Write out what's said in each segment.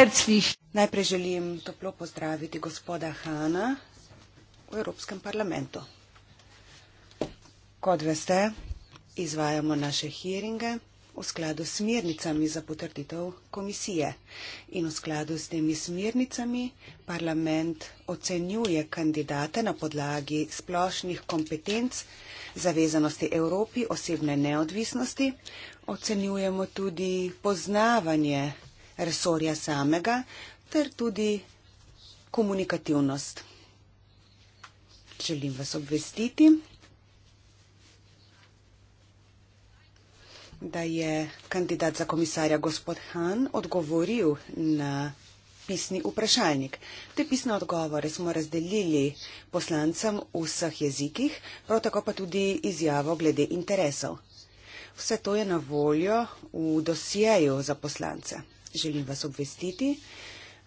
hercih. Najprej želim toplo pozdraviti gospoda Hana v Evropskem parlamentu. Kot veste, izvajamo naše hearinge v skladu s smernicami za potrditev komisije. In v skladu s temi smernicami parlament ocenjuje kandidate na podlagi splošnih kompetenc, zavezanosti Evropi, osebne neodvisnosti. Ocenjujemo tudi poznavanje resorja samega, ter tudi komunikativnost. Želim vas obvestiti, da je kandidat za komisarja gospod Han odgovoril na pisni vprašalnik. Te pisne odgovore smo razdelili poslancem v vseh jezikih, prav tako pa tudi izjavo glede interesov. Vse to je na voljo v dosjeju za poslance želim vas obvestiti,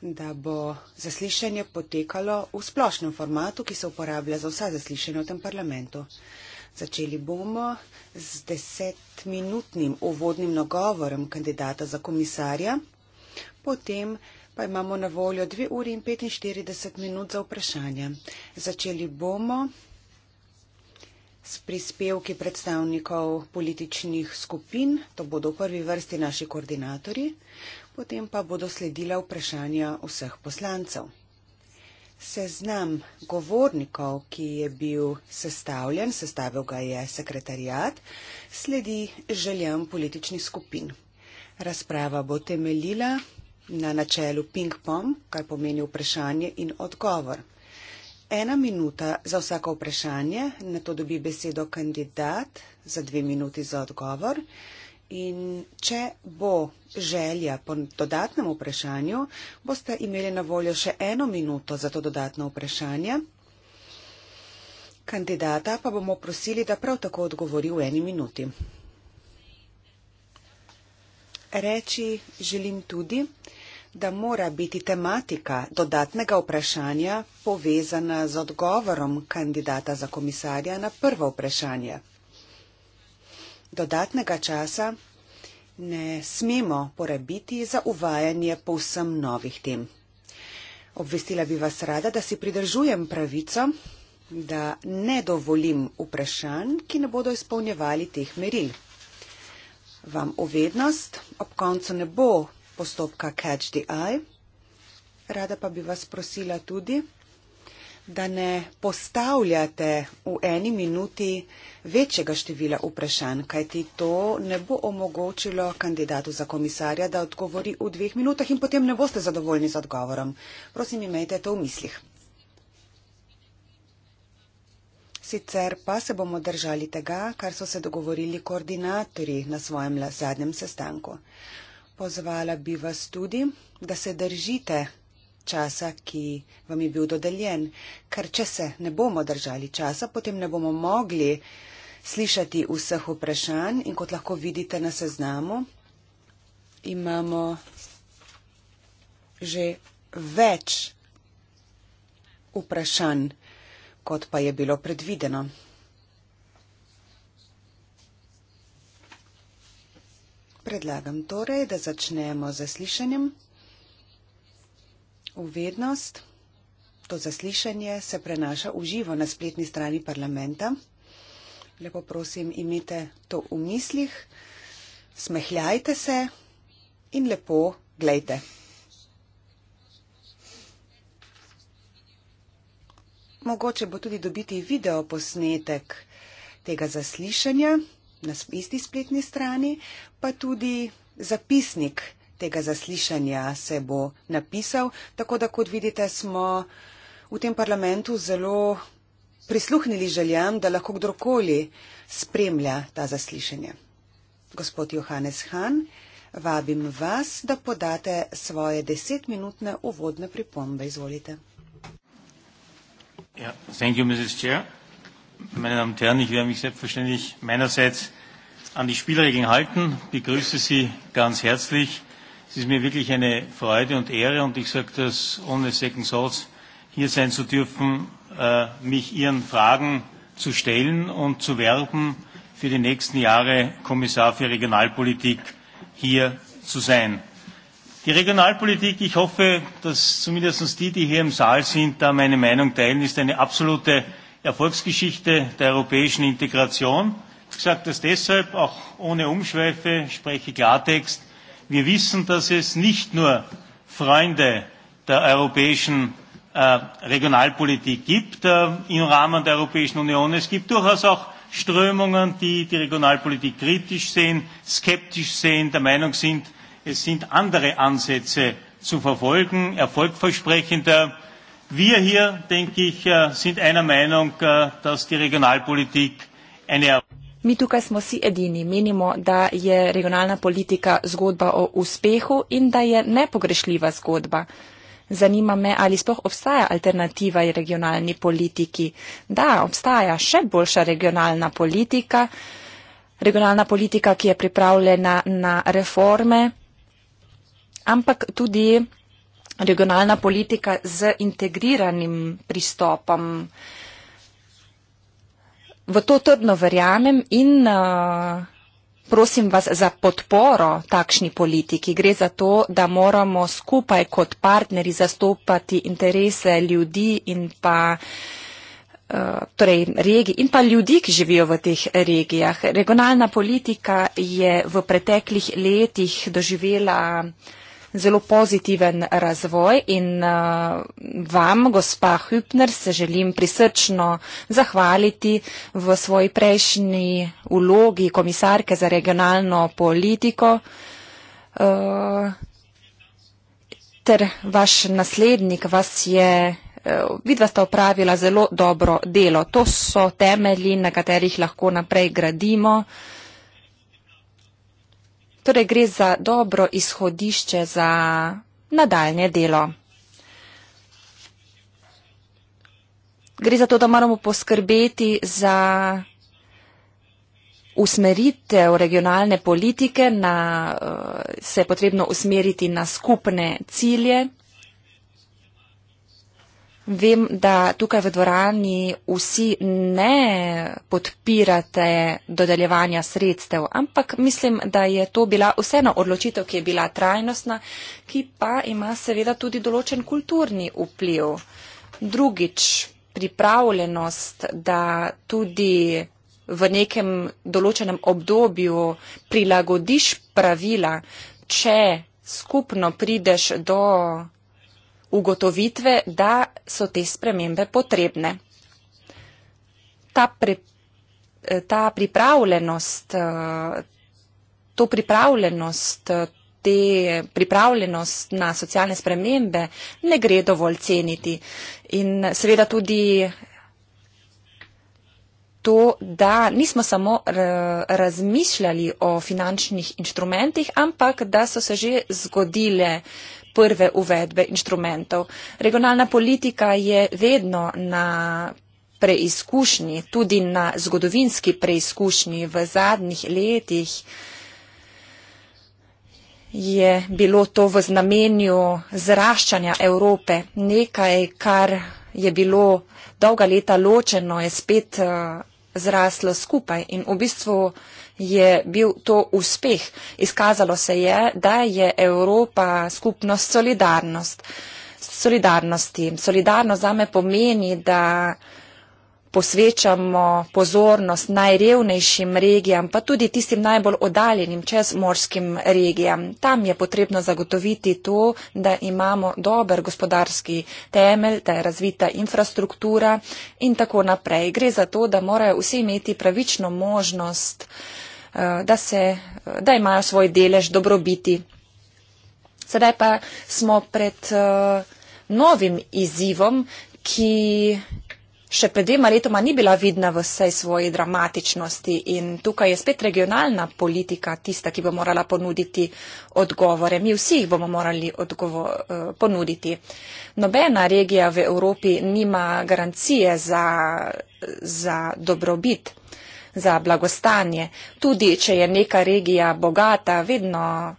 da bo zaslišanje potekalo v splošnem formatu, ki se uporablja za vsa zaslišanja v tem parlamentu. Začeli bomo z desetminutnim uvodnim nagovorom kandidata za komisarja, potem pa imamo na voljo 2 uri in 45 minut za vprašanje. Začeli bomo s prispevki predstavnikov političnih skupin, to bodo v prvi vrsti naši koordinatori, potem pa bodo sledila vprašanja vseh poslancev. Seznam govornikov, ki je bil sestavljen, sestavil ga je sekretarijat, sledi željem političnih skupin. Razprava bo temeljila na načelu ping-pong, kar pomeni vprašanje in odgovor. Ena minuta za vsako vprašanje, na to dobi besedo kandidat za dve minuti za odgovor. In če bo želja po dodatnem vprašanju, boste imeli na voljo še eno minuto za to dodatno vprašanje. Kandidata pa bomo prosili, da prav tako odgovori v eni minuti. Reči želim tudi, da mora biti tematika dodatnega vprašanja povezana z odgovorom kandidata za komisarja na prvo vprašanje. Dodatnega časa ne smemo porabiti za uvajanje povsem novih tem. Obvestila bi vas rada, da si pridržujem pravico, da ne dovolim vprašanj, ki ne bodo izpolnjevali teh meril. Vam uvednost, ob koncu ne bo postopka catch the eye. Rada pa bi vas prosila tudi, da ne postavljate v eni minuti večjega števila vprašanj, kajti to ne bo omogočilo kandidatu za komisarja, da odgovori v dveh minutah in potem ne boste zadovoljni z odgovorom. Prosim, imejte to v mislih. Sicer pa se bomo držali tega, kar so se dogovorili koordinatorji na svojem zadnjem sestanku. Pozvala bi vas tudi, da se držite časa, ki vam je bil dodeljen, ker če se ne bomo držali časa, potem ne bomo mogli slišati vseh vprašanj in kot lahko vidite na seznamu, imamo že več vprašanj, kot pa je bilo predvideno. Predlagam torej, da začnemo z zaslišanjem. V vednost to zaslišanje se prenaša v živo na spletni strani parlamenta. Lepo prosim, imite to v mislih, smehljajte se in lepo gledajte. Mogoče bo tudi dobiti video posnetek tega zaslišanja na isti spletni strani, pa tudi zapisnik tega zaslišanja se bo napisal. Tako da, kot vidite, smo v tem parlamentu zelo prisluhnili željam, da lahko kdorkoli spremlja ta zaslišanje. Gospod Johannes Han, vabim vas, da podate svoje desetminutne uvodne pripombe. Izvolite. Ja, thank you, Mrs. Chair. Meine Damen und Herren, ich werde mich selbstverständlich meinerseits an die Spielregeln halten. Ich begrüße Sie ganz herzlich. Es ist mir wirklich eine Freude und Ehre, und ich sage das ohne Second Thoughts, hier sein zu dürfen, äh, mich Ihren Fragen zu stellen und zu werben, für die nächsten Jahre Kommissar für Regionalpolitik hier zu sein. Die Regionalpolitik, ich hoffe, dass zumindest die, die hier im Saal sind, da meine Meinung teilen, ist eine absolute Erfolgsgeschichte der europäischen Integration. Ich sage das deshalb, auch ohne Umschweife, spreche Klartext, Wir wissen, dass es nicht nur Freunde der europäischen äh, Regionalpolitik gibt äh, im Rahmen der Europäischen Union. Es gibt durchaus auch Strömungen, die die Regionalpolitik kritisch sehen, skeptisch sehen, der Meinung sind, es sind andere Ansätze zu verfolgen, erfolgversprechender. Wir hier, denke ich, äh, sind einer Meinung, äh, dass die Regionalpolitik eine Erfolg Mi tukaj smo si edini, menimo, da je regionalna politika zgodba o uspehu in da je nepogrešljiva zgodba. Zanima me, ali sploh obstaja alternativa regionalni politiki. Da, obstaja še boljša regionalna politika, regionalna politika, ki je pripravljena na reforme, ampak tudi regionalna politika z integriranim pristopom v to trdno verjamem in eh, prosim vas za podporo takšni politiki. Gre za to, da moramo skupaj kot partneri zastopati interese ljudi in pa eh, torej regij in pa ljudi, ki živijo v teh regijah. Regionalna politika je v preteklih letih doživela uh, zelo pozitiven razvoj in uh, vam, gospa Hübner, se želim prisrčno zahvaliti v svoji prejšnji ulogi komisarke za regionalno politiko uh, ter vaš naslednik vas je, uh, vidva sta opravila zelo dobro delo. To so temelji, na katerih lahko naprej gradimo in Torej gre za dobro izhodišče za nadaljne delo. Gre za to, da moramo poskrbeti za usmeritev regionalne politike, na, eh, se je potrebno usmeriti na skupne cilje. Vem, da tukaj v dvorani vsi ne podpirate dodeljevanja sredstev, ampak mislim, da je to bila vseeno odločitev, ki je bila trajnostna, ki pa ima seveda tudi določen kulturni vpliv. Drugič, pripravljenost, da tudi v nekem določenem obdobju prilagodiš pravila, če skupno prideš do ugotovitve, da so te spremembe potrebne. Ta, pre, ta pripravljenost, eh, to pripravljenost, eh, te pripravljenost na socialne spremembe ne gre dovolj ceniti. In seveda tudi to, da nismo samo eh, razmišljali o finančnih inštrumentih, ampak da so se že zgodile prve uvedbe inštrumentov. Regionalna politika je vedno na preizkušnji, tudi na zgodovinski preizkušnji v zadnjih letih je bilo to v znamenju zraščanja Evrope nekaj, kar je bilo dolga leta ločeno, je spet eh, zraslo skupaj in v bistvu je bil to uspeh. Izkazalo se je, da je Evropa skupnost solidarnost. solidarnosti. Solidarnost za me pomeni, da posvečamo pozornost najrevnejšim regijam, pa tudi tistim najbolj odaljenim čezmorskim regijam. Tam je potrebno zagotoviti to, da imamo dober gospodarski temelj, da je razvita infrastruktura in tako naprej. Gre za to, da morajo vsi imeti pravično možnost uh, Eh, da, se, da imajo svoj delež dobrobiti. Sedaj pa smo pred eh, novim izzivom, ki še pred dvema letoma ni bila vidna v vsej svoji dramatičnosti in tukaj je spet regionalna politika tista, ki bo morala ponuditi odgovore. Mi vsi jih bomo morali odgovor, eh, ponuditi. Nobena regija v Evropi nima garancije za, za dobrobit za blagostanje. Tudi, če je neka regija bogata, vedno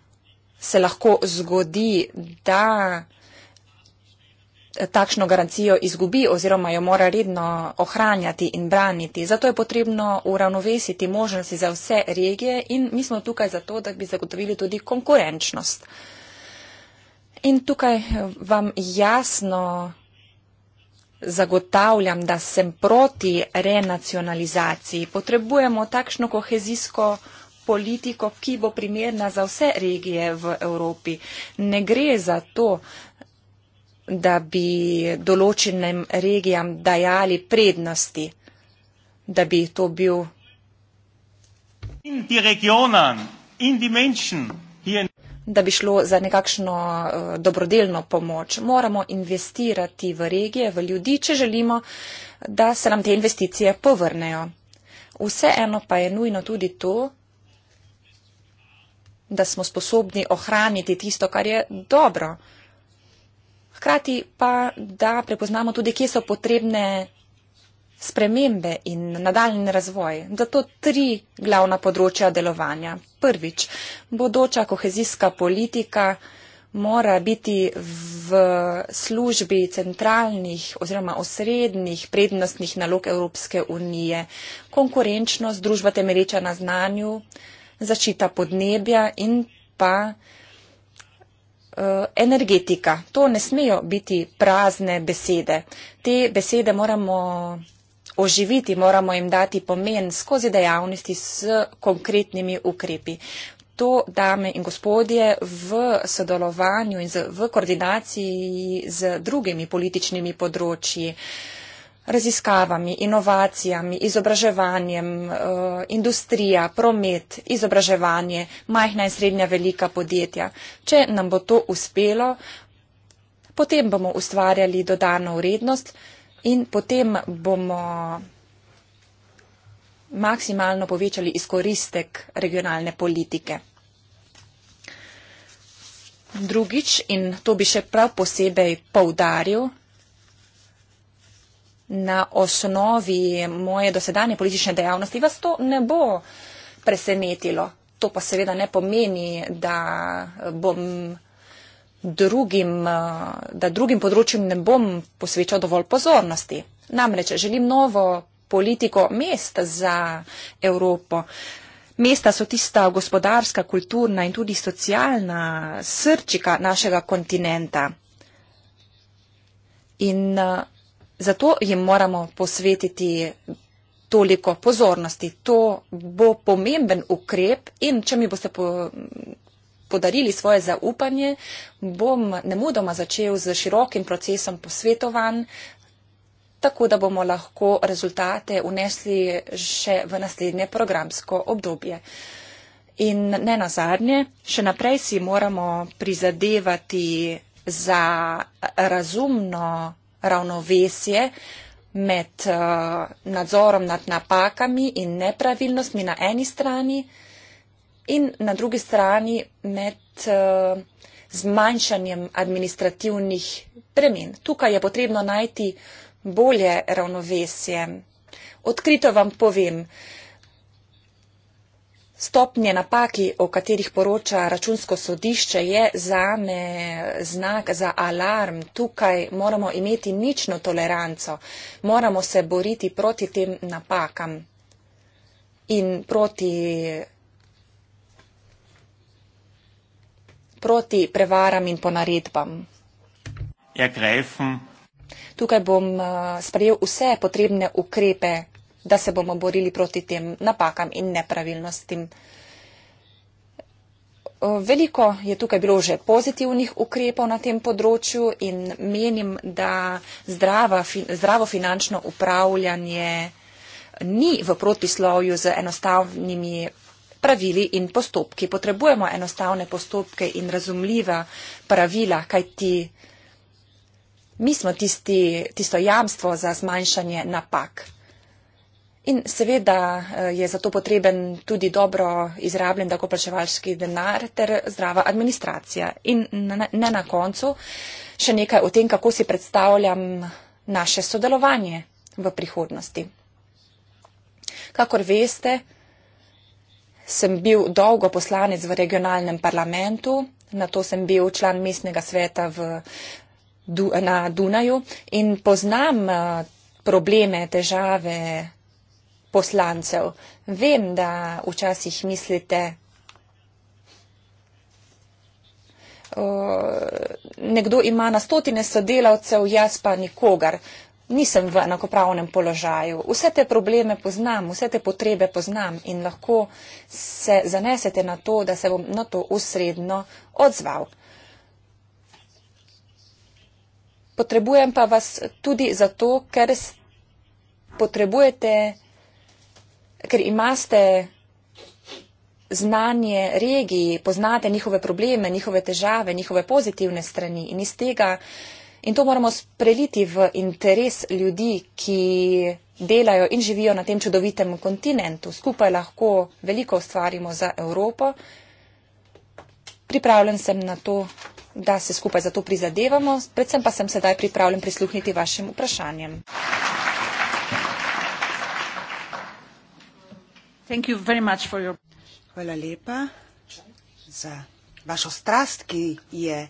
se lahko zgodi, da takšno garancijo izgubi oziroma jo mora redno ohranjati in braniti. Zato je potrebno uravnovesiti možnosti za vse regije in mi smo tukaj zato, da bi zagotovili tudi konkurenčnost. In tukaj vam jasno zagotavljam, da sem proti renacionalizaciji. Potrebujemo takšno kohezijsko politiko, ki bo primerna za vse regije v Evropi. Ne gre za to, da bi določenim regijam dajali prednosti, da bi to bil. In ti regionan, in ti menšin, ki je da bi šlo za nekakšno eh, dobrodelno pomoč. Moramo investirati v regije, v ljudi, če želimo, da se nam te investicije povrnejo. Vseeno pa je nujno tudi to, da smo sposobni ohraniti tisto, kar je dobro. Hkrati pa, da prepoznamo tudi, kje so potrebne spremembe in nadaljen razvoj. Zato tri glavna področja delovanja prvič. Bodoča kohezijska politika mora biti v službi centralnih oziroma osrednjih prednostnih nalog Evropske unije. Konkurenčnost, družba temeljiča na znanju, zaščita podnebja in pa eh, energetika. To ne smejo biti prazne besede. Te besede moramo oživiti, moramo jim dati pomen skozi dejavnosti s konkretnimi ukrepi. To, dame in gospodje, v sodelovanju in z, v koordinaciji z drugimi političnimi področji, raziskavami, inovacijami, izobraževanjem, eh, industrija, promet, izobraževanje, majhna in srednja velika podjetja. Če nam bo to uspelo, potem bomo ustvarjali dodano vrednost, in potem bomo maksimalno povečali izkoristek regionalne politike. Drugič, in to bi še prav posebej poudaril, na osnovi moje dosedanje politične dejavnosti vas to ne bo presenetilo. To pa seveda ne pomeni, da bom drugim, eh, da drugim področjem ne bom posvečal dovolj pozornosti. Namreč želim novo politiko mesta za Evropo. Mesta so tista gospodarska, kulturna in tudi socialna srčika našega kontinenta. In eh, zato jim moramo posvetiti toliko pozornosti. To bo pomemben ukrep in če mi boste po, podarili svoje zaupanje, bom nemudoma začel z širokim procesom posvetovanj, tako da bomo lahko rezultate unesli še v naslednje programsko obdobje. In ne nazadnje, še naprej si moramo prizadevati za razumno ravnovesje med uh, nadzorom nad napakami in nepravilnostmi na eni strani, in na drugi strani med eh, zmanjšanjem administrativnih bremen. Tukaj je potrebno najti bolje ravnovesje. Odkrito vam povem, stopnje napaki, o katerih poroča računsko sodišče, je za me znak za alarm. Tukaj moramo imeti nično toleranco, moramo se boriti proti tem napakam in proti proti prevaram in ponaredbam. Ja, tukaj bom eh, sprejel vse potrebne ukrepe, da se bomo borili proti tem napakam in nepravilnostim. Eh, veliko je tukaj bilo že pozitivnih ukrepov na tem področju in menim, da zdrava, zdravo finančno upravljanje ni v protislovju z enostavnimi pravili in postopki. Potrebujemo enostavne postopke in razumljiva pravila, kajti mi smo tisti, tisto jamstvo za zmanjšanje napak. In seveda eh, je zato potreben tudi dobro izrabljen dagoplačevalski denar ter zdrava administracija. In ne na koncu še nekaj o tem, kako si predstavljam naše sodelovanje v prihodnosti. Kakor veste, sem bil dolgo poslanec v regionalnem parlamentu, na to sem bil član mestnega sveta v, na Dunaju in poznam eh, probleme, težave poslancev. Vem, da včasih mislite, o, eh, nekdo ima na stotine sodelavcev, jaz pa nikogar nisem v enakopravnem položaju. Vse te probleme poznam, vse te potrebe poznam in lahko se zanesete na to, da se bom na to usredno odzval. Potrebujem pa vas tudi zato, ker potrebujete, ker imate znanje regiji, poznate njihove probleme, njihove težave, njihove pozitivne strani in iz tega In to moramo preliti v interes ljudi, ki delajo in živijo na tem čudovitem kontinentu. Skupaj lahko veliko ustvarimo za Evropo. Pripravljen sem na to, da se skupaj za to prizadevamo, predvsem pa sem sedaj pripravljen prisluhniti vašim vprašanjem. Your... Hvala lepa za vašo strast, ki je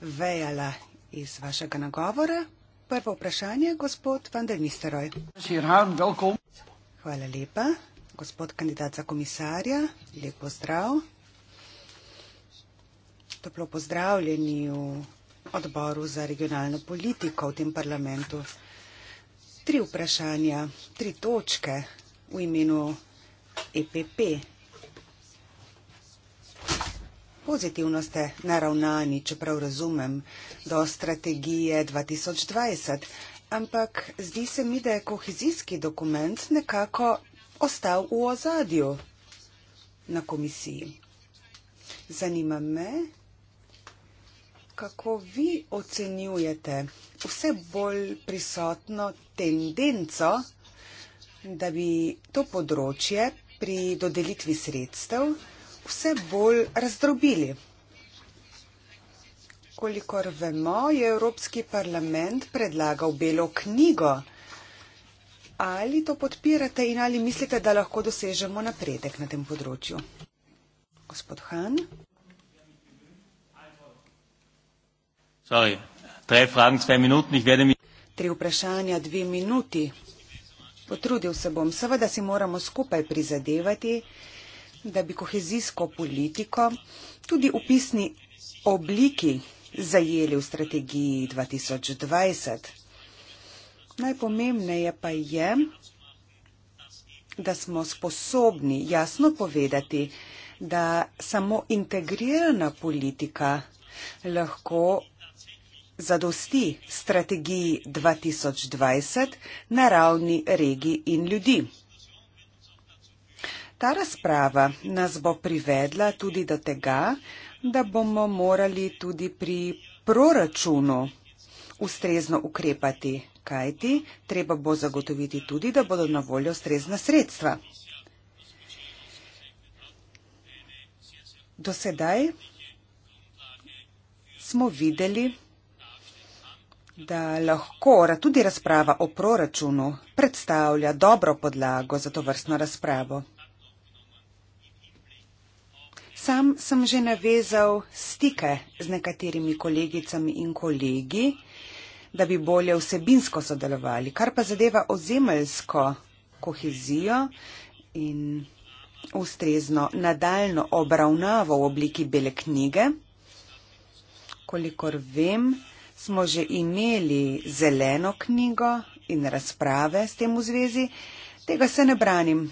vejala iz vašega nagovora. Prvo vprašanje, gospod Van der Nisteroj. Hvala lepa, gospod kandidat za komisarja. Lep pozdrav. Toplo pozdravljeni v odboru za regionalno politiko v tem parlamentu. Tri vprašanja, tri točke v imenu EPP, Pozitivno ste naravnani, čeprav razumem, do strategije 2020, ampak zdi se mi, da je kohezijski dokument nekako ostal v ozadju na komisiji. Zanima me, kako vi ocenjujete vse bolj prisotno tendenco, da bi to področje pri dodelitvi sredstev vse bolj razdrobili. Kolikor vemo, je Evropski parlament predlagal belo knjigo. Ali to podpirate in ali mislite, da lahko dosežemo napredek na tem področju? Gospod Han. Tri vprašanja, dve minuti. Potrudil se bom. Seveda si moramo skupaj prizadevati da bi kohezijsko politiko tudi v pisni obliki zajeli v strategiji 2020. Najpomembneje pa je, da smo sposobni jasno povedati, da samo integrirana politika lahko zadosti strategiji 2020 na ravni regij in ljudi. Ta razprava nas bo privedla tudi do tega, da bomo morali tudi pri proračunu ustrezno ukrepati, kajti treba bo zagotoviti tudi, da bodo na voljo ustrezna sredstva. Do sedaj smo videli, da lahko tudi razprava o proračunu predstavlja dobro podlago za to vrstno razpravo. Sam sem že navezal stike z nekaterimi kolegicami in kolegi, da bi bolje vsebinsko sodelovali. Kar pa zadeva ozemeljsko kohezijo in ustrezno nadaljno obravnavo v obliki bele knjige, kolikor vem, smo že imeli zeleno knjigo in razprave s tem v zvezi, tega se ne branim.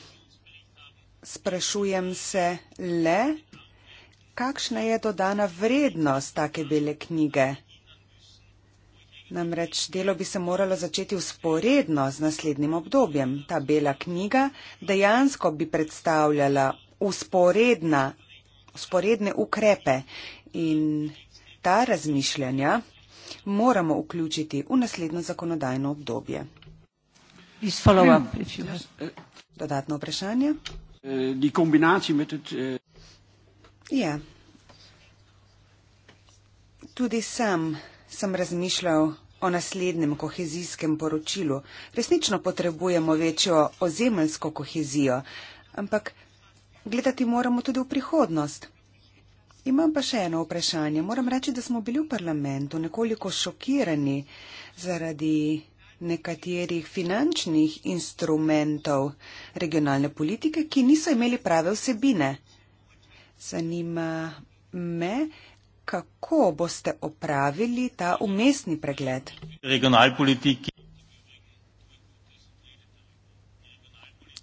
Sprašujem se le, kakšna je dodana vrednost take bele knjige. Namreč delo bi se moralo začeti usporedno z naslednjim obdobjem. Ta bela knjiga dejansko bi predstavljala usporedna, usporedne ukrepe in ta razmišljanja moramo vključiti v naslednjo zakonodajno obdobje. Uh, uh, Dodatno vprašanje? Uh, Ja. Tudi sam sem razmišljal o naslednjem kohezijskem poročilu. Resnično potrebujemo večjo ozemljsko kohezijo, ampak gledati moramo tudi v prihodnost. Imam pa še eno vprašanje. Moram reči, da smo bili v parlamentu nekoliko šokirani zaradi nekaterih finančnih instrumentov regionalne politike, ki niso imeli prave vsebine. Zanima me. Kako boste opravili ta umestni pregled?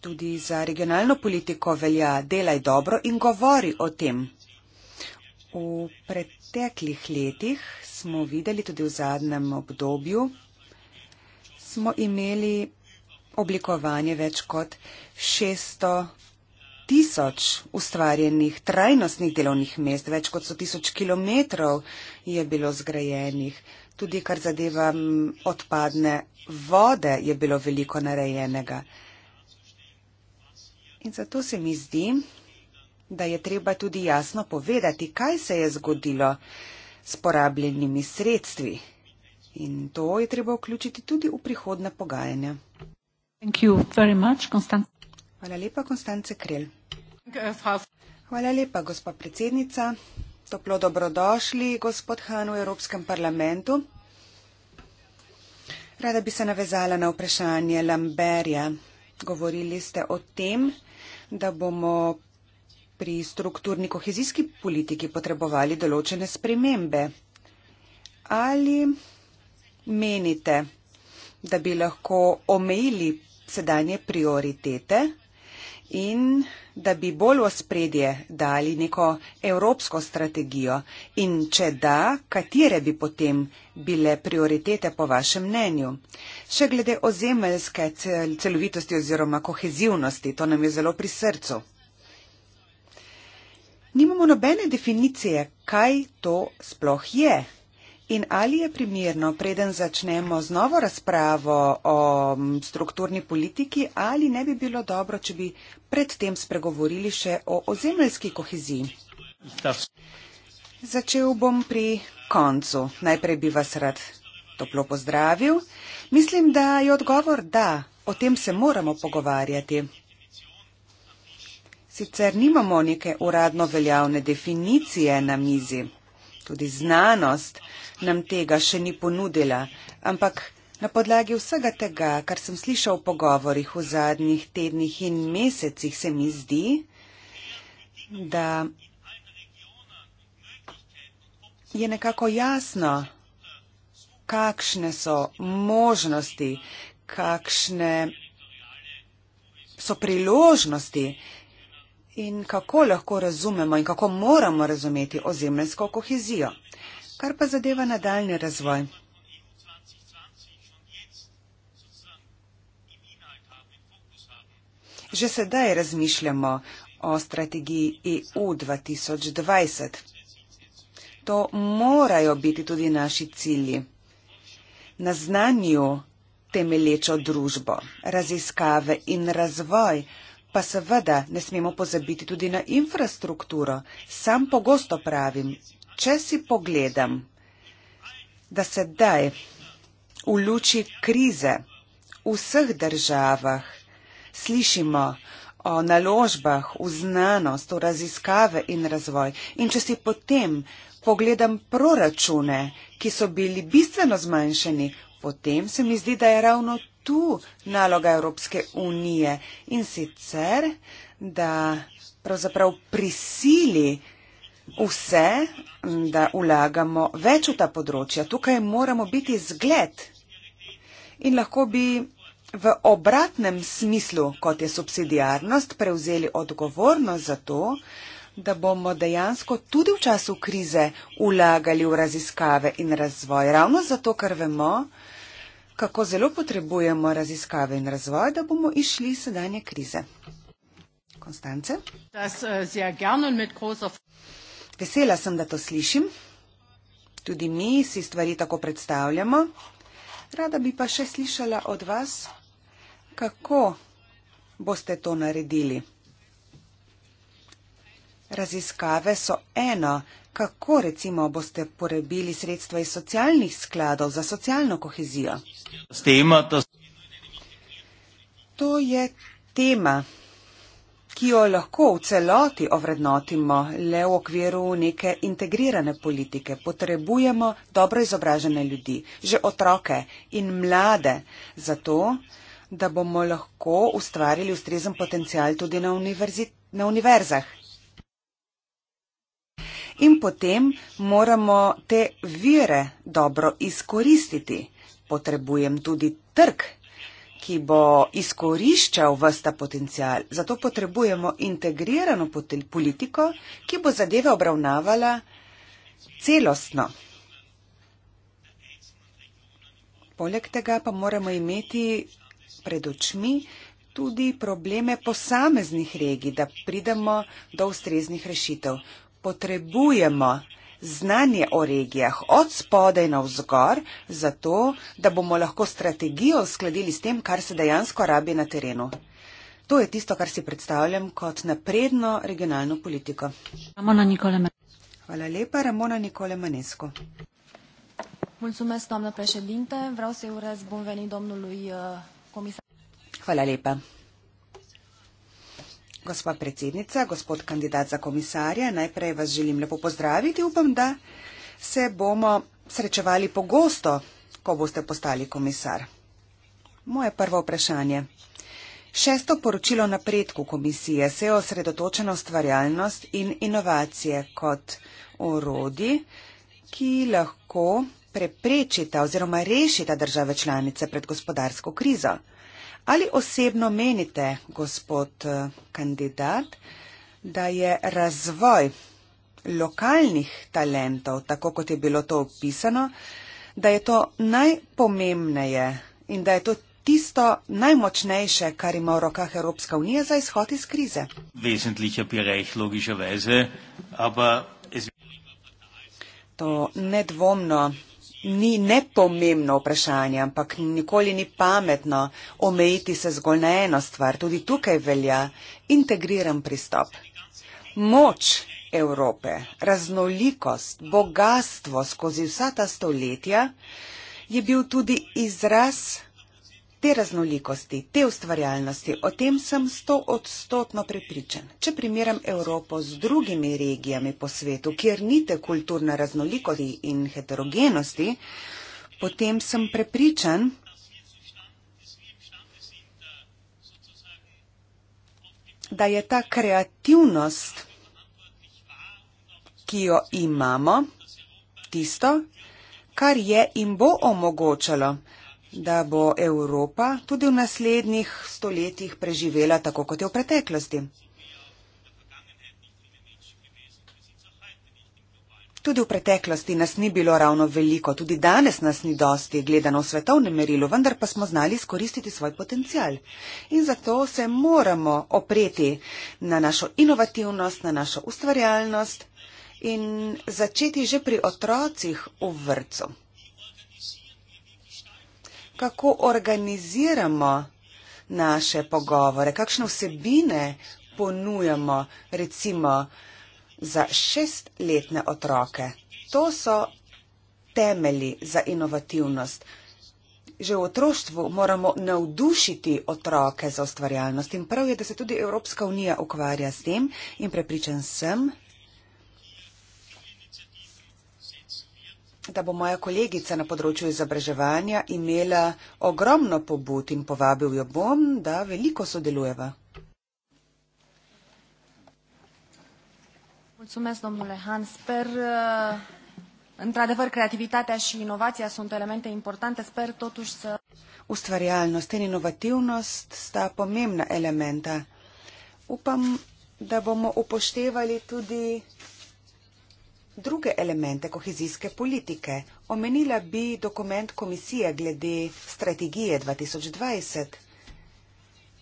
Tudi za regionalno politiko velja delaj dobro in govori o tem. V preteklih letih smo videli tudi v zadnjem obdobju, smo imeli oblikovanje več kot 600 tisoč ustvarjenih trajnostnih delovnih mest, več kot so tisoč kilometrov je bilo zgrajenih. Tudi kar zadeva odpadne vode je bilo veliko narejenega. In zato se mi zdi, da je treba tudi jasno povedati, kaj se je zgodilo s porabljenimi sredstvi. In to je treba vključiti tudi v prihodne pogajanja. Hvala lepa, Konstance Krel. Hvala lepa, gospa predsednica. Toplo dobrodošli, gospod Han, v Evropskem parlamentu. Rada bi se navezala na vprašanje Lamberja. Govorili ste o tem, da bomo pri strukturni kohezijski politiki potrebovali določene spremembe. Ali menite, da bi lahko omejili sedanje prioritete in da bi bolj v spredje dali neko evropsko strategijo in če da, katere bi potem bile prioritete po vašem mnenju. Še glede ozemeljske cel celovitosti oziroma kohezivnosti, to nam je zelo pri srcu. Nimamo nobene definicije, kaj to sploh je. In ali je primerno, preden začnemo z novo razpravo o strukturni politiki, ali ne bi bilo dobro, če bi predtem spregovorili še o ozemeljski koheziji? Začel bom pri koncu. Najprej bi vas rad toplo pozdravil. Mislim, da je odgovor da, o tem se moramo pogovarjati. Sicer nimamo neke uradno veljavne definicije na mizi tudi znanost nam tega še ni ponudila, ampak na podlagi vsega tega, kar sem slišal v pogovorih v zadnjih tednih in mesecih, se mi zdi, da je nekako jasno, kakšne so možnosti, kakšne so priložnosti, In kako lahko razumemo in kako moramo razumeti ozemljsko kohezijo, kar pa zadeva nadaljni razvoj. Že sedaj razmišljamo o strategiji EU 2020. To morajo biti tudi naši cilji. Na znanju temelječo družbo, raziskave in razvoj Pa seveda ne smemo pozabiti tudi na infrastrukturo. Sam pogosto pravim, če si pogledam, da sedaj v luči krize v vseh državah slišimo o naložbah v znanost, v raziskave in razvoj. In če si potem pogledam proračune, ki so bili bistveno zmanjšani, potem se mi zdi, da je ravno tu naloga Evropske unije in sicer, da pravzaprav prisili vse, da ulagamo več v ta področja. Tukaj moramo biti zgled in lahko bi v obratnem smislu, kot je subsidijarnost, prevzeli odgovornost za to, da bomo dejansko tudi v času krize ulagali v raziskave in razvoj. Ravno zato, ker vemo, kako zelo potrebujemo raziskave in razvoj, da bomo išli iz sedanje krize. Konstance? Eh, Vesela sem, da to slišim. Tudi mi si stvari tako predstavljamo. Rada bi pa še slišala od vas, kako boste to naredili. Raziskave so eno, Kako recimo boste porebili sredstva iz socialnih skladov za socialno kohezijo? To je tema, ki jo lahko v celoti ovrednotimo le v okviru neke integrirane politike. Potrebujemo dobro izobražene ljudi, že otroke in mlade, zato, da bomo lahko ustvarili ustrezen potencial tudi na, univerzi, na univerzah. In potem moramo te vire dobro izkoristiti. Potrebujem tudi trg, ki bo izkoriščal vsta potencial. Zato potrebujemo integrirano politiko, ki bo zadeve obravnavala celostno. Poleg tega pa moramo imeti pred očmi tudi probleme posameznih regij, da pridemo do ustreznih rešitev potrebujemo znanje o regijah od spodaj na vzgor, zato da bomo lahko strategijo uskladili s tem, kar se dejansko rabi na terenu. To je tisto, kar si predstavljam kot napredno regionalno politiko. Hvala lepa, Ramona Nikole Manesko. Uh, Hvala lepa. Gospa predsednica, gospod kandidat za komisarja, najprej vas želim lepo pozdraviti. Upam, da se bomo srečevali pogosto, ko boste postali komisar. Moje prvo vprašanje. Šesto poročilo napredku komisije se je osredotočeno stvarjalnost in inovacije kot orodi, ki lahko preprečita oziroma rešita države članice pred gospodarsko krizo. Ali osebno menite, gospod eh, kandidat, da je razvoj lokalnih talentov, tako kot je bilo to opisano, da je to najpomembneje in da je to tisto najmočnejše, kar ima v rokah Evropska unija za izhod iz krize? To nedvomno ni nepomembno vprašanje, ampak nikoli ni pametno omejiti se zgolj na eno stvar. Tudi tukaj velja integriran pristop. Moč Evrope, raznolikost, bogatstvo skozi vsa ta stoletja je bil tudi izraz te raznolikosti, te ustvarjalnosti, o tem sem sto odstotno prepričan. Če primerjam Evropo z drugimi regijami po svetu, kjer nite kulturna raznolikosti in heterogenosti, potem sem prepričan, da je ta kreativnost, ki jo imamo, tisto, kar je in bo omogočalo, da bo Evropa tudi v naslednjih stoletjih preživela tako, kot je v preteklosti. Tudi v preteklosti nas ni bilo ravno veliko, tudi danes nas ni dosti, gledano v svetovnem merilu, vendar pa smo znali izkoristiti svoj potencial. In zato se moramo opreti na našo inovativnost, na našo ustvarjalnost in začeti že pri otrocih v vrcu kako organiziramo naše pogovore, kakšne vsebine ponujamo recimo za šestletne otroke. To so temeli za inovativnost. Že v otroštvu moramo navdušiti otroke za ustvarjalnost in prav je, da se tudi Evropska unija ukvarja s tem in prepričan sem, da bo moja kolegica na področju izobraževanja imela ogromno pobud in povabil jo bom, da veliko sodelujeva. Mulțumesc, domnule Hans. Sper, uh, într-adevăr, creativitatea și inovația sunt elemente importante. Sper totuși să... Ustvarjalnost in inovativnost sta pomembna elementa. Upam, da bomo upoštevali tudi druge elemente kohezijske politike. Omenila bi dokument komisije glede strategije 2020.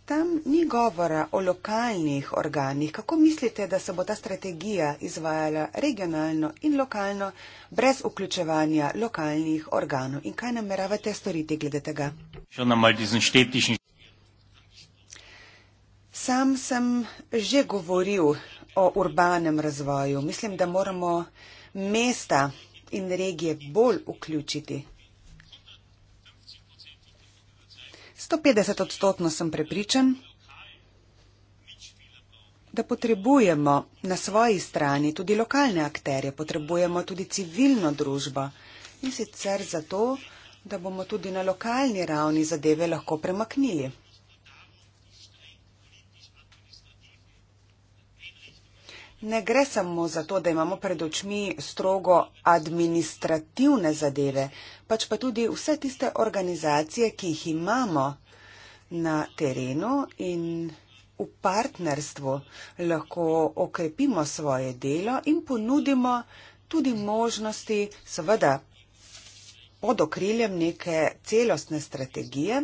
Tam ni govora o lokalnih organih. Kako mislite, da se bo ta strategija izvajala regionalno in lokalno, brez vključevanja lokalnih organov? In kaj nameravate storiti glede tega? Sam sem že govoril o urbanem razvoju. Mislim, da moramo mesta in regije bolj vključiti. 150 odstotno sem prepričan, da potrebujemo na svoji strani tudi lokalne akterje, potrebujemo tudi civilno družbo in sicer zato, da bomo tudi na lokalni ravni zadeve lahko premaknili. ne gre samo za to, da imamo pred očmi strogo administrativne zadeve, pač pa tudi vse tiste organizacije, ki jih imamo na terenu in v partnerstvu lahko okrepimo svoje delo in ponudimo tudi možnosti, seveda pod okriljem neke celostne strategije,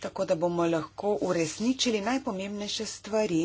tako da bomo lahko uresničili najpomembnejše stvari.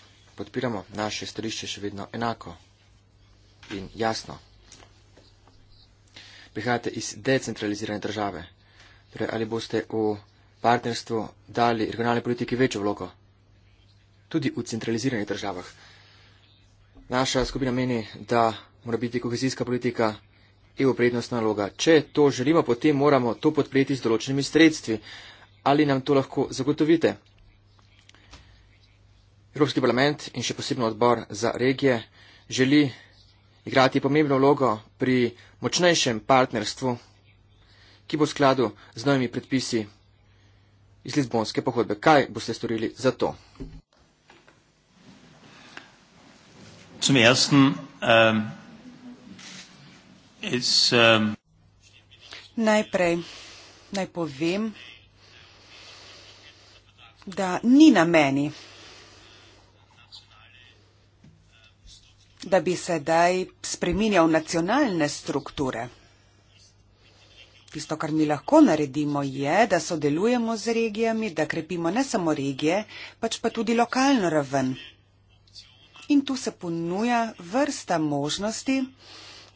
podpiramo naše stališče še vedno enako in jasno. Prihajate iz decentralizirane države. Torej, ali boste v partnerstvu dali regionalni politiki večjo vlogo? Tudi v centraliziranih državah. Naša skupina meni, da mora biti kohezijska politika EU prednostna naloga. Če to želimo, potem moramo to podpreti z določenimi sredstvi. Ali nam to lahko zagotovite? Evropski parlament in še posebno odbor za regije želi igrati pomembno vlogo pri močnejšem partnerstvu, ki bo v skladu z novimi predpisi iz Lizbonske pohodbe. Kaj boste storili za to? Zum ersten, um, it's, um... Najprej naj povem, da ni na meni da bi sedaj spreminjal nacionalne strukture. Tisto, kar mi lahko naredimo, je, da sodelujemo z regijami, da krepimo ne samo regije, pač pa tudi lokalno raven. In tu se ponuja vrsta možnosti,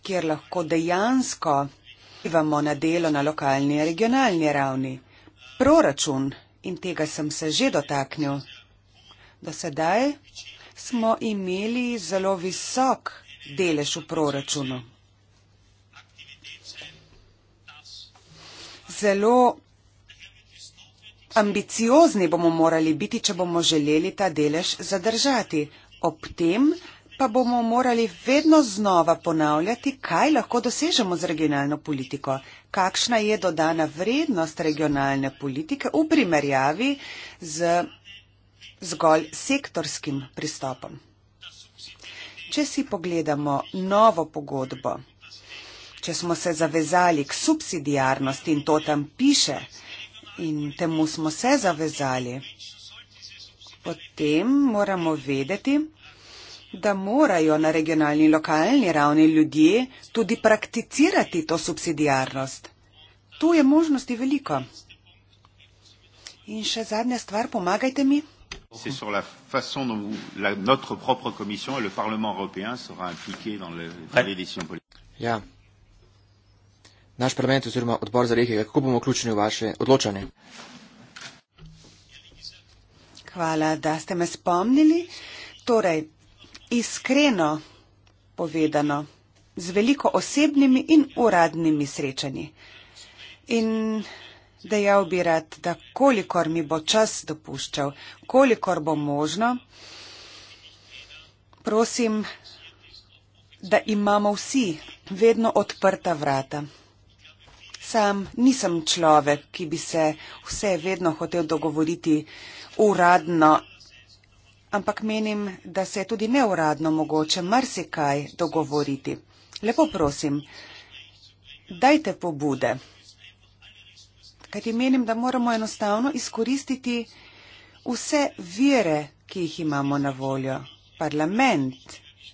kjer lahko dejansko vplivamo na delo na lokalni in regionalni ravni. Proračun, in tega sem se že dotaknil, do sedaj smo imeli zelo visok delež v proračunu. Zelo ambiciozni bomo morali biti, če bomo želeli ta delež zadržati. Ob tem pa bomo morali vedno znova ponavljati, kaj lahko dosežemo z regionalno politiko, kakšna je dodana vrednost regionalne politike v primerjavi z zgolj sektorskim pristopom. Če si pogledamo novo pogodbo, če smo se zavezali k subsidijarnosti in to tam piše in temu smo se zavezali, potem moramo vedeti, da morajo na regionalni in lokalni ravni ljudje tudi prakticirati to subsidijarnost. Tu je možnosti veliko. In še zadnja stvar, pomagajte mi. C'est sur la façon dont vous, la, notre propre commission et le Parlement européen sera impliqué dans, le, dans les décisions politiques. Yeah. Ja. Naš parlament oziroma odbor za regije, kako bomo vključeni v vaše odločanje? Hvala, da ste me spomnili. Torej, iskreno povedano, z veliko osebnimi in uradnimi srečanji. In dejal bi rad, da kolikor mi bo čas dopuščal, kolikor bo možno, prosim, da imamo vsi vedno odprta vrata. Sam nisem človek, ki bi se vse vedno hotel dogovoriti uradno, ampak menim, da se je tudi neuradno mogoče marsikaj dogovoriti. Lepo prosim, dajte pobude kajti menim, da moramo enostavno izkoristiti vse vire, ki jih imamo na voljo. Parlament,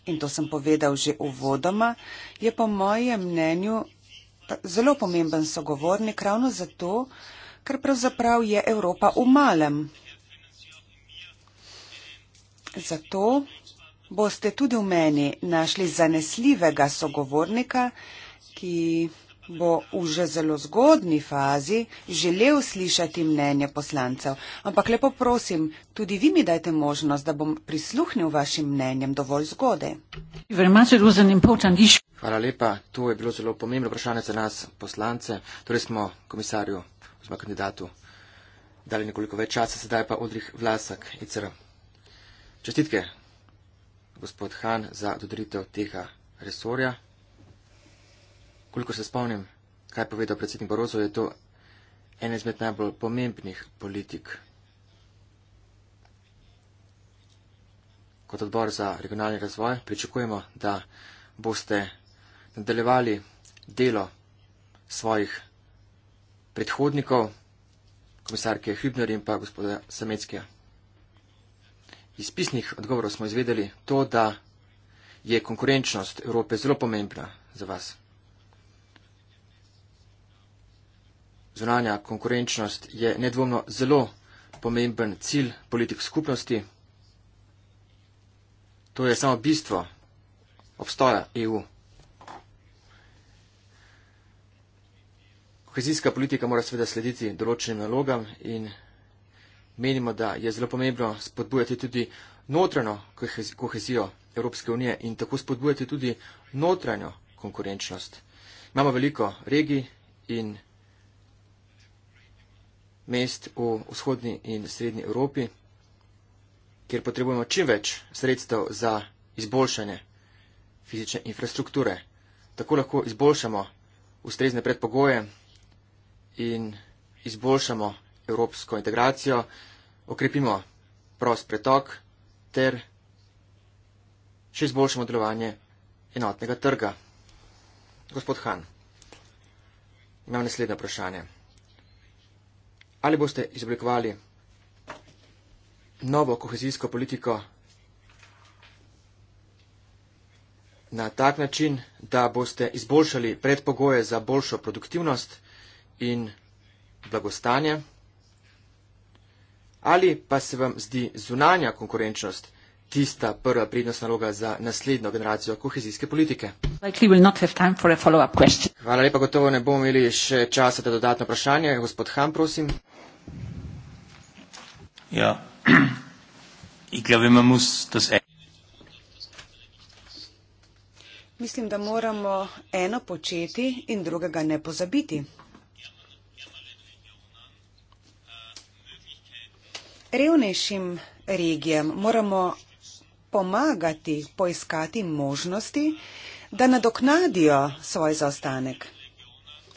in to sem povedal že uvodoma, je po mojem mnenju zelo pomemben sogovornik ravno zato, ker pravzaprav je Evropa v malem. Zato boste tudi v meni našli zanesljivega sogovornika, ki bo v že zelo zgodni fazi želel slišati mnenje poslancev. Ampak lepo prosim, tudi vi mi dajte možnost, da bom prisluhnil vašim mnenjem dovolj zgodaj. Hvala lepa. To je bilo zelo pomembno vprašanje za nas poslance. Torej smo komisarju oziroma kandidatu dali nekoliko več časa, sedaj pa Odrih Vlasak. Icer. Čestitke, gospod Han, za dodelitev tega resorja. Koliko se spomnim, kaj je povedal predsednik Barozo, je to en izmed najbolj pomembnih politik. Kot odbor za regionalni razvoj pričakujemo, da boste nadaljevali delo svojih predhodnikov, komisarke Hübner in pa gospoda Sameckija. Iz pisnih odgovorov smo izvedeli to, da je konkurenčnost Evrope zelo pomembna za vas. Zunanja konkurenčnost je nedvomno zelo pomemben cilj politik skupnosti. To je samo bistvo obstoja EU. Kohezijska politika mora seveda slediti določenim nalogam in menimo, da je zelo pomembno spodbujati tudi notranjo kohezijo Evropske unije in tako spodbujati tudi notranjo konkurenčnost. Imamo veliko regij in mest v vzhodni in srednji Evropi, kjer potrebujemo čim več sredstev za izboljšanje fizične infrastrukture. Tako lahko izboljšamo ustrezne predpogoje in izboljšamo evropsko integracijo, okrepimo prost pretok ter še izboljšamo delovanje enotnega trga. Gospod Han, imam naslednje vprašanje. Ali boste izoblikovali novo kohezijsko politiko na tak način, da boste izboljšali predpogoje za boljšo produktivnost in blagostanje? Ali pa se vam zdi zunanja konkurenčnost tista prva prednostna naloga za naslednjo generacijo kohezijske politike? Hvala lepa, gotovo ne bomo imeli še časa za dodatno vprašanje. Gospod Han, prosim. Ja, ich glaube, man muss das. E- Mislim, da moramo eno početi in drugega ne pozabiti. Revnejšim regijam moramo pomagati poiskati možnosti, da nadoknadijo svoj zaostanek.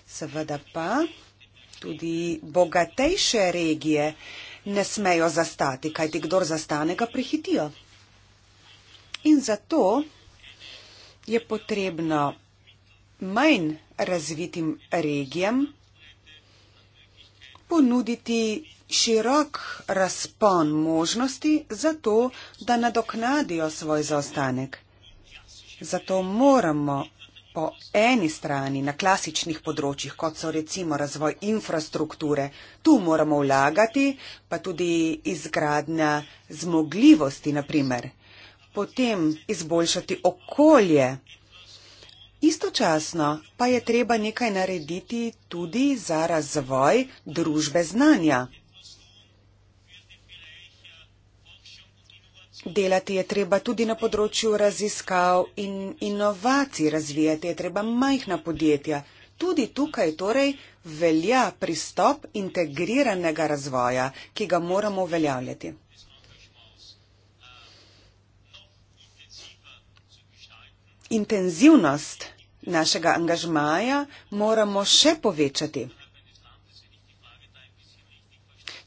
Seveda pa tudi bogatejše regije ne smejo zastati, kajti kdor zastane, ga prehitijo. In zato je potrebno manj razvitim regijam ponuditi širok razpon možnosti za to, da nadoknadijo svoj zaostanek. Zato moramo o eni strani na klasičnih področjih, kot so recimo razvoj infrastrukture, tu moramo vlagati, pa tudi izgradnja zmogljivosti, naprimer. potem izboljšati okolje. Istočasno pa je treba nekaj narediti tudi za razvoj družbe znanja. Delati je treba tudi na področju raziskav in inovacij razvijati, je treba majhna podjetja. Tudi tukaj torej velja pristop integriranega razvoja, ki ga moramo uveljavljati. Intenzivnost našega angažmaja moramo še povečati.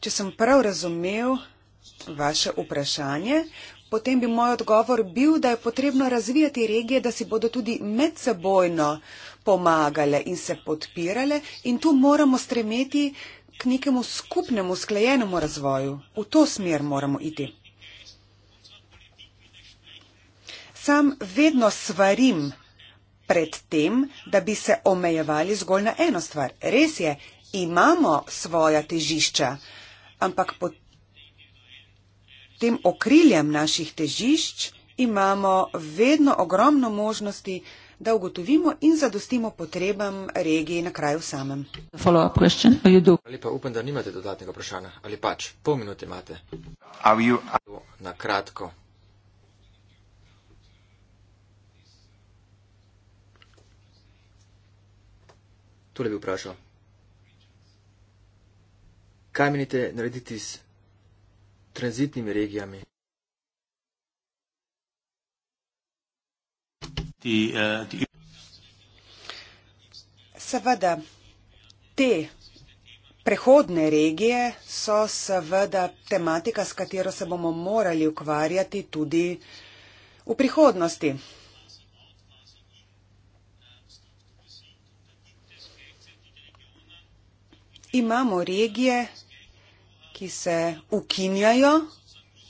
Če sem prav razumel, vaše vprašanje. Potem bi moj odgovor bil, da je potrebno razvijati regije, da si bodo tudi medsebojno pomagale in se podpirale in tu moramo stremeti k nekemu skupnemu, sklejenemu razvoju. V to smer moramo iti. Sam vedno svarim pred tem, da bi se omejevali zgolj na eno stvar. Res je, imamo svoja težišča, ampak potem tem okriljem naših težišč imamo vedno ogromno možnosti, da ugotovimo in zadostimo potrebam regije na kraju samem. Ali pa upam, da nimate dodatnega vprašanja, ali pač pol minute imate. You... Na kratko. Tole bi vprašal. Kaj menite narediti s tranzitnimi regijami. Ti, uh, ti... Seveda, te prehodne regije so seveda tematika, s katero se bomo morali ukvarjati tudi v prihodnosti. Imamo regije, ki se ukinjajo,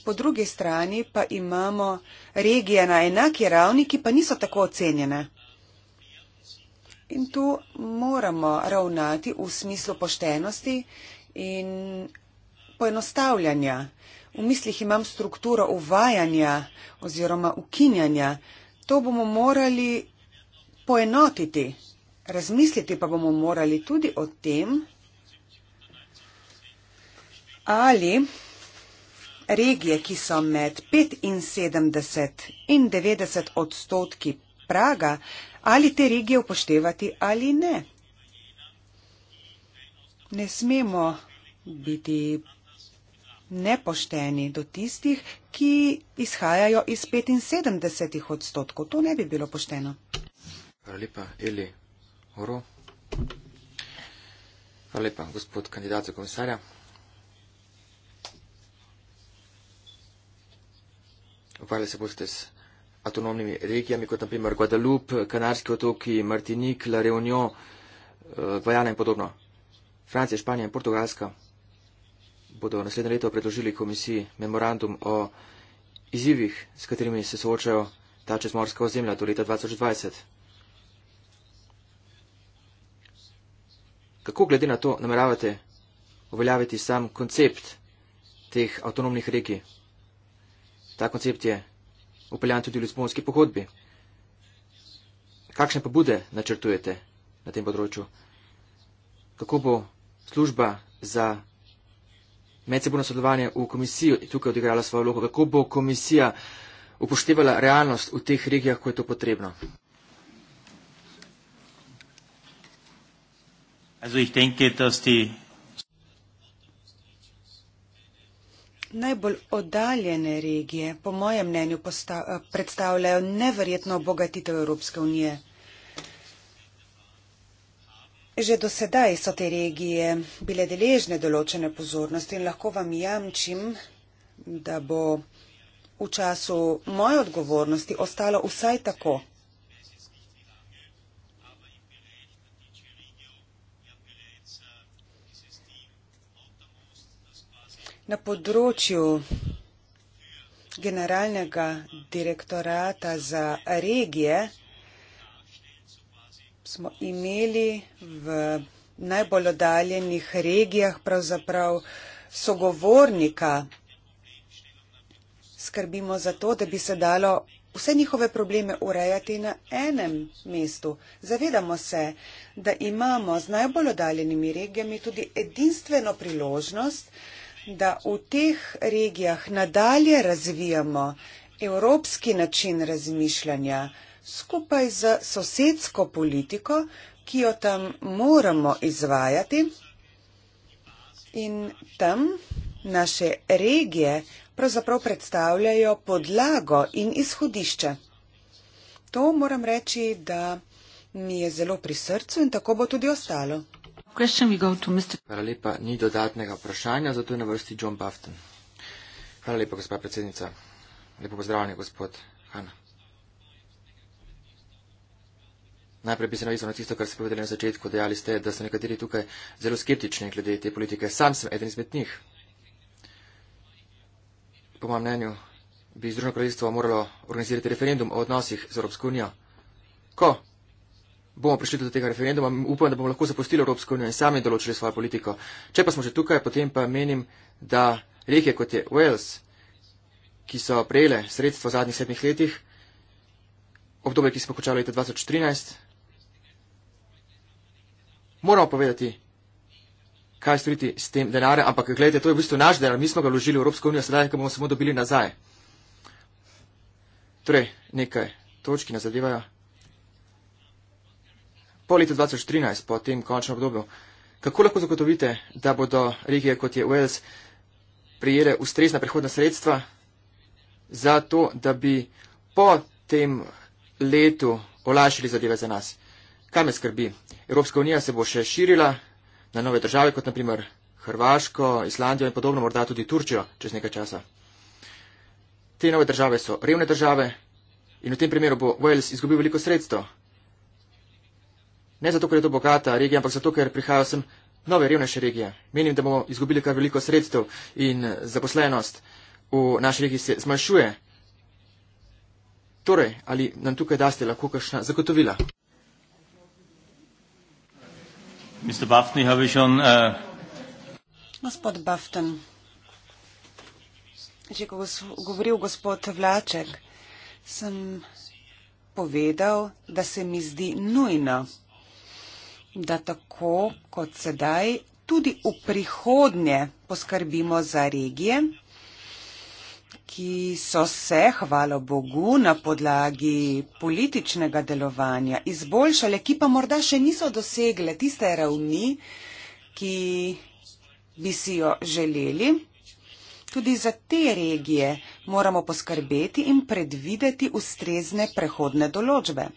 po drugi strani pa imamo regije na enaki ravni, ki pa niso tako ocenjene. In tu moramo ravnati v smislu poštenosti in poenostavljanja. V mislih imam strukturo uvajanja oziroma ukinjanja. To bomo morali poenotiti. Razmisliti pa bomo morali tudi o tem, ali regije, ki so med 75 in 90 odstotki praga, ali te regije upoštevati ali ne. Ne smemo biti nepošteni do tistih, ki izhajajo iz 75 odstotkov. To ne bi bilo pošteno. Hvala lepa, Eli Oro. Hvala lepa, gospod kandidat za komisarja. ukvarjali se boste s avtonomnimi regijami, kot naprimer Guadalupe, Kanarski otoki, Martinik, La Reunion, eh, Vajana in podobno. Francija, Španija in Portugalska bodo naslednje leto predložili komisiji memorandum o izzivih, s katerimi se soočajo ta čezmorska ozemlja do leta 2020. Kako glede na to nameravate uveljaviti sam koncept teh avtonomnih regij? Ta koncept je upeljan tudi v Lizbonski pogodbi. Kakšne pobude načrtujete na tem področju? Kako bo služba za medsebojno sodelovanje v komisiji tukaj odigrala svojo vlogo? Kako bo komisija upoštevala realnost v teh regijah, ko je to potrebno? Also ich denke, dass die najbolj oddaljene regije, po mojem mnenju, eh, predstavljajo neverjetno obogatitev Evropske unije. Že do sedaj so te regije bile deležne določene pozornosti in lahko vam jamčim, da bo v času moje odgovornosti ostalo vsaj tako. na področju generalnega direktorata za regije smo imeli v najbolj oddaljenih regijah pravzaprav sogovornika. Skrbimo za to, da bi se dalo vse njihove probleme urejati na enem mestu. Zavedamo se, da imamo z najbolj oddaljenimi regijami tudi edinstveno priložnost, da v teh regijah nadalje razvijamo evropski način razmišljanja skupaj z sosedsko politiko, ki jo tam moramo izvajati in tam naše regije pravzaprav predstavljajo podlago in izhodišče. To moram reči, da mi je zelo pri srcu in tako bo tudi ostalo question, we go to Mr. Hvala lepa, ni dodatnega vprašanja, zato je na vrsti John Bafton. Hvala lepa, gospa predsednica. Lepo pozdravljanje, gospod Hanna. Najprej bi se navisal na tisto, kar ste povedali na začetku. Dejali ste, da so nekateri tukaj zelo skeptični glede te politike. Sam sem eden izmed njih. Po mojem mnenju bi Združeno kraljestvo moralo organizirati referendum o odnosih z Evropsko unijo. Ko bomo prišli do tega referenduma, upam, da bomo lahko zapustili Evropsko unijo in sami določili svojo politiko. Če pa smo že tukaj, potem pa menim, da regije kot je Wales, ki so prejele sredstvo v zadnjih sedmih letih, obdobje, ki smo končali leta 2013, moramo povedati, kaj storiti s tem denarjem, ampak gledajte, to je v bistvu naš denar, mi smo ga vložili v Evropsko unijo, sedaj ga bomo samo dobili nazaj. Torej, nekaj točki nas zadevajo po letu 2013, po tem končnem obdobju. Kako lahko zagotovite, da bodo regije, kot je Wales, prijele ustrezna prihodna sredstva za to, da bi po tem letu olajšali zadeve za nas? Kaj me skrbi? Evropska unija se bo še širila na nove države, kot naprimer Hrvaško, Islandijo in podobno, morda tudi Turčijo čez nekaj časa. Te nove države so revne države in v tem primeru bo Wales izgubil veliko sredstva. Ne zato, ker je to bogata regija, ampak zato, ker prihajajo sem nove revnejše regije. Menim, da bomo izgubili kar veliko sredstev in eh, zaposlenost v naši regiji se zmanjšuje. Torej, ali nam tukaj daste lahko kakšna zagotovila? Buffney, on, uh... Gospod Bafton, že ko gos govoril gospod Vlaček, sem povedal, da se mi zdi nujno da tako kot sedaj tudi v prihodnje poskrbimo za regije, ki so se, hvala Bogu, na podlagi političnega delovanja izboljšale, ki pa morda še niso dosegle tiste ravni, ki bi si jo želeli. Tudi za te regije moramo poskrbeti in predvideti ustrezne prehodne določbe.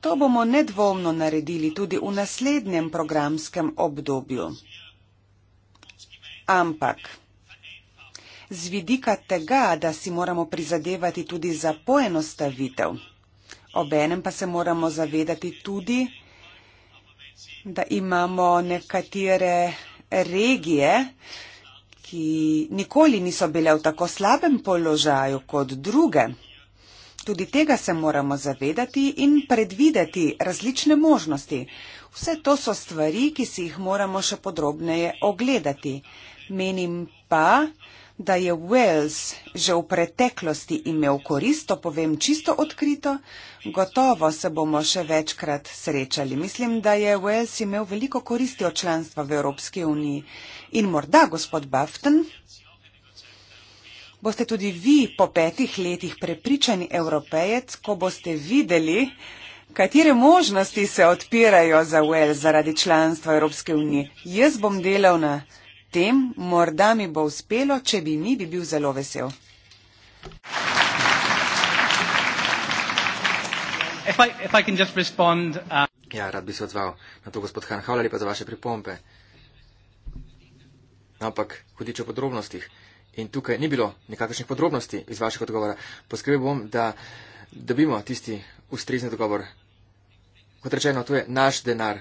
To bomo nedvomno naredili tudi v naslednjem programskem obdobju. Ampak z vidika tega, da si moramo prizadevati tudi za poenostavitev, obenem pa se moramo zavedati tudi, da imamo nekatere regije, ki nikoli niso bile v tako slabem položaju kot druge tudi tega se moramo zavedati in predvideti različne možnosti. Vse to so stvari, ki si jih moramo še podrobneje ogledati. Menim pa, da je Wales že v preteklosti imel koristo, povem čisto odkrito, gotovo se bomo še večkrat srečali. Mislim, da je Wales imel veliko koristi od članstva v Evropski uniji. In morda, gospod Bafton, boste tudi vi po petih letih prepričani evropejec, ko boste videli, katere možnosti se odpirajo za Wales zaradi članstva Evropske unije. Jaz bom delal na tem, morda mi bo uspelo, če bi mi, bi bil zelo vesel. If I, if I respond, uh... Ja, rad bi se odzval na to, gospod Han. Hvala lepa za vaše pripombe. No, ampak, hudiče podrobnostih, In tukaj ni bilo nekakšnih podrobnosti iz vašega odgovora. Poskrbel bom, da dobimo tisti ustrezni dogovor. Kot rečeno, to je naš denar,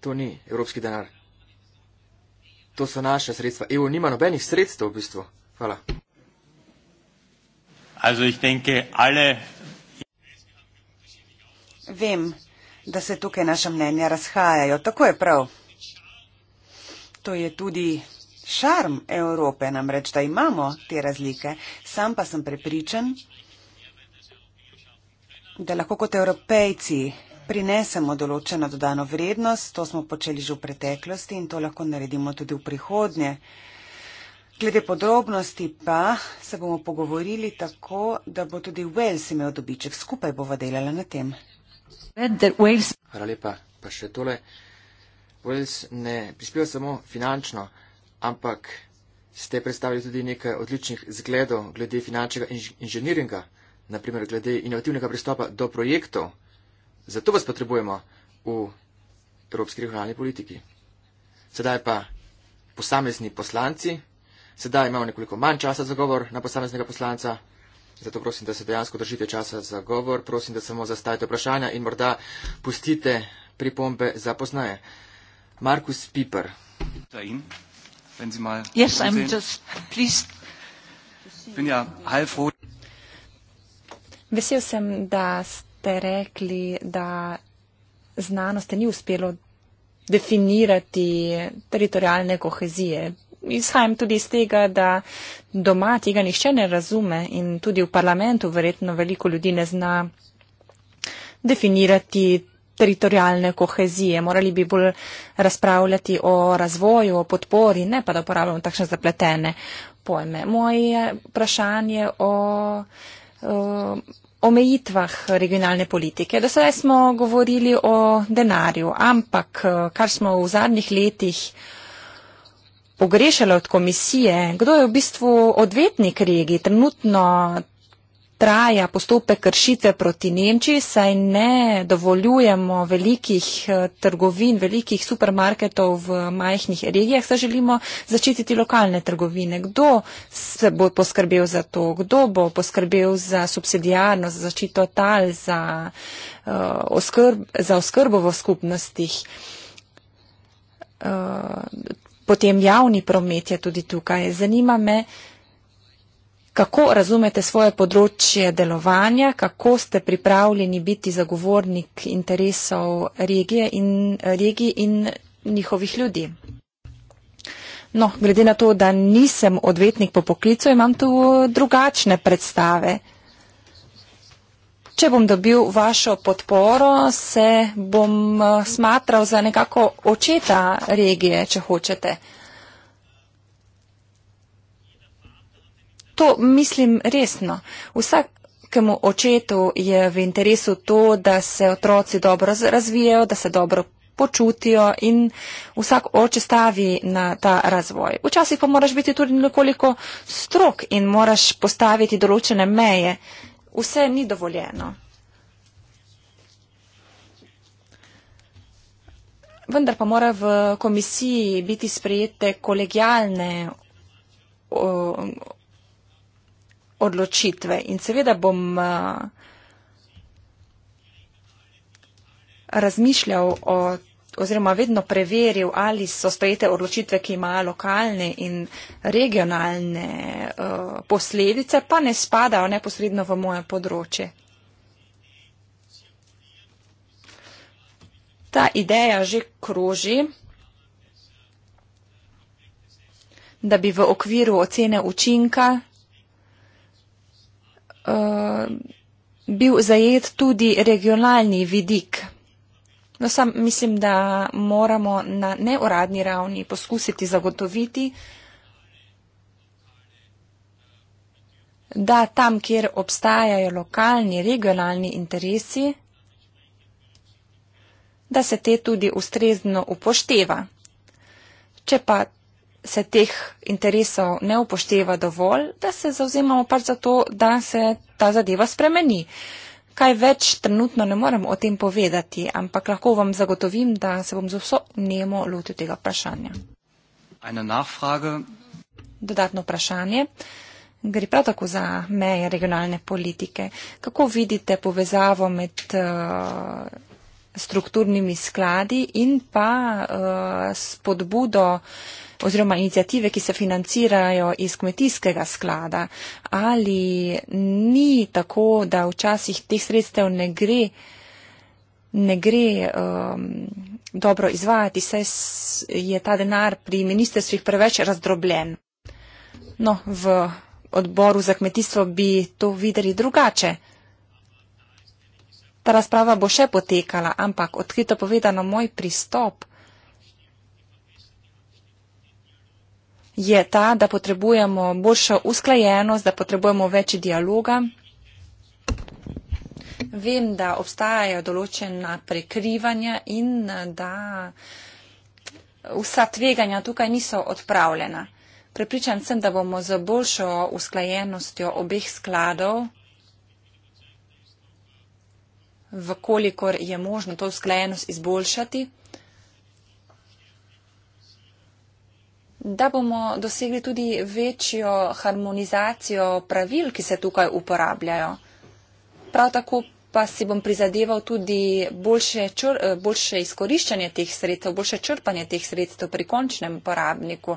to ni evropski denar. To so naše sredstva. EU nima nobenih sredstev v bistvu. Hvala. Also ich denke, alle... Vem, da se tukaj naša mnenja razhajajo. Tako je prav. To je tudi Šarm Evrope namreč, da imamo te razlike. Sam pa sem prepričan, da lahko kot evropejci prinesemo določeno dodano vrednost. To smo počeli že v preteklosti in to lahko naredimo tudi v prihodnje. Glede podrobnosti pa se bomo pogovorili tako, da bo tudi Wales imel dobiček. Skupaj bova delala na tem. Hvala lepa. Pa še tole. Wales ne prispeva samo finančno ampak ste predstavili tudi nekaj odličnih zgledov glede finančnega inž inženiringa, naprimer glede inovativnega pristopa do projektov. Zato vas potrebujemo v evropski regionalni politiki. Sedaj pa posamezni poslanci. Sedaj imamo nekoliko manj časa za govor na posameznega poslanca. Zato prosim, da se dejansko držite časa za govor. Prosim, da samo zastavite vprašanja in morda pustite pripombe za poznaje. Markus Piper. Tain wenn Sie mal yes, I'm just pleased. Ich bin ja heilfroh. Vesel sem, da ste rekli, da znanost ni uspelo definirati teritorijalne kohezije. Izhajam tudi iz tega, da doma tega nišče ne razume in tudi v parlamentu verjetno veliko ljudi ne zna definirati teritorijalne kohezije. Morali bi bolj razpravljati o razvoju, o podpori, ne pa da uporabljamo takšne zapletene pojme. Moje vprašanje o. o omejitvah regionalne politike. Do sedaj smo govorili o denarju, ampak eh, kar smo v zadnjih letih pogrešali od komisije, kdo je v bistvu odvetnik regije, trenutno traja postopek kršitve proti Nemčiji, saj ne dovoljujemo velikih eh, trgovin, velikih supermarketov v majhnih regijah, saj želimo začititi lokalne trgovine. Kdo se bo poskrbel za to? Kdo bo poskrbel za subsidijarnost, za zaščito tal, za, uh, oskrb, za oskrbo v skupnostih? Uh, potem javni promet je tudi tukaj. Zanima me, uh, kako razumete svoje področje delovanja, kako ste pripravljeni biti zagovornik interesov regije in, regij in njihovih ljudi. No, glede na to, da nisem odvetnik po poklicu, imam tu drugačne predstave. Če bom dobil vašo podporo, se bom eh, smatral za nekako očeta regije, če hočete. to mislim resno. Vsak Vsakemu očetu je v interesu to, da se otroci dobro razvijajo, da se dobro počutijo in vsak oče stavi na ta razvoj. Včasih pa moraš biti tudi nekoliko strok in moraš postaviti določene meje. Vse ni dovoljeno. Vendar pa mora v komisiji biti sprejete kolegijalne odločitve in seveda bom eh, razmišljal o, oziroma vedno preveril, ali so stojite odločitve, ki imajo lokalne in regionalne uh, posledice, pa ne spadajo neposredno v moje področje. Ta ideja že kroži, da bi v okviru ocene učinka Eh, bil zajet tudi regionalni vidik. No, sam mislim, da moramo na neuradni ravni poskusiti zagotoviti, da tam, kjer obstajajo lokalni, regionalni interesi, da se te tudi ustrezno upošteva. Če pa se teh interesov ne upošteva dovolj, da se zauzemamo pač za to, da se ta zadeva spremeni. Kaj več trenutno ne morem o tem povedati, ampak lahko vam zagotovim, da se bom z vso nemo lotil tega vprašanja. Dodatno vprašanje. Gre prav tako za meje regionalne politike. Kako vidite povezavo med uh, strukturnimi skladi in pa uh, spodbudo uh, oziroma inicijative, ki se financirajo iz kmetijskega sklada, ali ni tako, da včasih teh sredstev ne gre, ne gre um, dobro izvajati, saj je ta denar pri ministrstvih preveč razdrobljen. No, v odboru za kmetijstvo bi to videli drugače. Ta razprava bo še potekala, ampak odkrito povedano, moj pristop je ta, da potrebujemo boljšo usklajenost, da potrebujemo več dialoga. Vem, da obstajajo določena prekrivanja in da vsa tveganja tukaj niso odpravljena. Prepričan sem, da bomo z boljšo usklajenostjo obeh skladov, vkolikor je možno to usklajenost izboljšati, da bomo dosegli tudi večjo harmonizacijo pravil, ki se tukaj uporabljajo. Prav tako pa si bom prizadeval tudi boljše, čr, eh, boljše izkoriščanje teh sredstev, boljše črpanje teh sredstev pri končnem uporabniku.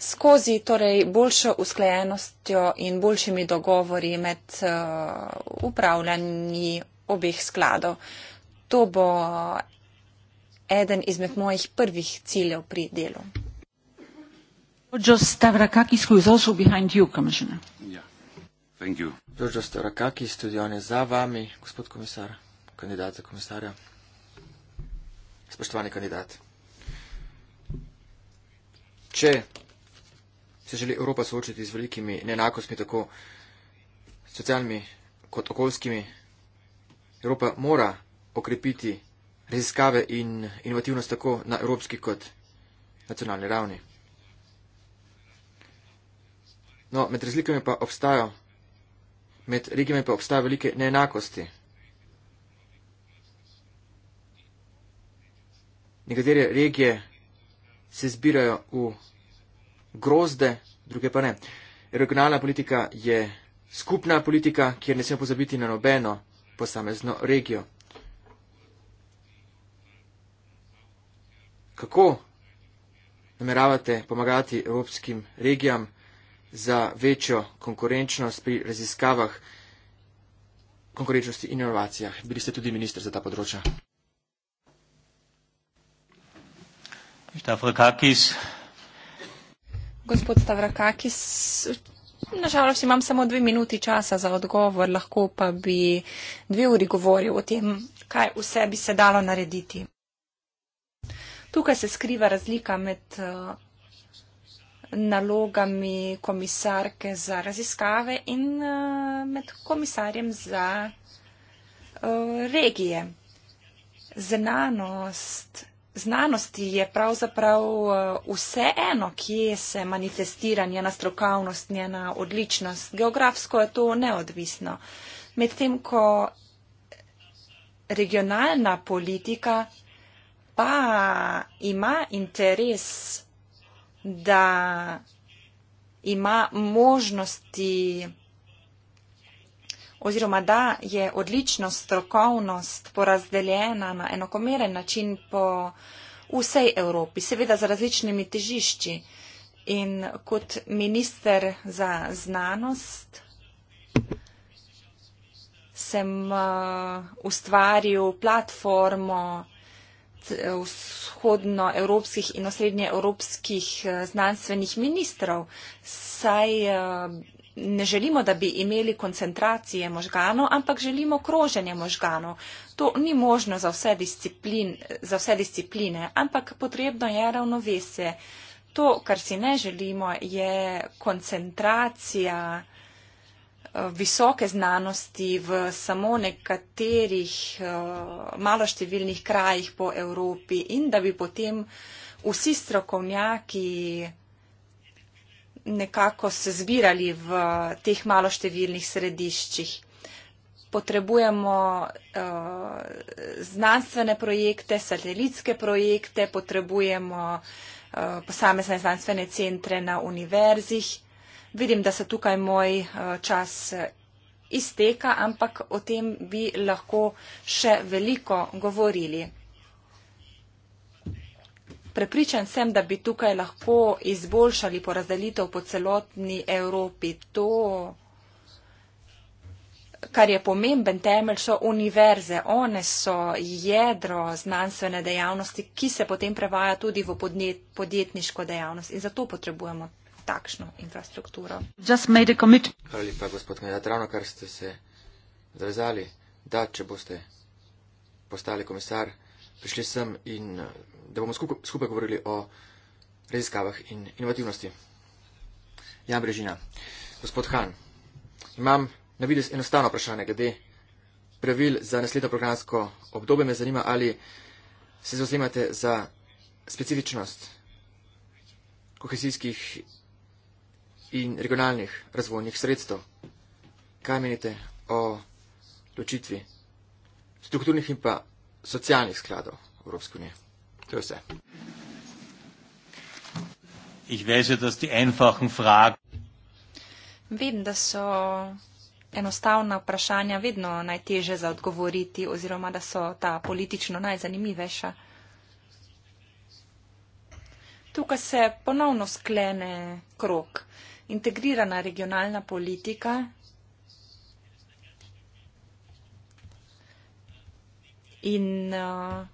Skozi torej boljšo usklajenostjo in boljšimi dogovori med eh, upravljanji obeh skladov. To bo eden izmed mojih prvih ciljev pri delu. Džoržo Stavrakakis, tudi on je za vami, gospod komisar, kandidat za komisarja. Spoštovani kandidat. Če se želi Evropa soočiti z velikimi neenakostmi, tako socialnimi kot okoljskimi, Evropa mora okrepiti raziskave in inovativnost tako na evropski kot nacionalni ravni. No, med razlikami pa obstajajo, med regijami pa obstajajo velike neenakosti. Nekatere regije se zbirajo v grozde, druge pa ne. Regionalna politika je skupna politika, kjer ne smemo pozabiti na nobeno posamezno regijo. kako nameravate pomagati evropskim regijam za večjo konkurenčnost pri raziskavah, konkurenčnosti in inovacijah. Bili ste tudi minister za ta področja. Stavrakakis. Gospod Stavrakakis, nažalost imam samo dve minuti časa za odgovor, lahko pa bi dve uri govoril o tem, kaj vse bi se dalo narediti. Tukaj se skriva razlika med eh, nalogami komisarke za raziskave in eh, med komisarjem za eh, regije. Znanost. Znanosti je pravzaprav vse eno, kje se manifestira njena strokovnost, njena odličnost. Geografsko je to neodvisno. Medtem ko regionalna politika pa ima interes, da ima možnosti oziroma da je odlična strokovnost porazdeljena na enakomeren način po vsej Evropi, seveda z različnimi težišči. In kot minister za znanost sem uh, ustvaril platformo, vzhodnoevropskih in osrednjeevropskih eh, znanstvenih ministrov, saj eh, ne želimo, da bi imeli koncentracije možganov, ampak želimo kroženje možganov. To ni možno za vse, disciplin, za vse discipline, ampak potrebno je ravnovesje. To, kar si ne želimo, je koncentracija visoke znanosti v samo nekaterih eh, maloštevilnih krajih po Evropi in da bi potem vsi strokovnjaki nekako se zbirali v teh maloštevilnih središčih. Potrebujemo eh, znanstvene projekte, satelitske projekte, potrebujemo eh, posamezne znanstvene centre na univerzih. Vidim, da se tukaj moj eh, čas eh, izteka, ampak o tem bi lahko še veliko govorili. Prepričan sem, da bi tukaj lahko izboljšali porazdelitev po celotni Evropi. To, kar je pomemben temelj, so univerze. One so jedro znanstvene dejavnosti, ki se potem prevaja tudi v podjetniško dejavnost. In zato potrebujemo takšno infrastrukturo. Hvala lepa, gospod kandidat, ravno kar ste se zavezali, da če boste postali komisar, prišli sem in eh, da bomo skup, skupaj govorili o raziskavah in inovativnosti. Jan Brežina, gospod Han, imam na vidiz enostavno vprašanje glede pravil za naslednjo programsko obdobje. Me zanima, ali se zauzemate za specifičnost kohezijskih in regionalnih razvojnih sredstev. Kaj menite o ločitvi strukturnih in pa socialnih skladov Evropske unije? To je vse. Ja, Vem, da so enostavna vprašanja vedno najteže za odgovoriti oziroma da so ta politično najzanimivejša. Tukaj se ponovno sklene krok. Uh, integrirana regionalna politika in uh,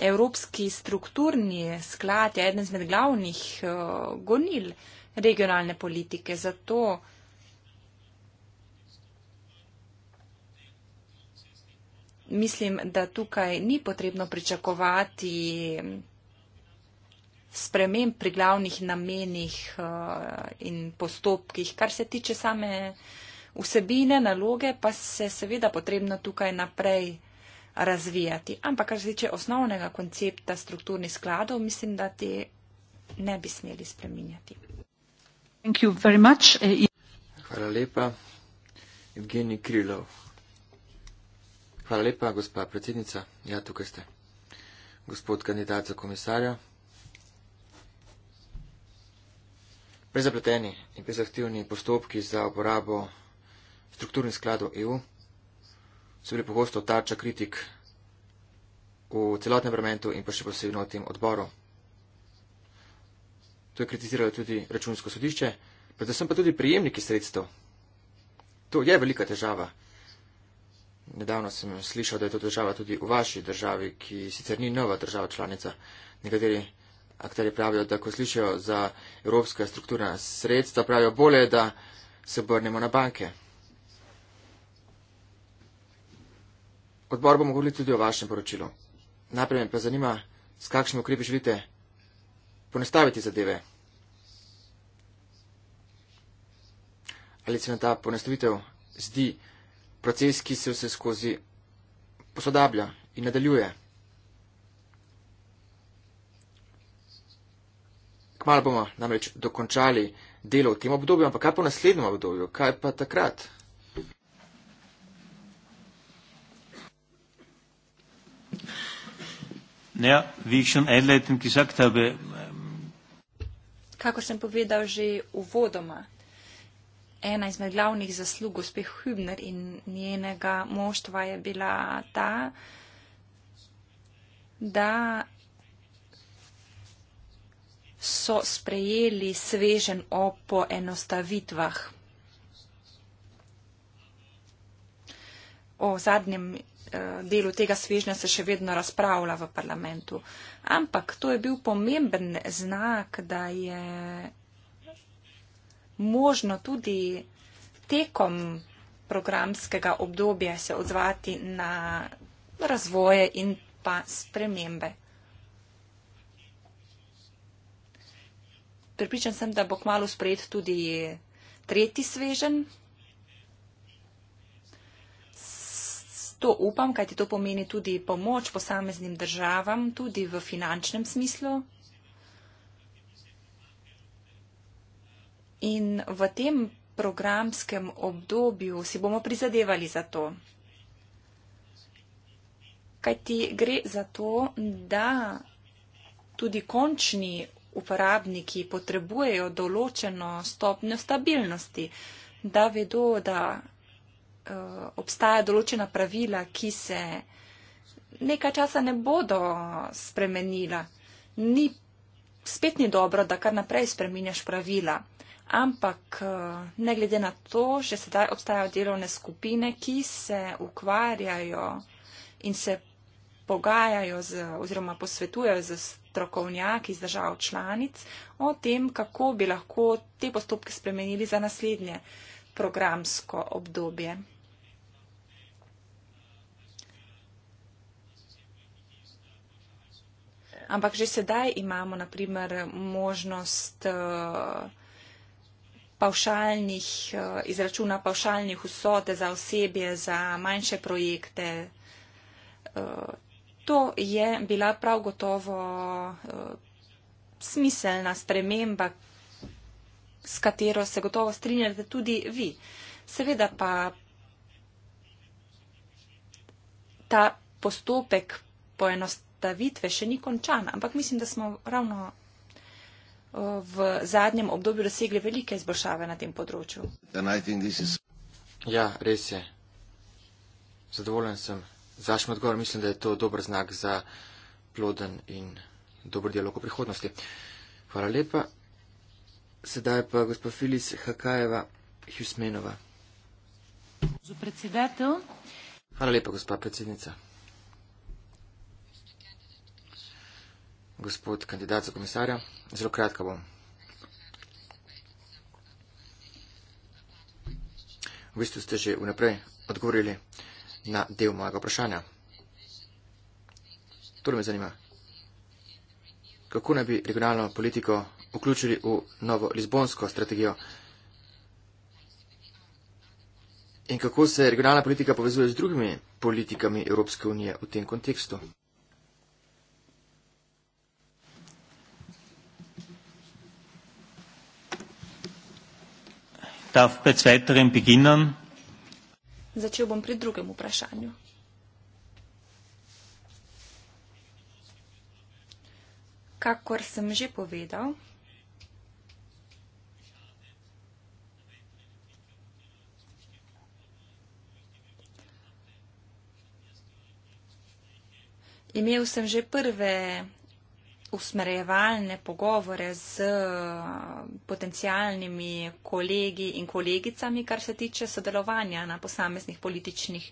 Evropski strukturni sklad je eden izmed glavnih uh, gonil regionalne politike. Zato mislim, da tukaj ni potrebno pričakovati sprememb pri glavnih namenih uh, in postopkih. Kar se tiče same vsebine, naloge, pa se seveda potrebno tukaj naprej razvijati. Ampak kar se tiče osnovnega koncepta strukturnih skladov, mislim, da te ne bi smeli spreminjati. Eh, Hvala lepa. Evgeni Krilov. Hvala lepa, gospa predsednica. Ja, tukaj ste. Gospod kandidat za komisarja, prezapleteni in prezahtevni postopki za uporabo strukturnih skladov EU so bili pogosto tarča kritik v celotnem parlamentu in pa še posebno v tem odboru. To je kritiziralo tudi računsko sodišče, predvsem pa tudi prijemniki sredstev. To je velika težava. Nedavno sem slišal, da je to težava tudi v vaši državi, ki sicer ni nova država članica. Nekateri akterje pravijo, da ko slišijo za evropska strukturna sredstva, pravijo bolje, da se obrnemo na banke. Odbor bomo govorili tudi o vašem poročilu. Najprej me pa zanima, s kakšnimi ukrepi želite ponestaviti zadeve. Ali se vam ta ponestavitev zdi proces, ki se vse skozi posodablja in nadaljuje? Kmalo bomo namreč dokončali delo v tem obdobju, ampak kaj pa v naslednjem obdobju, kaj pa takrat? Ja, habe, um... Ähm, Kako sem povedal že uvodoma, ena izmed glavnih zaslug uspeh Hübner in njenega moštva je bila ta, da so sprejeli svežen o poenostavitvah. O zadnjem eh, delu tega svežnja se še vedno razpravlja v parlamentu. Ampak to je bil pomemben znak, da je možno tudi tekom programskega obdobja se odzvati na razvoje in pa spremembe. pripričan sem, da bo kmalo sprejet tudi tretji svežen. To upam, kaj ti to pomeni tudi pomoč posameznim državam, tudi v finančnem smislu. In v tem programskem obdobju si bomo prizadevali za to. Kaj ti gre za to, da tudi končni uporabniki potrebujejo določeno stopnjo stabilnosti, da vedo, da uh, obstaja določena pravila, ki se nekaj časa ne bodo spremenila. Ni, spet ni dobro, da kar naprej spreminjaš pravila, ampak eh, ne glede na to, že sedaj obstajajo delovne skupine, ki se ukvarjajo in se pogajajo z, oziroma posvetujejo z strokovnjaki iz držav članic o tem, kako bi lahko te postopke spremenili za naslednje programsko obdobje. Ampak že sedaj imamo naprimer možnost eh, pavšalnih, eh, izračuna pavšalnih vsote za osebje, za manjše projekte, eh, To je bila prav gotovo uh, smiselna sprememba, s katero se gotovo strinjate tudi vi. Seveda pa ta postopek poenostavitve še ni končan, ampak mislim, da smo ravno eh, v zadnjem obdobju dosegli velike izboljšave na tem področju. Ja, res je. Zadovoljen sem zašme odgovor, mislim, da je to dober znak za ploden in dober dialog v prihodnosti. Hvala lepa. Sedaj pa gospa Filis Hakajeva Hjusmenova. Hvala lepa, gospa predsednica. Gospod kandidat za komisarja, zelo kratka bom. V bistvu ste že vnaprej odgovorili na del mojega vprašanja. Torej me zanima, kako naj bi regionalno politiko vključili v novo Lizbonsko strategijo in kako se regionalna politika povezuje z drugimi politikami Evropske unije v tem kontekstu. Darf bei zweiterem beginnen. Začel bom pri drugem vprašanju. Kakor sem že povedal, imel sem že prve usmerjevalne pogovore z eh, potencijalnimi kolegi in kolegicami, kar se tiče sodelovanja na posameznih političnih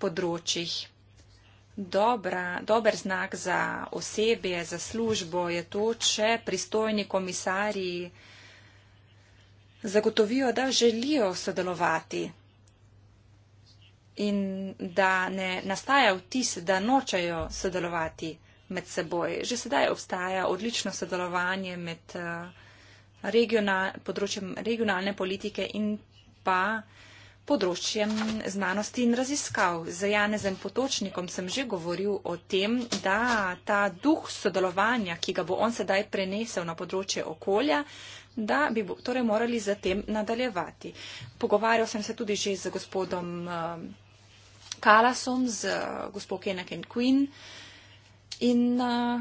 področjih. Dobra, dober znak za osebje, za službo je to, če pristojni komisarji zagotovijo, da želijo sodelovati in da ne nastaja vtis, da nočejo sodelovati med seboj. Že sedaj obstaja odlično sodelovanje med eh, regional, področjem regionalne politike in pa področjem znanosti in raziskav. Z Janezem Potočnikom sem že govoril o tem, da ta duh sodelovanja, ki ga bo on sedaj prenesel na področje okolja, da bi torej morali zatem nadaljevati. Pogovarjal sem se tudi že z gospodom eh, Kalasom, z eh, gospod Kenneth Queen, uh, In uh,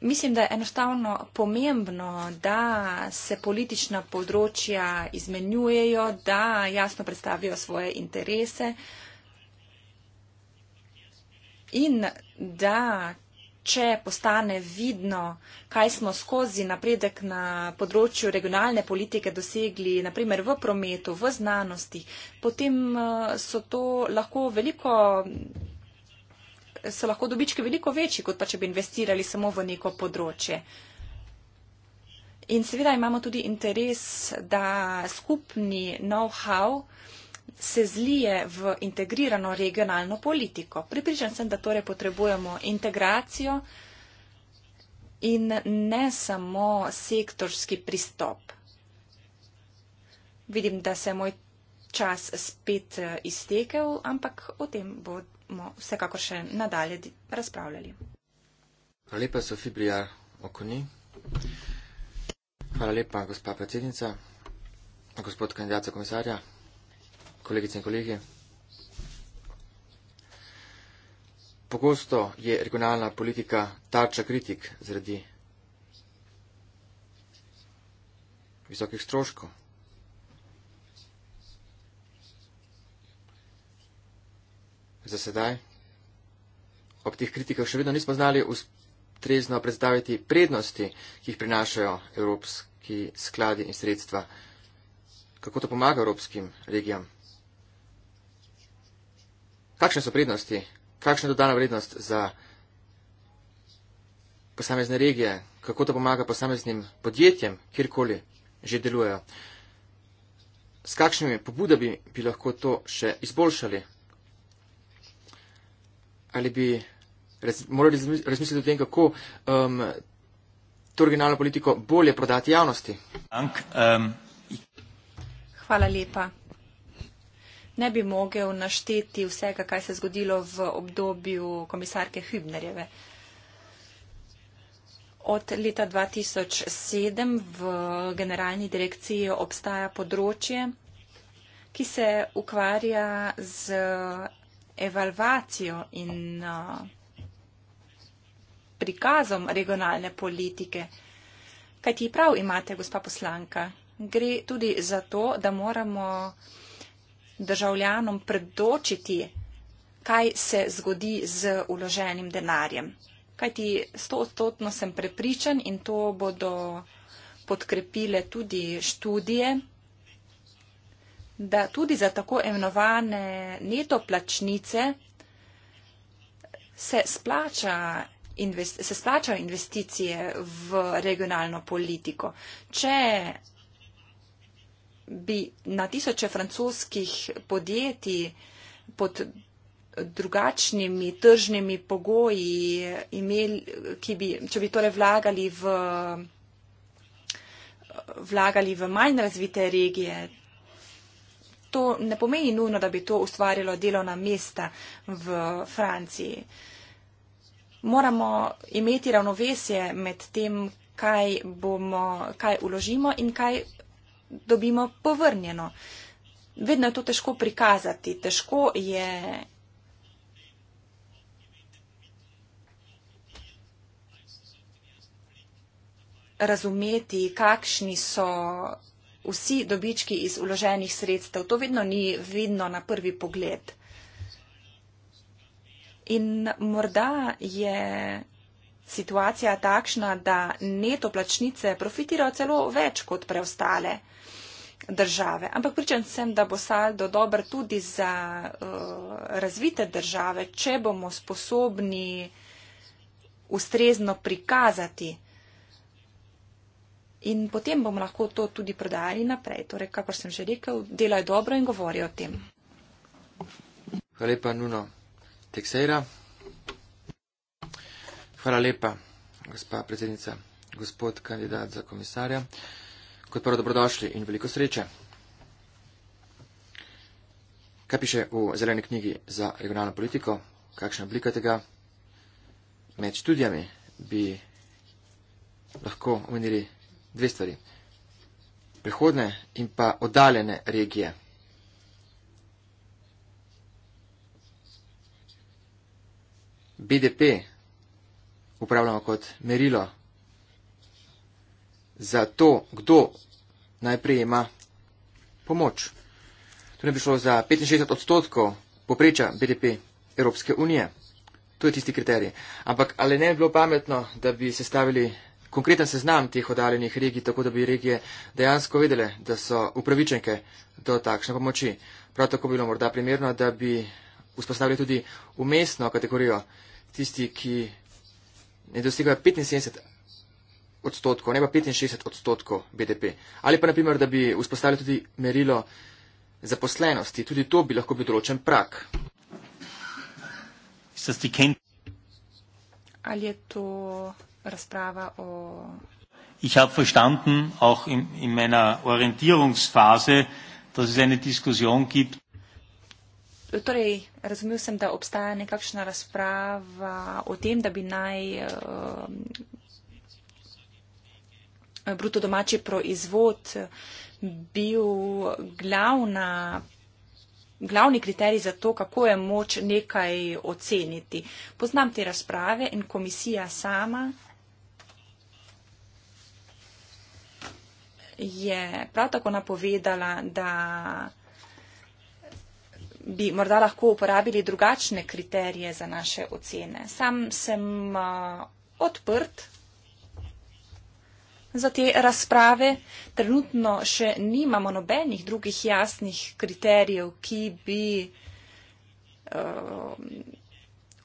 mislim, da je enostavno pomembno, da se politična področja izmenjujejo, da jasno predstavijo svoje interese in da, če postane vidno, kaj smo skozi napredek na področju regionalne politike dosegli, naprimer v prometu, v znanosti, potem uh, so to lahko veliko so lahko dobički veliko večji, kot pa če bi investirali samo v neko področje. In seveda imamo tudi interes, da skupni know-how se zlije v integrirano regionalno politiko. Pripričan sem, da torej potrebujemo integracijo in ne samo sektorski pristop. Vidim, da se moj čas spet eh, iztekel, ampak o tem bo bomo vsekakor še nadalje razpravljali. Hvala lepa, Sofija Brijar, okoni. Hvala lepa, gospa predsednica, gospod kandidat za komisarja, kolegice in kolegi. Pogosto je regionalna politika tarča kritik zaradi visokih stroškov, Za sedaj, ob tih kritikah še vedno nismo znali ustrezno predstaviti prednosti, ki jih prinašajo evropski skladi in sredstva. Kako to pomaga evropskim regijam? Kakšne so prednosti? Kakšna je dodana vrednost za posamezne regije? Kako to pomaga posameznim podjetjem, kjerkoli že delujejo? S kakšnimi pobudami bi lahko to še izboljšali? ali bi raz, morali razmisliti o tem, kako um, to originalno politiko bolje prodati javnosti. Ank, um... Hvala lepa. Ne bi mogel našteti vsega, kaj se je zgodilo v obdobju komisarke Hübnerjeve. Od leta 2007 v generalni direkciji obstaja področje, ki se ukvarja z evalvacijo in uh, prikazom regionalne politike. Kaj ti prav imate, gospa poslanka? Gre tudi za to, da moramo državljanom predočiti, kaj se zgodi z uloženim denarjem. Kaj ti stotno sem prepričan in to bodo podkrepile tudi študije da tudi za tako imenovane neto plačnice se splača se splačajo investicije v regionalno politiko. Če bi na tisoče francoskih podjetij pod drugačnimi tržnimi pogoji imeli, ki bi, če bi torej vlagali v, vlagali v manj razvite regije, to ne pomeni nujno, da bi to ustvarjalo delovna mesta v Franciji. Moramo imeti ravnovesje med tem, kaj, bomo, kaj uložimo in kaj dobimo povrnjeno. Vedno je to težko prikazati. Težko je razumeti, kakšni so vsi dobički iz uloženih sredstev. To vedno ni vidno na prvi pogled. In morda je situacija takšna, da neto plačnice profitirajo celo več kot preostale države. Ampak pričan sem, da bo saldo dober tudi za uh, razvite države, če bomo sposobni ustrezno prikazati in potem bomo lahko to tudi prodajali naprej. Torej, kakor sem že rekel, delajo dobro in govorijo o tem. Hvala lepa, Nuno Teksera. Hvala lepa, gospa predsednica, gospod kandidat za komisarja. Kot prvo, dobrodošli in veliko sreče. Kaj piše v zeleni knjigi za regionalno politiko? Kakšna oblika tega? Med študijami bi lahko omenili dve stvari. Prihodne in pa oddaljene regije. BDP upravljamo kot merilo za to, kdo najprej ima pomoč. To ne bi šlo za 65 odstotkov poprečja BDP Evropske unije. To je tisti kriterij. Ampak ali ne bi bilo pametno, da bi sestavili konkreten seznam teh odaljenih regij, tako da bi regije dejansko vedele, da so upravičenke do takšne pomoči. Prav tako bilo morda primerno, da bi vzpostavili tudi umestno kategorijo tisti, ki ne dosegajo 75 odstotkov, ne pa 65 odstotkov BDP. Ali pa naprimer, da bi vzpostavili tudi merilo zaposlenosti. Tudi to bi lahko bil določen prak. Ali je to razprava o. Ich habe verstanden, auch in, in meiner Orientierungsphase, dass es eine Diskussion gibt. Torej, razumel sem, da obstaja nekakšna razprava o tem, da bi naj uh, bruto domači proizvod bil glavna, glavni kriterij za to, kako je moč nekaj oceniti. Poznam te razprave in komisija sama je prav tako napovedala, da bi morda lahko uporabili drugačne kriterije za naše ocene. Sam sem uh, odprt za te razprave. Trenutno še nimamo nobenih drugih jasnih kriterijev, ki bi uh,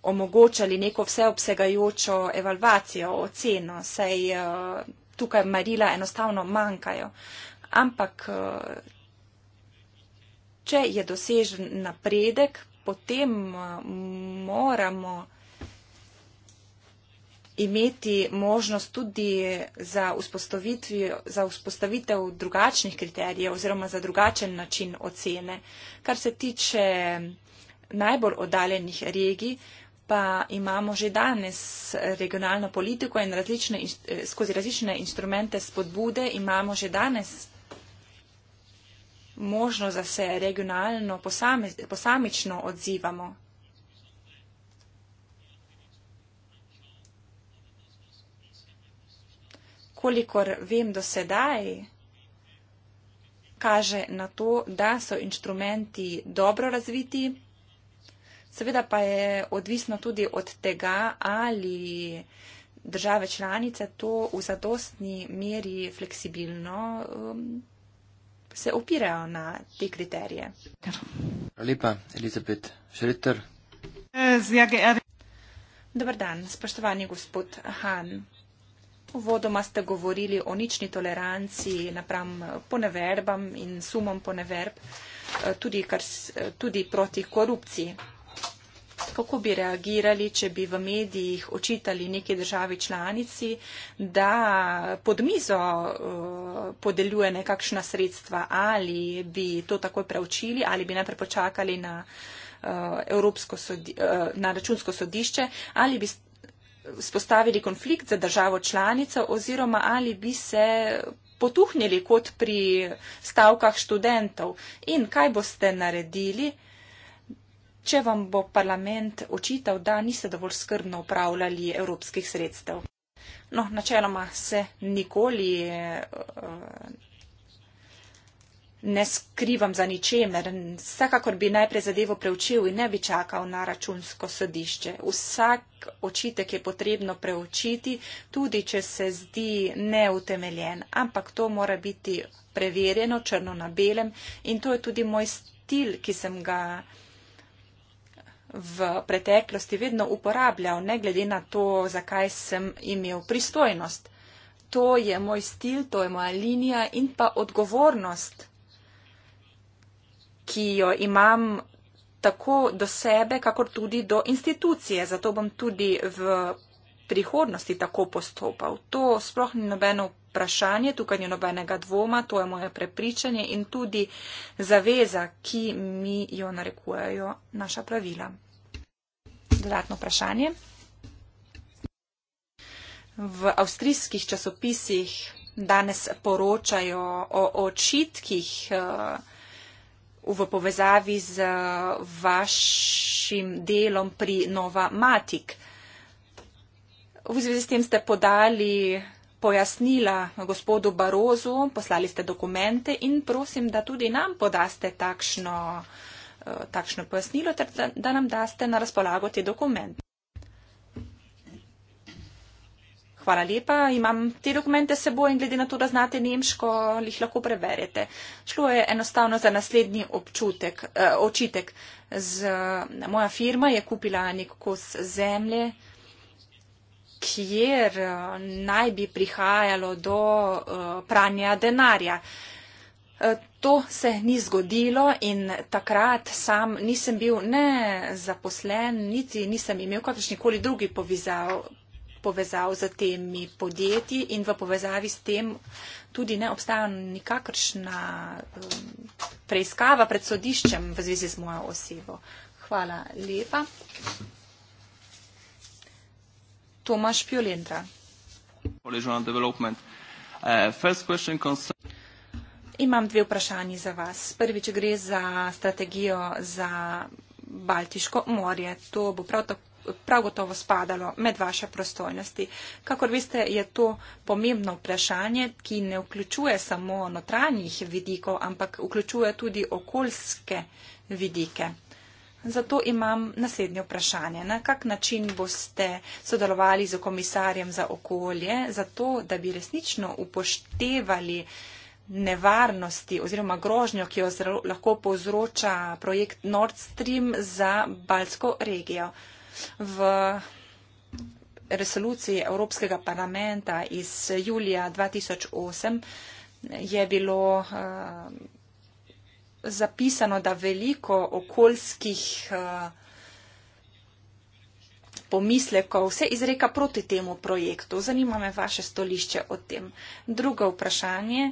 omogočali neko vseobsegajočo evalvacijo, oceno, saj uh, tukaj merila enostavno manjkajo. Ampak, eh, če je dosežen napredek, potem eh, moramo imeti možnost tudi za, za vzpostavitev drugačnih kriterijev oziroma za drugačen način ocene. Kar se tiče najbolj oddaljenih regij, pa imamo že danes regionalno politiko in različne, eh, skozi različne instrumente spodbude imamo že danes možnost, da se regionalno posame, posamično odzivamo. Kolikor vem do sedaj, kaže na to, da so inštrumenti dobro razviti Seveda pa je odvisno tudi od tega, ali države članice to v zadostni meri fleksibilno um, se opirajo na te kriterije. Lepa, Elizabet Šreter. Dobar dan, spoštovani gospod Han. Uvodoma ste govorili o nični toleranci napram poneverbam in sumom poneverb, eh, tudi, kar, eh, tudi proti korupciji kako bi reagirali, če bi v medijih očitali neki državi članici, da pod mizo eh, podeljuje nekakšna sredstva ali bi to takoj preučili ali bi najprej počakali na, eh, sodi, eh, na računsko sodišče ali bi spostavili konflikt za državo članico oziroma ali bi se potuhnili kot pri stavkah študentov in kaj boste naredili če vam bo parlament očital, da niste dovolj skrbno upravljali evropskih sredstev. No, načeloma se nikoli eh, ne skrivam za ničemer. Vsekakor bi najprej zadevo preučil in ne bi čakal na računsko sodišče. Vsak očitek je potrebno preučiti, tudi če se zdi neutemeljen, ampak to mora biti preverjeno črno na belem in to je tudi moj stil, ki sem ga v preteklosti vedno uporabljal, ne glede na to, zakaj sem imel pristojnost. To je moj stil, to je moja linija in pa odgovornost, ki jo imam tako do sebe, kakor tudi do institucije. Zato bom tudi v prihodnosti tako postopal. To sploh ni nobeno vprašanje, tukaj ni nobenega dvoma, to je moje prepričanje in tudi zaveza, ki mi jo narekujejo naša pravila dodatno vprašanje. V avstrijskih časopisih danes poročajo o očitkih eh, v povezavi z eh, vašim delom pri Nova Matik. V zvezi s tem ste podali pojasnila gospodu Barozu, poslali ste dokumente in prosim, da tudi nam podaste takšno takšno pojasnilo, ter da, da nam daste na razpolago te dokumente. Hvala lepa, imam te dokumente s seboj in glede na to, da znate nemško, jih lahko preberete. Šlo je enostavno za naslednji občutek, eh, očitek. Z, moja firma je kupila nek kos zemlje, kjer eh, naj bi prihajalo do eh, pranja denarja. Eh, Eh, to se ni zgodilo in takrat sam nisem bil ne zaposlen, niti nisem imel kakršnikoli drugi povizav, povezav z temi podjetji in v povezavi s tem tudi ne obstaja nikakršna eh, preiskava pred sodiščem v zvezi z mojo osebo. Hvala lepa. Tomaš Pjolendra. Uh, first question concerns. Imam dve vprašanji za vas. Prvič gre za strategijo za Baltiško morje. To bo prav, prav gotovo spadalo med vaše prostojnosti. Kakor veste, je to pomembno vprašanje, ki ne vključuje samo notranjih vidikov, ampak vključuje tudi okoljske vidike. Zato imam naslednje vprašanje. Na kak način boste sodelovali z komisarjem za okolje, zato da bi resnično upoštevali nevarnosti oziroma grožnjo, ki jo lahko povzroča projekt Nord Stream za Balsko regijo. V resoluciji Evropskega parlamenta iz julija 2008 je bilo eh, zapisano, da veliko okoljskih eh, pomislekov se izreka proti temu projektu. Zanima me vaše stolišče o tem. Drugo vprašanje.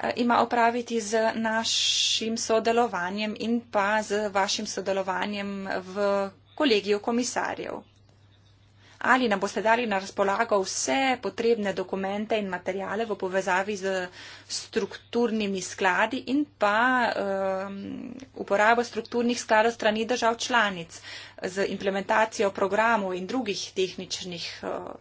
Eh, ima opraviti z našim sodelovanjem in pa z vašim sodelovanjem v kolegiju komisarjev. Ali nam boste dali na razpolago vse potrebne dokumente in materijale v povezavi z strukturnimi skladi in pa um, uporabo strukturnih skladov strani držav članic z implementacijo programov in drugih tehničnih uh,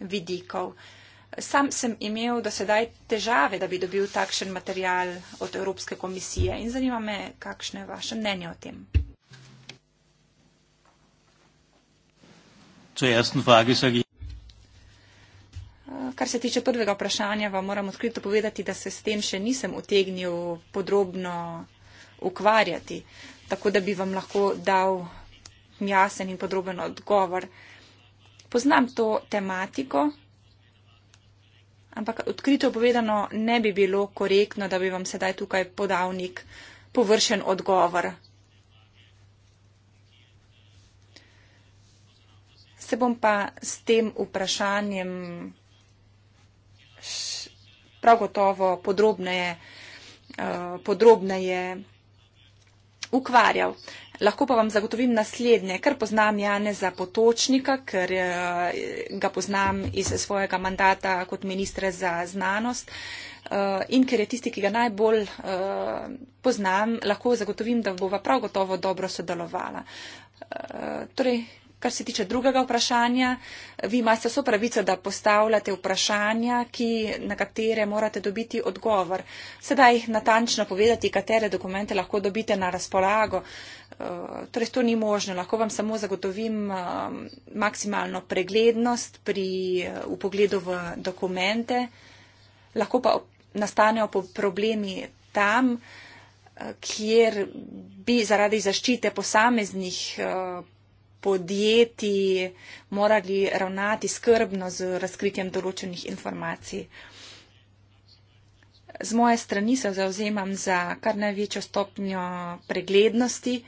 vidikov. Uh, Sam sem imel do sedaj težave, da bi dobil takšen material od Evropske komisije in zanima me, kakšno je vaše mnenje o tem. Kar se tiče prvega vprašanja, vam moram odkrito povedati, da se s tem še nisem utegnil podrobno ukvarjati, tako da bi vam lahko dal jasen in podroben odgovor. Poznam to tematiko, Ampak odkrito povedano, ne bi bilo korektno, da bi vam sedaj tukaj podal nek površen odgovor. Se bom pa s tem vprašanjem prav gotovo podrobneje, eh, podrobneje ukvarjal. Lahko pa vam zagotovim naslednje, ker poznam Janeza Potočnika, ker eh, ga poznam iz svojega mandata kot ministra za znanost eh, in ker je tisti, ki ga najbolj eh, poznam, lahko zagotovim, da bova prav gotovo dobro sodelovala. Torej, kar se tiče drugega vprašanja, vi imate so pravico, da postavljate vprašanja, ki, na katere morate dobiti odgovor. Sedaj natančno povedati, katere dokumente lahko dobite na razpolago. Uh, Eh, torej to ni možno. Lahko vam samo zagotovim eh, maksimalno preglednost pri upogledu eh, v dokumente. Lahko pa nastanejo problemi tam, kjer bi zaradi zaščite posameznih podjetij morali ravnati skrbno z razkritjem določenih informacij. Z moje strani se zauzemam za kar največjo stopnjo preglednosti.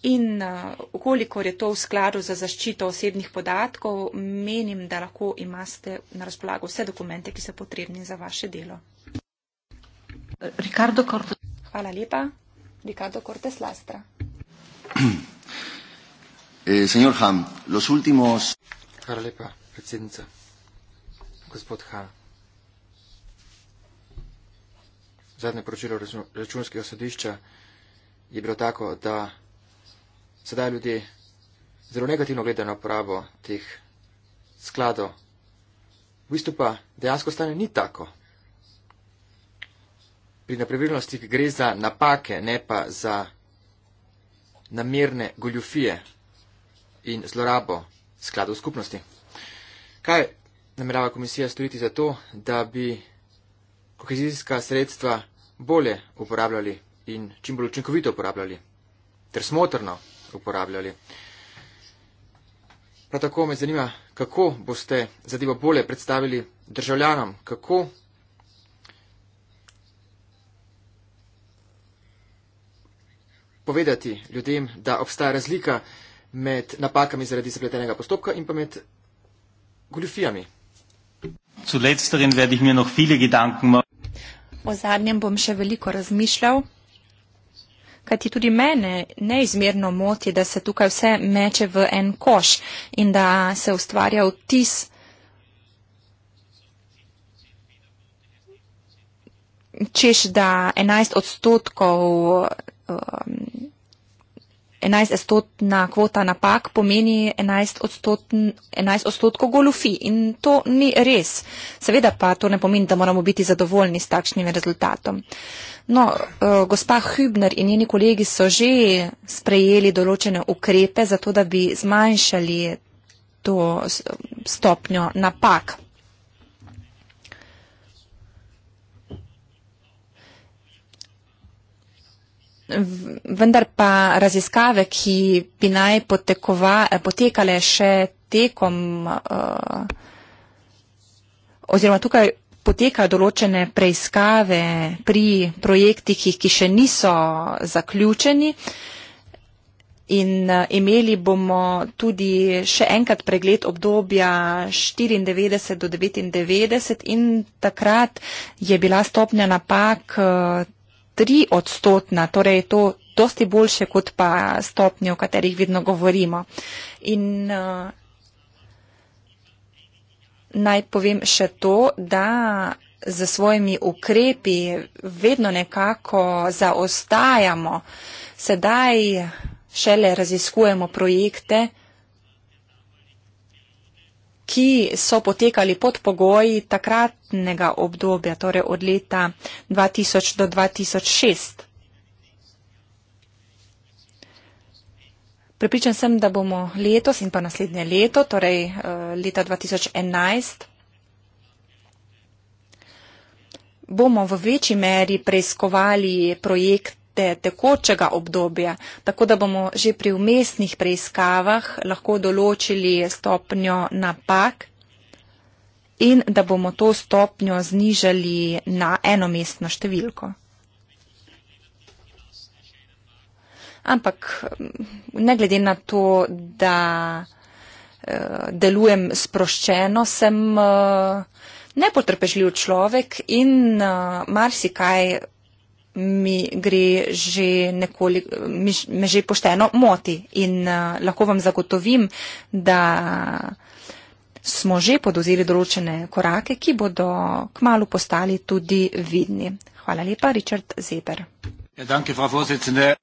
In okolikor je to v skladu za zaščito osebnih podatkov, menim, da lahko imate na razpolago vse dokumente, ki so potrebni za vaše delo. Ricardo Cortes. Hvala lepa. Ricardo Cortes Lastra. Eh, Han, los últimos... Hvala lepa, predsednica. Gospod Ha. Zadnje poročilo računskega sodišča je bilo tako, da sedaj ljudje zelo negativno gledajo na uporabo teh skladov. V bistvu pa dejansko stanje ni tako. Pri nepravilnostih gre za napake, ne pa za namerne goljufije in zlorabo skladov skupnosti. Kaj namerava komisija storiti za to, da bi kohezijska sredstva bolje uporabljali in čim bolj učinkovito uporabljali, ter smotrno uporabljali. Prav tako me zanima, kako boste zadevo bolje predstavili državljanom, kako povedati ljudem, da obstaja razlika med napakami zaradi zapletenega postopka in pa med goljufijami. Zuletzterin werde ich mir noch viele Gedanken machen. O zadnjem bom še veliko razmišljal kajti tudi mene neizmerno moti, da se tukaj vse meče v en koš in da se ustvarja vtis, češ da 11 odstotkov. Um, 11-odstotna kvota napak pomeni 11 odstotkov golufi in to ni res. Seveda pa to ne pomeni, da moramo biti zadovoljni s takšnim rezultatom. No, eh, gospa Hübner in njeni kolegi so že sprejeli določene ukrepe za to, da bi zmanjšali to stopnjo napak. Vendar pa raziskave, ki bi naj potekova, potekale še tekom eh, oziroma tukaj potekajo določene preiskave pri projektih, ki še niso zaključeni. In eh, imeli bomo tudi še enkrat pregled obdobja 94 do 99 in takrat je bila stopnja napak eh, tri odstotna, torej je to dosti boljše kot pa stopnje, o katerih vedno govorimo. In uh, naj povem še to, da z svojimi ukrepi vedno nekako zaostajamo. Sedaj šele raziskujemo projekte, uh, ki so potekali pod pogoji takratnega obdobja, torej od leta 2000 do 2006. Pripričan sem, da bomo letos in pa naslednje leto, torej eh, leta 2011, bomo v večji meri preiskovali projekt te, tekočega obdobja, tako da bomo že pri umestnih preiskavah lahko določili stopnjo napak in da bomo to stopnjo znižali na enomestno številko. Ampak ne glede na to, da eh, delujem sproščeno, sem eh, nepotrpežljiv človek in eh, marsikaj mi gre že nekoliko, me že pošteno moti in eh, lahko vam zagotovim, da smo že podozili določene korake, ki bodo kmalo postali tudi vidni. Hvala lepa, Richard Zeber. Ja,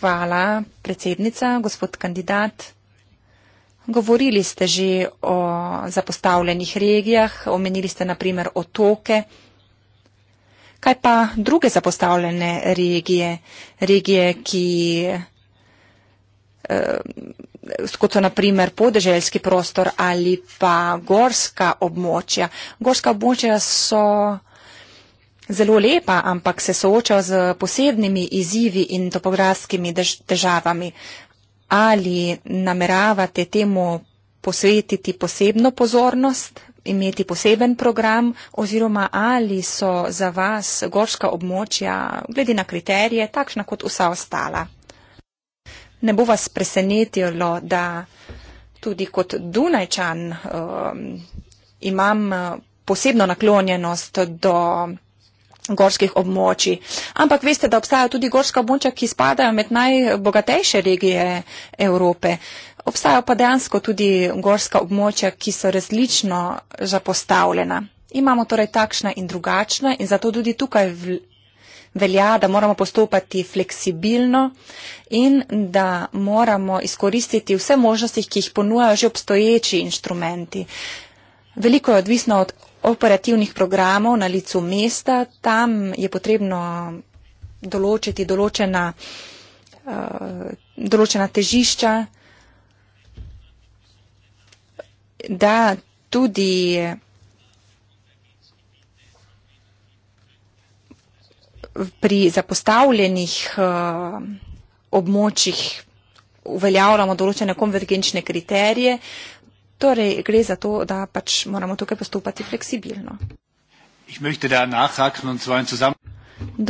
Hvala, predsednica, gospod kandidat. Govorili ste že o zapostavljenih regijah, omenili ste naprimer otoke. Kaj pa druge zapostavljene regije, regije, ki eh, kot so naprimer podeželjski prostor ali pa gorska območja. Gorska območja so zelo lepa, ampak se soočajo z posebnimi izzivi in topografskimi težavami. Ali nameravate temu posvetiti posebno pozornost imeti poseben program oziroma ali so za vas gorska območja glede na kriterije takšna kot vsa ostala. Ne bo vas presenetilo, da tudi kot Dunajčan um, imam uh, posebno naklonjenost do gorskih območij. Ampak veste, da obstajajo tudi gorska območja, ki spadajo med najbogatejše regije Evrope. Uh, Obstajajo pa dejansko tudi gorska območja, ki so različno že postavljena. Imamo torej takšna in drugačna in zato tudi tukaj velja, da moramo postopati fleksibilno in da moramo izkoristiti vse možnosti, ki jih ponujajo že obstoječi inštrumenti. Veliko je odvisno od operativnih programov na licu mesta, tam je potrebno določiti določena, eh, določena težišča, da tudi pri zapostavljenih eh, območjih uveljavljamo določene konvergenčne kriterije. Torej, gre za to, da pač moramo tukaj postopati fleksibilno.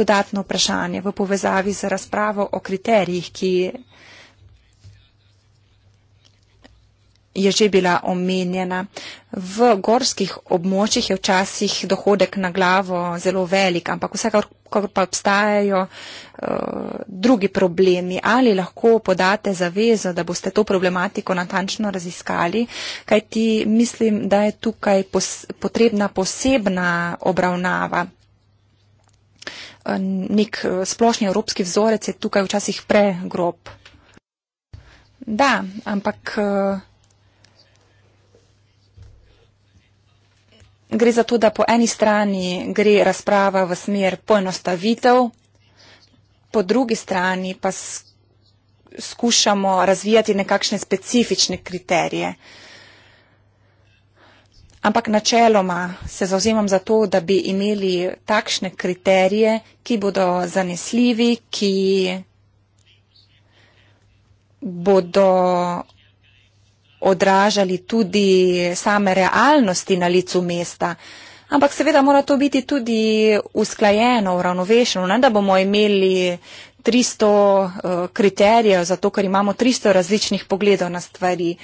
Dodatno vprašanje v povezavi z razpravo o kriterijih, ki je že bila omenjena. V gorskih območjih je včasih dohodek na glavo zelo velik, ampak vsekakor pa obstajajo uh, drugi problemi. Ali lahko podate zavezo, da boste to problematiko natančno raziskali, kajti mislim, da je tukaj pos potrebna posebna obravnava. Nek eh, splošni evropski vzorec je tukaj včasih pregrob. Da, ampak. Uh, gre za to, da po eni strani gre razprava v smer poenostavitev, po drugi strani pa skušamo razvijati nekakšne specifične kriterije. Ampak načeloma se zauzemam za to, da bi imeli takšne kriterije, ki bodo zanesljivi, ki bodo odražali tudi same realnosti na licu mesta. Ampak seveda mora to biti tudi usklajeno, uravnovešeno, ne da bomo imeli 300 eh, kriterijev, zato ker imamo 300 različnih pogledov na stvari.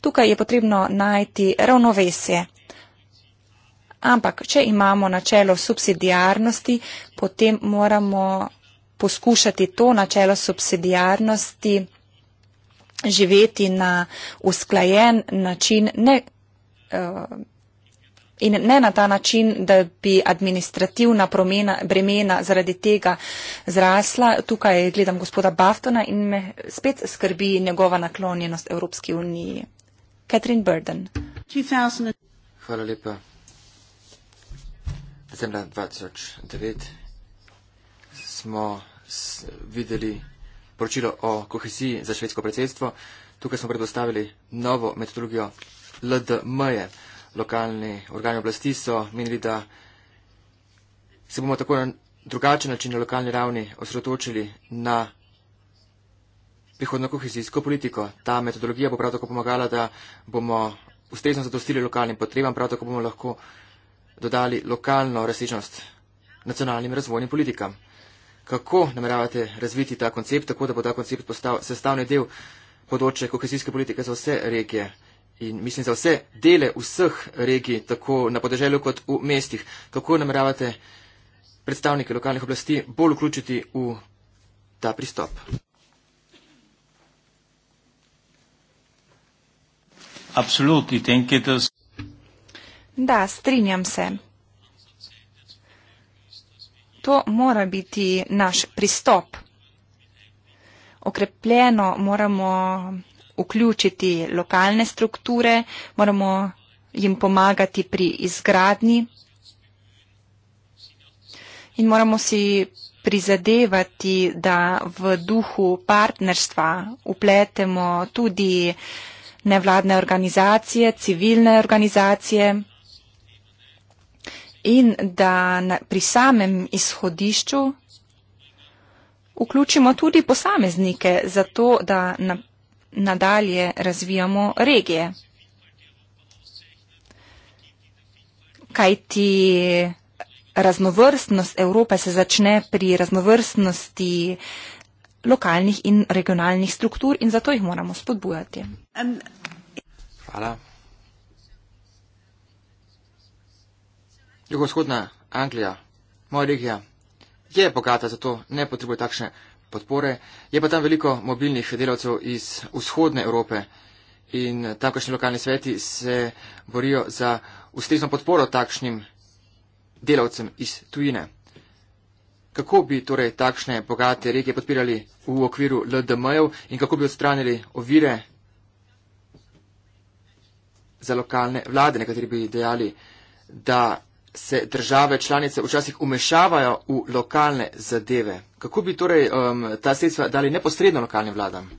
Tukaj je potrebno najti ravnovesje. Ampak, če imamo načelo subsidijarnosti, potem moramo poskušati to načelo subsidijarnosti živeti na usklajen način ne, uh, in ne na ta način, da bi administrativna promena, bremena zaradi tega zrasla. Tukaj gledam gospoda Baftona in me spet skrbi njegova naklonjenost Evropski uniji. Catherine Burden. Hvala lepa. Decembra 2009 smo videli poročilo o kohesiji za švedsko predsedstvo. Tukaj smo predostavili novo metodologijo LDM-je. Lokalni organi oblasti so menili, da se bomo tako na drugačen način na lokalni ravni osredotočili na prihodno kohezijsko politiko. Ta metodologija bo prav tako pomagala, da bomo ustrezno zadostili lokalnim potrebam, prav tako bomo lahko dodali lokalno razsežnost nacionalnim razvojnim politikam kako nameravate razviti ta koncept, tako da bo ta koncept postal sestavni del področja kohezijske politike za vse regije in mislim za vse dele vseh regij, tako na podeželju kot v mestih. Kako nameravate predstavnike lokalnih oblasti bolj vključiti v ta pristop? Da, strinjam se to mora biti naš pristop. Okrepljeno moramo vključiti lokalne strukture, moramo jim pomagati pri izgradnji in moramo si prizadevati, da v duhu partnerstva upletemo tudi nevladne organizacije, civilne organizacije in da na, pri samem izhodišču vključimo tudi posameznike, zato da na, nadalje razvijamo regije. Kaj ti raznovrstnost Evrope se začne pri raznovrstnosti lokalnih in regionalnih struktur in zato jih moramo spodbujati. Hvala. jugovzhodna Anglija, moja regija, je bogata, zato ne potrebuje takšne podpore. Je pa tam veliko mobilnih delavcev iz vzhodne Evrope in tamkajšnji lokalni sveti se borijo za ustrezno podporo takšnim delavcem iz tujine. Kako bi torej takšne bogate regije podpirali v okviru LDM-jev in kako bi odstranili ovire za lokalne vlade, nekateri bi dejali, da se države članice včasih umešavajo v lokalne zadeve. Kako bi torej um, ta sredstva dali neposredno lokalnim vladam?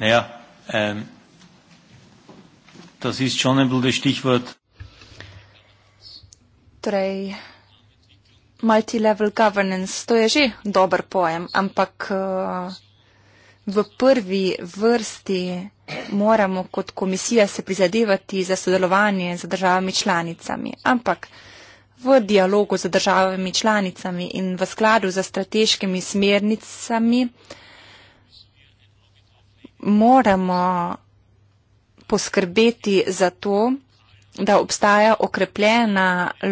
Ja, um, das ist schon ein blödes Stichwort. Torej, multilevel governance, to je že dober pojem, ampak uh, v prvi vrsti moramo kot komisija se prizadevati za sodelovanje z državami članicami, ampak v dialogu z državami članicami in v skladu za strateškimi smernicami moramo poskrbeti za to, da obstaja okrepljena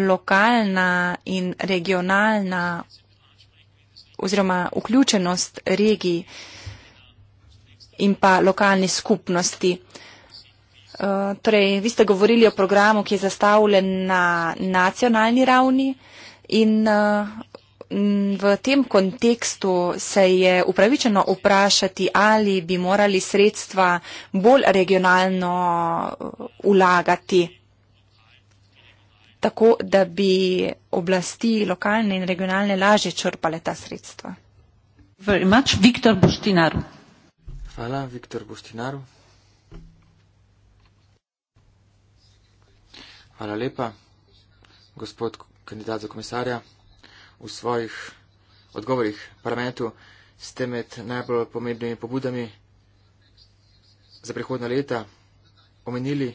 lokalna in regionalna oziroma vključenost regij in pa lokalni skupnosti. Uh, torej, vi ste govorili o programu, ki je zastavljen na nacionalni ravni in uh, v tem kontekstu se je upravičeno vprašati, ali bi morali sredstva bolj regionalno ulagati, uh, tako da bi oblasti lokalne in regionalne lažje črpale ta sredstva. Very much. Viktor Buštinar. Hvala, Viktor Bustinaru. Hvala lepa, gospod kandidat za komisarja. V svojih odgovorih parlamentu ste med najbolj pomembnimi pobudami za prihodna leta omenili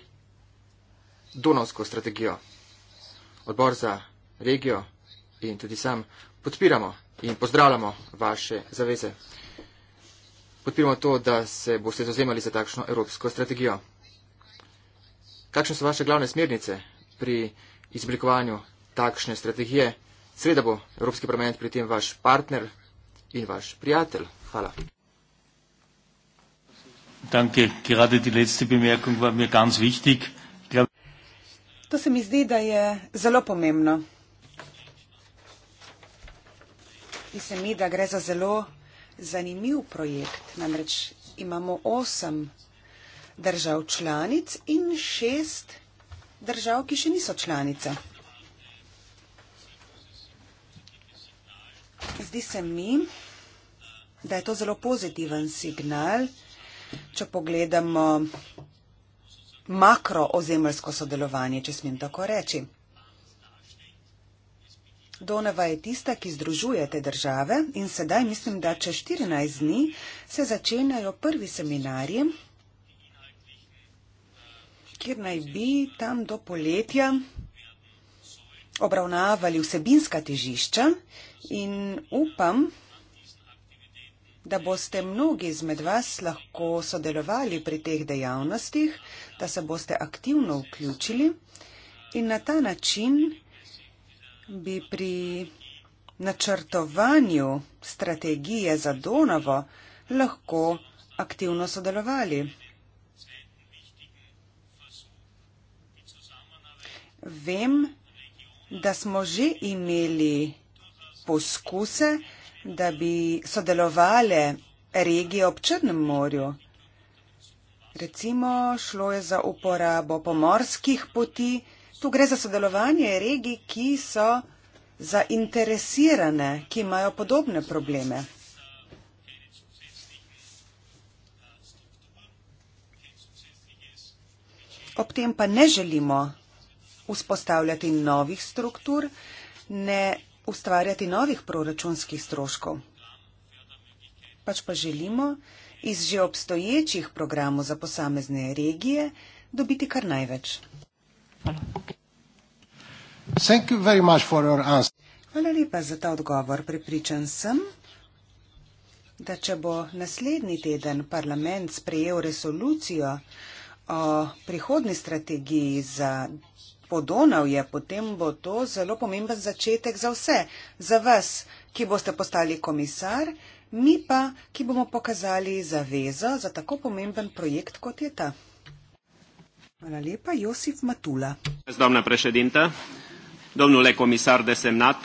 Donovsko strategijo. Odbor za regijo in tudi sam podpiramo in pozdravljamo vaše zaveze podpiramo to, da se boste zauzemali za takšno evropsko strategijo. Kakšne so vaše glavne smernice pri izoblikovanju takšne strategije? Sreda bo Evropski parlament pri tem vaš partner in vaš prijatelj. Hvala. To se mi zdi, da je zelo pomembno. Mislim, da gre za zelo zanimiv projekt. Namreč imamo osem držav članic in šest držav, ki še niso članice. Zdi se mi, da je to zelo pozitiven signal, če pogledamo makroozemljsko sodelovanje, če smem tako reči. Donava je tista, ki združuje te države in sedaj mislim, da čez 14 dni se začenjajo prvi seminarji, kjer naj bi tam do poletja obravnavali vsebinska težišča in upam, da boste mnogi izmed vas lahko sodelovali pri teh dejavnostih, da se boste aktivno vključili in na ta način vsebnosti, bi pri načrtovanju strategije za Donavo lahko aktivno sodelovali. Vem, da smo že imeli poskuse, da bi sodelovali regije ob Črnem morju. Recimo šlo je za uporabo pomorskih poti, Tu gre za sodelovanje regij, ki so zainteresirane, ki imajo podobne probleme. Ob tem pa ne želimo vzpostavljati novih struktur, ne ustvarjati novih proračunskih stroškov. Pač pa želimo iz že obstoječih programov za posamezne regije dobiti kar največ. Hvala. Hvala lepa za ta odgovor. Pripričan sem, da če bo naslednji teden parlament sprejel resolucijo o prihodni strategiji za podonavje, potem bo to zelo pomemben začetek za vse, za vas, ki boste postali komisar, mi pa, ki bomo pokazali zavezo za tako pomemben projekt kot je ta. Hvala lepa. Josip Matula. Zdobna prešedinta, domnule komisar de semnat.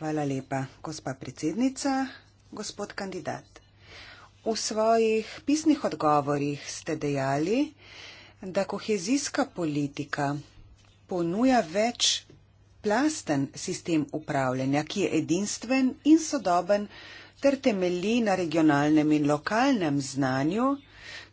Hvala lepa, gospa predsednica, gospod kandidat. V svojih pisnih odgovorih ste dejali, da kohezijska politika ponuja več plasten sistem upravljanja, ki je edinstven in sodoben ter temelji na regionalnem in lokalnem znanju,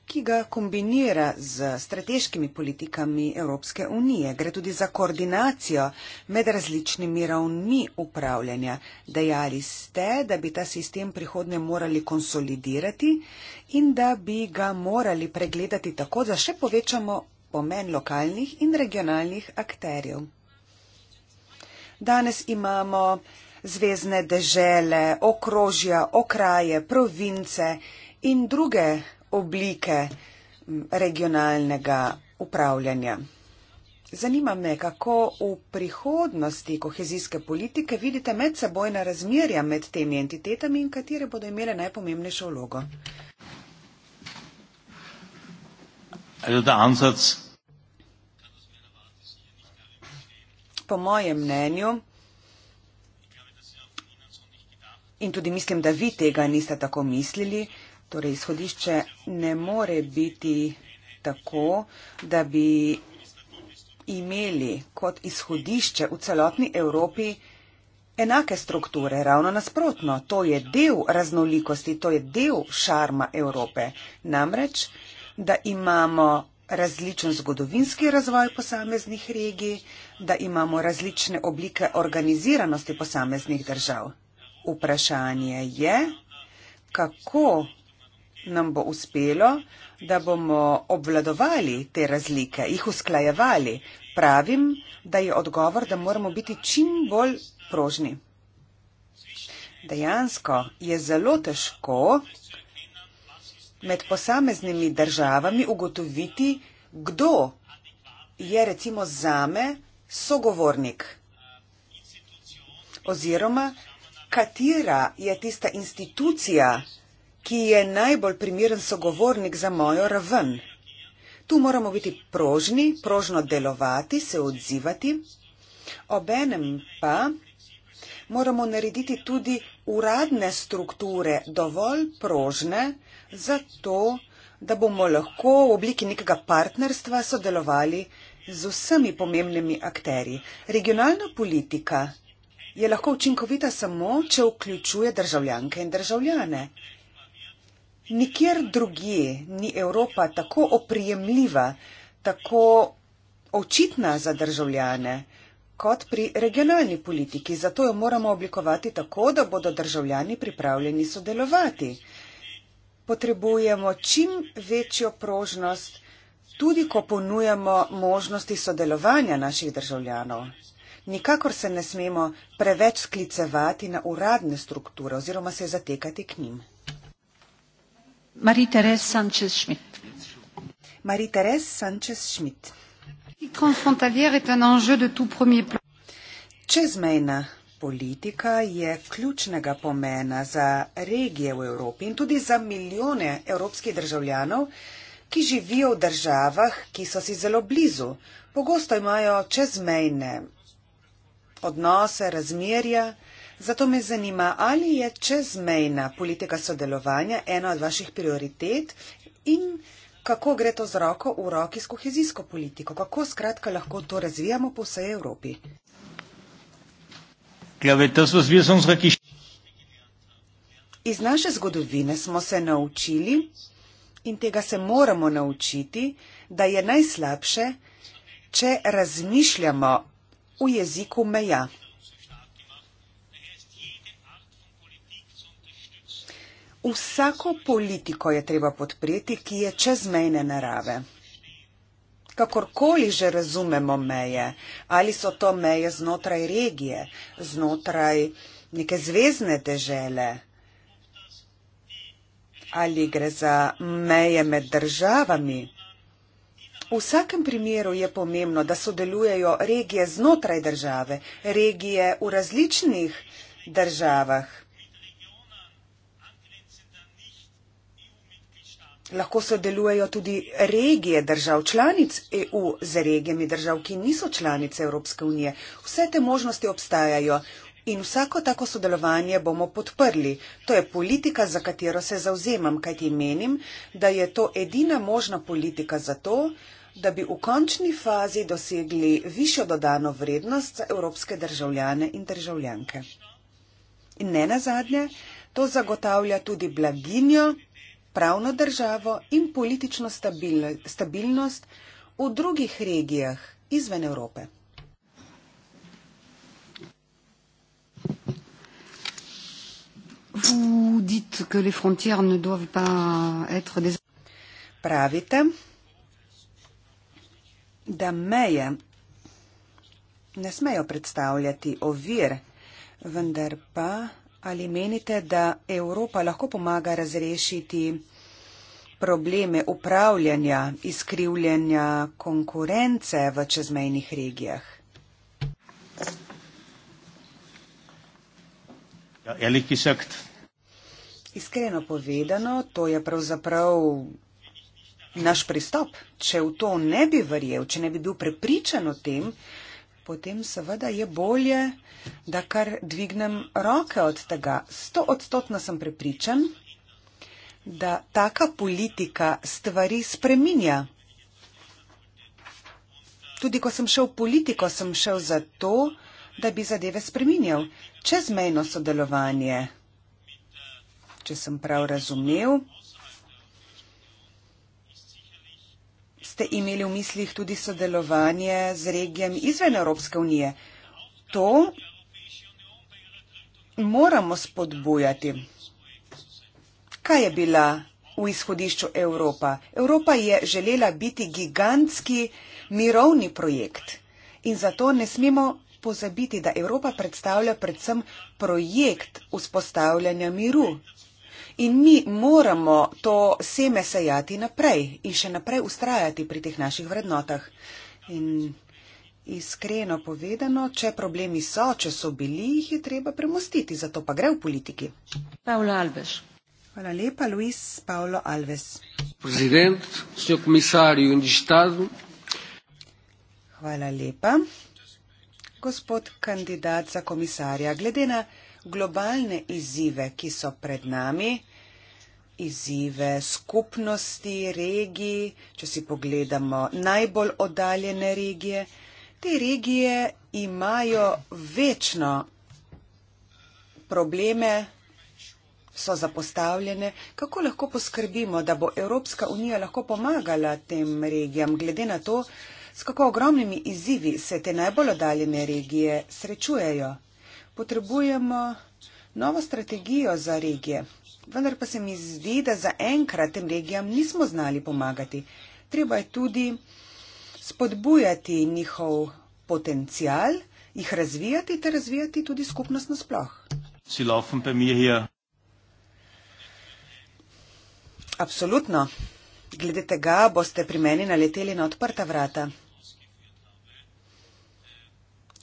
ki ga kombinira z strateškimi politikami Evropske unije. Gre tudi za koordinacijo med različnimi ravni upravljanja. Dejali ste, da bi ta sistem prihodne morali konsolidirati in da bi ga morali pregledati tako, da še povečamo pomen lokalnih in regionalnih akterjev. Danes imamo zvezdne dežele, okrožja, okraje, province in druge oblike regionalnega upravljanja. Zanima me, kako v prihodnosti kohezijske politike vidite medsebojna razmerja med temi entitetami in katere bodo imele najpomembnejšo vlogo. Po mojem mnenju, in tudi mislim, da vi tega niste tako mislili, Torej, izhodišče ne more biti tako, da bi imeli kot izhodišče v celotni Evropi enake strukture. Ravno nasprotno, to je del raznolikosti, to je del šarma Evrope. Namreč, da imamo različen zgodovinski razvoj posameznih regij, da imamo različne oblike organiziranosti posameznih držav. Vprašanje je, kako nam bo uspelo, da bomo obvladovali te razlike, jih usklajevali. Pravim, da je odgovor, da moramo biti čim bolj prožni. Dejansko je zelo težko med posameznimi državami ugotoviti, kdo je recimo zame sogovornik oziroma katera je tista institucija, ki je najbolj primeren sogovornik za mojo raven. Tu moramo biti prožni, prožno delovati, se odzivati, obenem pa moramo narediti tudi uradne strukture dovolj prožne, zato da bomo lahko v obliki nekega partnerstva sodelovali z vsemi pomembnimi akterji. Regionalna politika je lahko učinkovita samo, če vključuje državljanke in državljane. Nikjer drugje ni Evropa tako oprijemljiva, tako očitna za državljane kot pri regionalni politiki. Zato jo moramo oblikovati tako, da bodo državljani pripravljeni sodelovati. Potrebujemo čim večjo prožnost, tudi ko ponujamo možnosti sodelovanja naših državljanov. Nikakor se ne smemo preveč sklicevati na uradne strukture oziroma se zatekati k njim. Marie Thérèse Sanchez Schmidt. Marie Thérèse Sanchez Schmidt. Transfrontalière est un enjeu de tout premier plan. Čezmejna politika je ključnega pomena za regije v Evropi in tudi za milijone evropskih državljanov, ki živijo v državah, ki so si zelo blizu. Pogosto imajo čezmejne odnose, razmerja. Zato me zanima, ali je čezmejna politika sodelovanja ena od vaših prioritet in kako gre to z roko v roki s kohezijsko politiko, kako skratka lahko to razvijamo po vsej Evropi. Iz naše zgodovine smo se naučili in tega se moramo naučiti, da je najslabše, če razmišljamo v jeziku meja. Vsako politiko je treba podpreti, ki je čezmejne narave. Kakorkoli že razumemo meje, ali so to meje znotraj regije, znotraj neke zvezdne dežele, ali gre za meje med državami. V vsakem primeru je pomembno, da sodelujejo regije znotraj države, regije v različnih državah. Lahko sodelujejo tudi regije držav članic EU z regijami držav, ki niso članice Evropske unije. Vse te možnosti obstajajo in vsako tako sodelovanje bomo podprli. To je politika, za katero se zauzemam, kajti menim, da je to edina možna politika za to, da bi v končni fazi dosegli višjo dodano vrednost za evropske državljane in državljanke. In ne nazadnje, to zagotavlja tudi blaginjo pravno državo in politično stabil, stabilnost v drugih regijah izven Evrope. Pravite, da meje ne smejo predstavljati ovir, vendar pa ali menite, da Evropa lahko pomaga razrešiti probleme upravljanja, izkrivljanja konkurence v čezmejnih regijah? Ja, Iskreno povedano, to je pravzaprav naš pristop. Če v to ne bi verjel, če ne bi bil prepričan o tem, potem seveda je bolje, da kar dvignem roke od tega. Sto odstotno sem prepričan, da taka politika stvari spreminja. Tudi ko sem šel v politiko, sem šel zato, da bi zadeve spreminjal. Čezmejno sodelovanje, če sem prav razumel, ste imeli v mislih tudi sodelovanje z regijami izven Evropske unije. To moramo spodbujati. Kaj je bila v izhodišču Evropa? Evropa je želela biti gigantski mirovni projekt in zato ne smemo pozabiti, da Evropa predstavlja predvsem projekt vzpostavljanja miru In mi moramo to seme sejati naprej in še naprej ustrajati pri teh naših vrednotah. In iskreno povedano, če problemi so, če so bili, jih je treba premostiti, zato pa gre v politiki. Paulo Alves. Hvala lepa, Luis Paulo Alves. Prezident, sr. komisarju in štadu. Hvala lepa, gospod kandidat za komisarja. Glede na globalne izzive, ki so pred nami, izzive skupnosti, regiji, če si pogledamo najbolj oddaljene regije, te regije imajo večno probleme, so zapostavljene. Kako lahko poskrbimo, da bo Evropska unija lahko pomagala tem regijam, glede na to, s kako ogromnimi izzivi se te najbolj oddaljene regije srečujejo? potrebujemo novo strategijo za regije. Vendar pa se mi zdi, da zaenkrat tem regijam nismo znali pomagati. Treba je tudi spodbujati njihov potencial, jih razvijati ter razvijati tudi skupnost nasploh. Absolutno. Glede tega boste pri meni naleteli na odprta vrata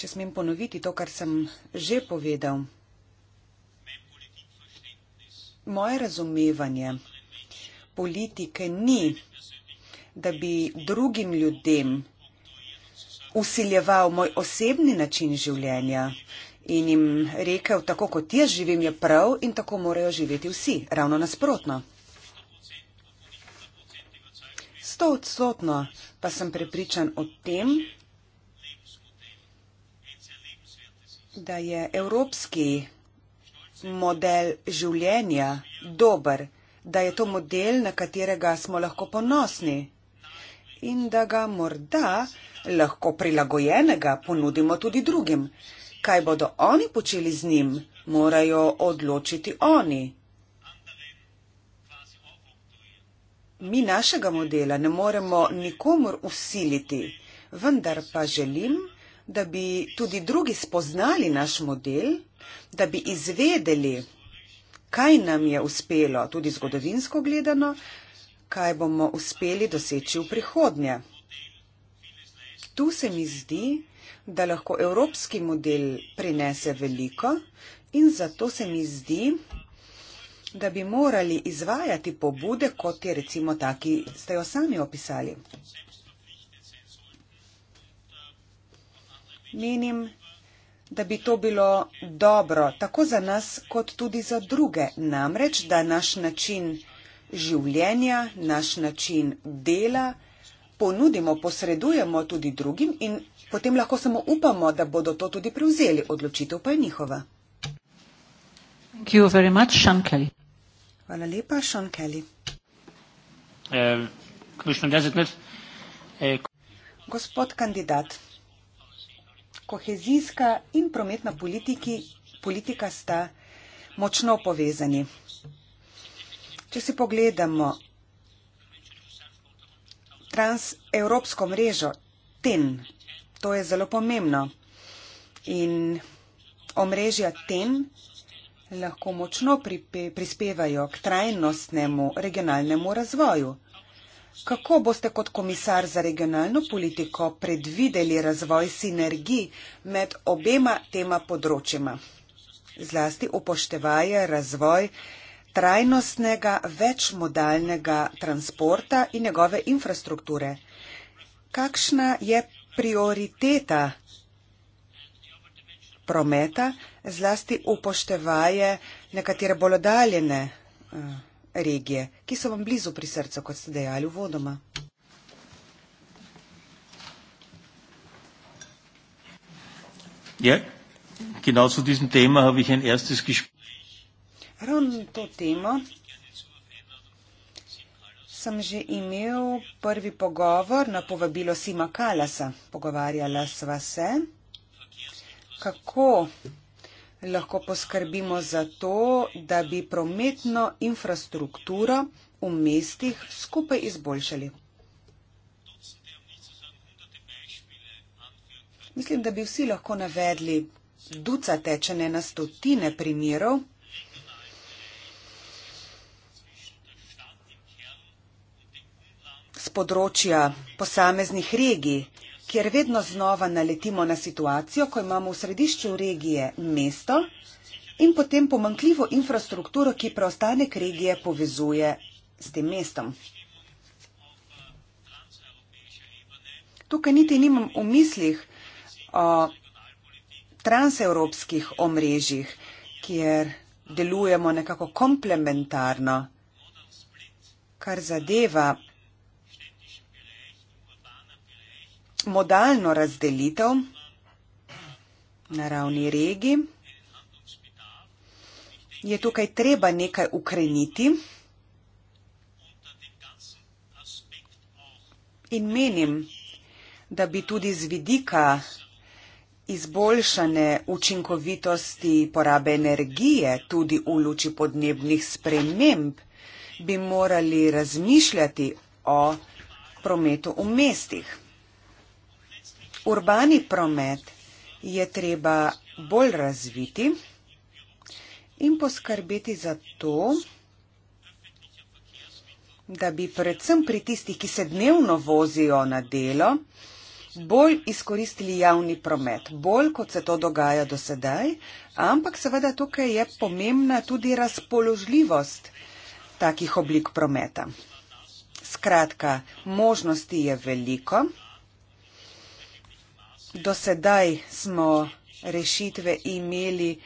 če smem ponoviti to, kar sem že povedal. Moje razumevanje politike ni, da bi drugim ljudem usiljeval moj osebni način življenja in jim rekel, tako kot jaz živim, je prav in tako morajo živeti vsi. Ravno nasprotno. Sto odstotno pa sem prepričan o tem, da je evropski model življenja dober, da je to model, na katerega smo lahko ponosni in da ga morda lahko prilagojenega ponudimo tudi drugim. Kaj bodo oni počeli z njim, morajo odločiti oni. Mi našega modela ne moremo nikomor usiliti, vendar pa želim, da bi tudi drugi spoznali naš model, da bi izvedeli, kaj nam je uspelo, tudi zgodovinsko gledano, kaj bomo uspeli doseči v prihodnje. Tu se mi zdi, da lahko evropski model prinese veliko in zato se mi zdi, da bi morali izvajati pobude, kot je recimo taki, ste jo sami opisali. Menim, da bi to bilo dobro tako za nas, kot tudi za druge. Namreč, da naš način življenja, naš način dela ponudimo, posredujemo tudi drugim in potem lahko samo upamo, da bodo to tudi prevzeli. Odločitev pa je njihova. Much, Hvala lepa, Sean Kelly. Uh, Gospod kandidat kohezijska in prometna politiki, politika sta močno povezani. Če si pogledamo transevropsko mrežo TEN, to je zelo pomembno. In omrežja TEN lahko močno pripe, prispevajo k trajnostnemu regionalnemu razvoju. Kako boste kot komisar za regionalno politiko predvideli razvoj sinergij med obema tema področjima, zlasti upoštevaje razvoj trajnostnega večmodalnega transporta in njegove infrastrukture? Kakšna je prioriteta prometa, zlasti upoštevaje nekatere bolj oddaljene? Uh, regije, ki so vam blizu pri srcu, kot ste dejali v vodoma. Ja, genau zu diesem Thema habe ich ein erstes Gespräch. sem že imel prvi pogovor na povabilo Sima Kalasa. Pogovarjala sva se, kako lahko poskrbimo za to, da bi prometno infrastrukturo v mestih skupaj izboljšali. Mislim, da bi vsi lahko navedli ducate, če ne na stotine primerov, s področja posameznih regij, kjer vedno znova naletimo na situacijo, ko imamo v središču regije mesto in potem pomankljivo infrastrukturo, ki preostanek regije povezuje s tem mestom. Tukaj niti nimam v mislih o transevropskih omrežjih, kjer delujemo nekako komplementarno, kar zadeva modalno razdelitev na ravni regij. Je tukaj treba nekaj ukreniti in menim, da bi tudi z vidika izboljšane učinkovitosti porabe energije tudi v luči podnebnih sprememb bi morali razmišljati o prometu v mestih. Urbani promet je treba bolj razviti in poskrbeti za to, da bi predvsem pri tistih, ki se dnevno vozijo na delo, bolj izkoristili javni promet, bolj kot se to dogaja do sedaj, ampak seveda tukaj je pomembna tudi razpoložljivost takih oblik prometa. Skratka, možnosti je veliko. Do sedaj smo rešitve imeli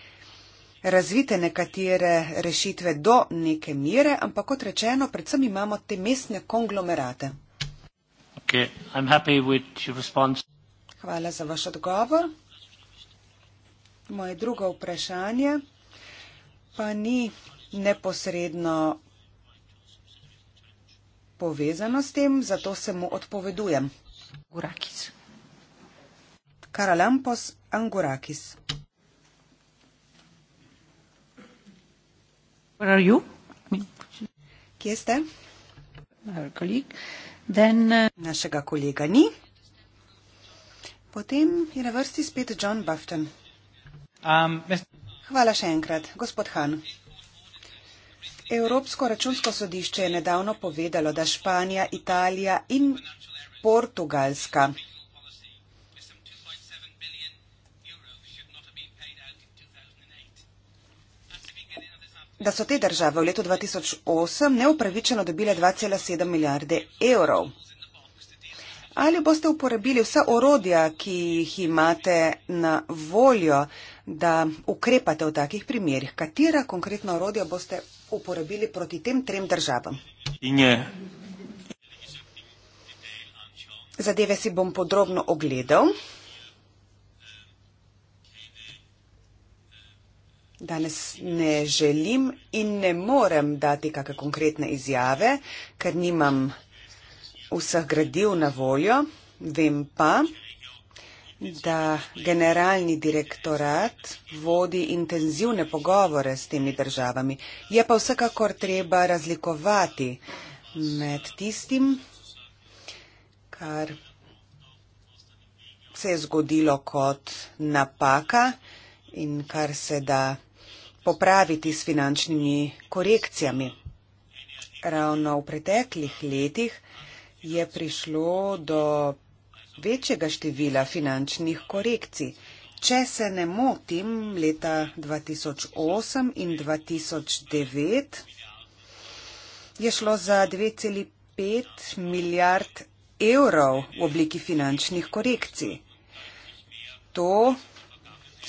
razvite nekatere rešitve do neke mire, ampak kot rečeno, predvsem imamo te mestne konglomerate. Okay, Hvala za vaš odgovor. Moje drugo vprašanje pa ni neposredno povezano s tem, zato se mu odpovedujem. Urakica. Karalampos Angorakis. Kje ste? Then, uh... Našega kolega ni. Potem je na vrsti spet John Bufton. Um, mes... Hvala še enkrat, gospod Han. Evropsko računsko sodišče je nedavno povedalo, da Španija, Italija in Portugalska da so te države v letu 2008 neupravičeno dobile 2,7 milijarde evrov. Ali boste uporabili vsa orodja, ki jih imate na voljo, da ukrepate v takih primerjih? Katera konkretna orodja boste uporabili proti tem trem državam? Inje. Zadeve si bom podrobno ogledal. Danes ne želim in ne morem dati kakšne konkretne izjave, ker nimam vseh gradiv na voljo. Vem pa, da generalni direktorat vodi intenzivne pogovore s temi državami. Je pa vsekakor treba razlikovati med tistim, kar se je zgodilo kot napaka in kar se da popraviti s finančnimi korekcijami. Ravno v preteklih letih je prišlo do večjega števila finančnih korekcij. Če se ne motim, leta 2008 in 2009 je šlo za 2,5 milijard evrov v obliki finančnih korekcij. To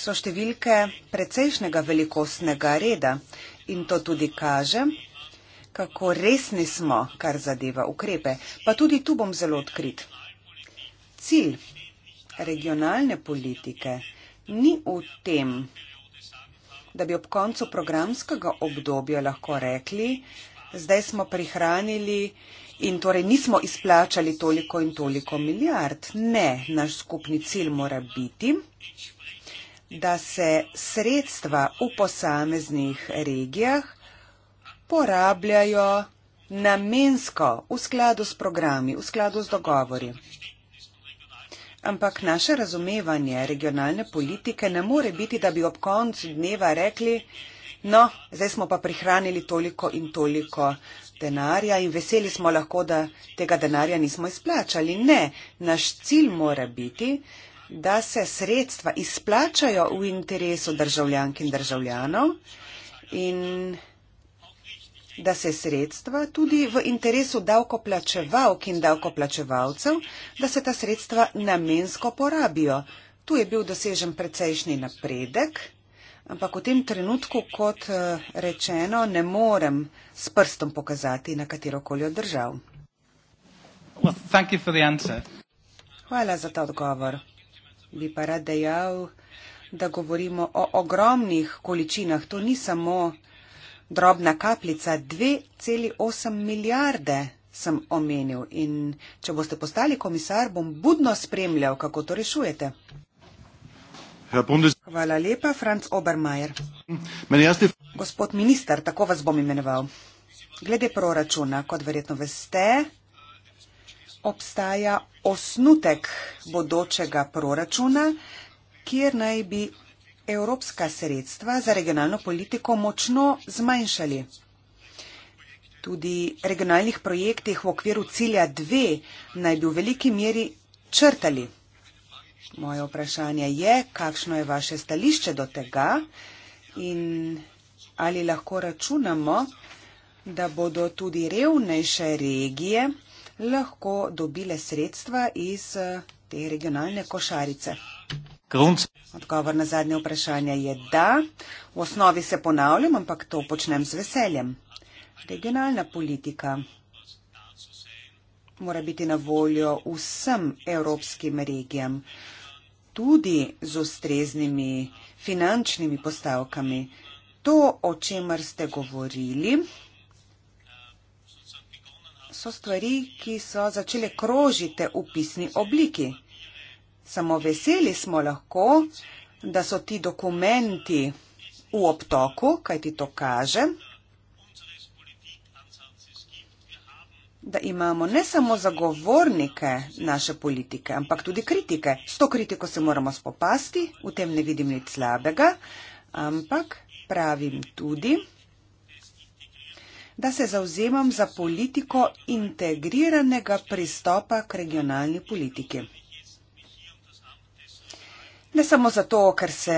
so številke precejšnjega velikostnega reda in to tudi kaže, kako resni smo, kar zadeva ukrepe. Pa tudi tu bom zelo odkrit. Cilj regionalne politike ni v tem, da bi ob koncu programskega obdobja lahko rekli, zdaj smo prihranili in torej nismo izplačali toliko in toliko milijard. Ne, naš skupni cilj mora biti da se sredstva v posameznih regijah porabljajo namensko v skladu s programi, v skladu z dogovori. Ampak naše razumevanje regionalne politike ne more biti, da bi ob koncu dneva rekli, no, zdaj smo pa prihranili toliko in toliko denarja in veseli smo lahko, da tega denarja nismo izplačali. Ne, naš cilj mora biti, da se sredstva izplačajo v interesu državljank in državljanov in da se sredstva tudi v interesu davkoplačevalk in davkoplačevalcev, da se ta sredstva namensko porabijo. Tu je bil dosežen precejšnji napredek, ampak v tem trenutku, kot eh, rečeno, ne morem s prstom pokazati na katerokoli od držav. Well, Hvala za ta odgovor bi pa rad dejal, da govorimo o ogromnih količinah. To ni samo drobna kapljica, 2,8 milijarde sem omenil. In če boste postali komisar, bom budno spremljal, kako to rešujete. Hvala lepa, Franz Obermajer. Gospod minister, tako vas bom imenoval. Glede proračuna, kot verjetno veste, obstaja osnutek bodočega proračuna, kjer naj bi evropska sredstva za regionalno politiko močno zmanjšali. Tudi regionalnih projektih v okviru cilja 2 naj bi v veliki meri črtali. Moje vprašanje je, kakšno je vaše stališče do tega in ali lahko računamo, da bodo tudi revnejše regije lahko dobile sredstva iz eh, te regionalne košarice. Odgovor na zadnje vprašanje je da. V osnovi se ponavljam, ampak to počnem z veseljem. Regionalna politika mora biti na voljo vsem evropskim regijam, tudi z ustreznimi finančnimi postavkami. To, o čemer ste govorili, so stvari, ki so začele krožiti v pisni obliki. Samo veseli smo lahko, da so ti dokumenti v obtoku, kaj ti to kaže, da imamo ne samo zagovornike naše politike, ampak tudi kritike. S to kritiko se moramo spopasti, v tem ne vidim nič slabega, ampak pravim tudi, da se zauzemam za politiko integriranega pristopa k regionalni politiki. Ne samo zato, ker se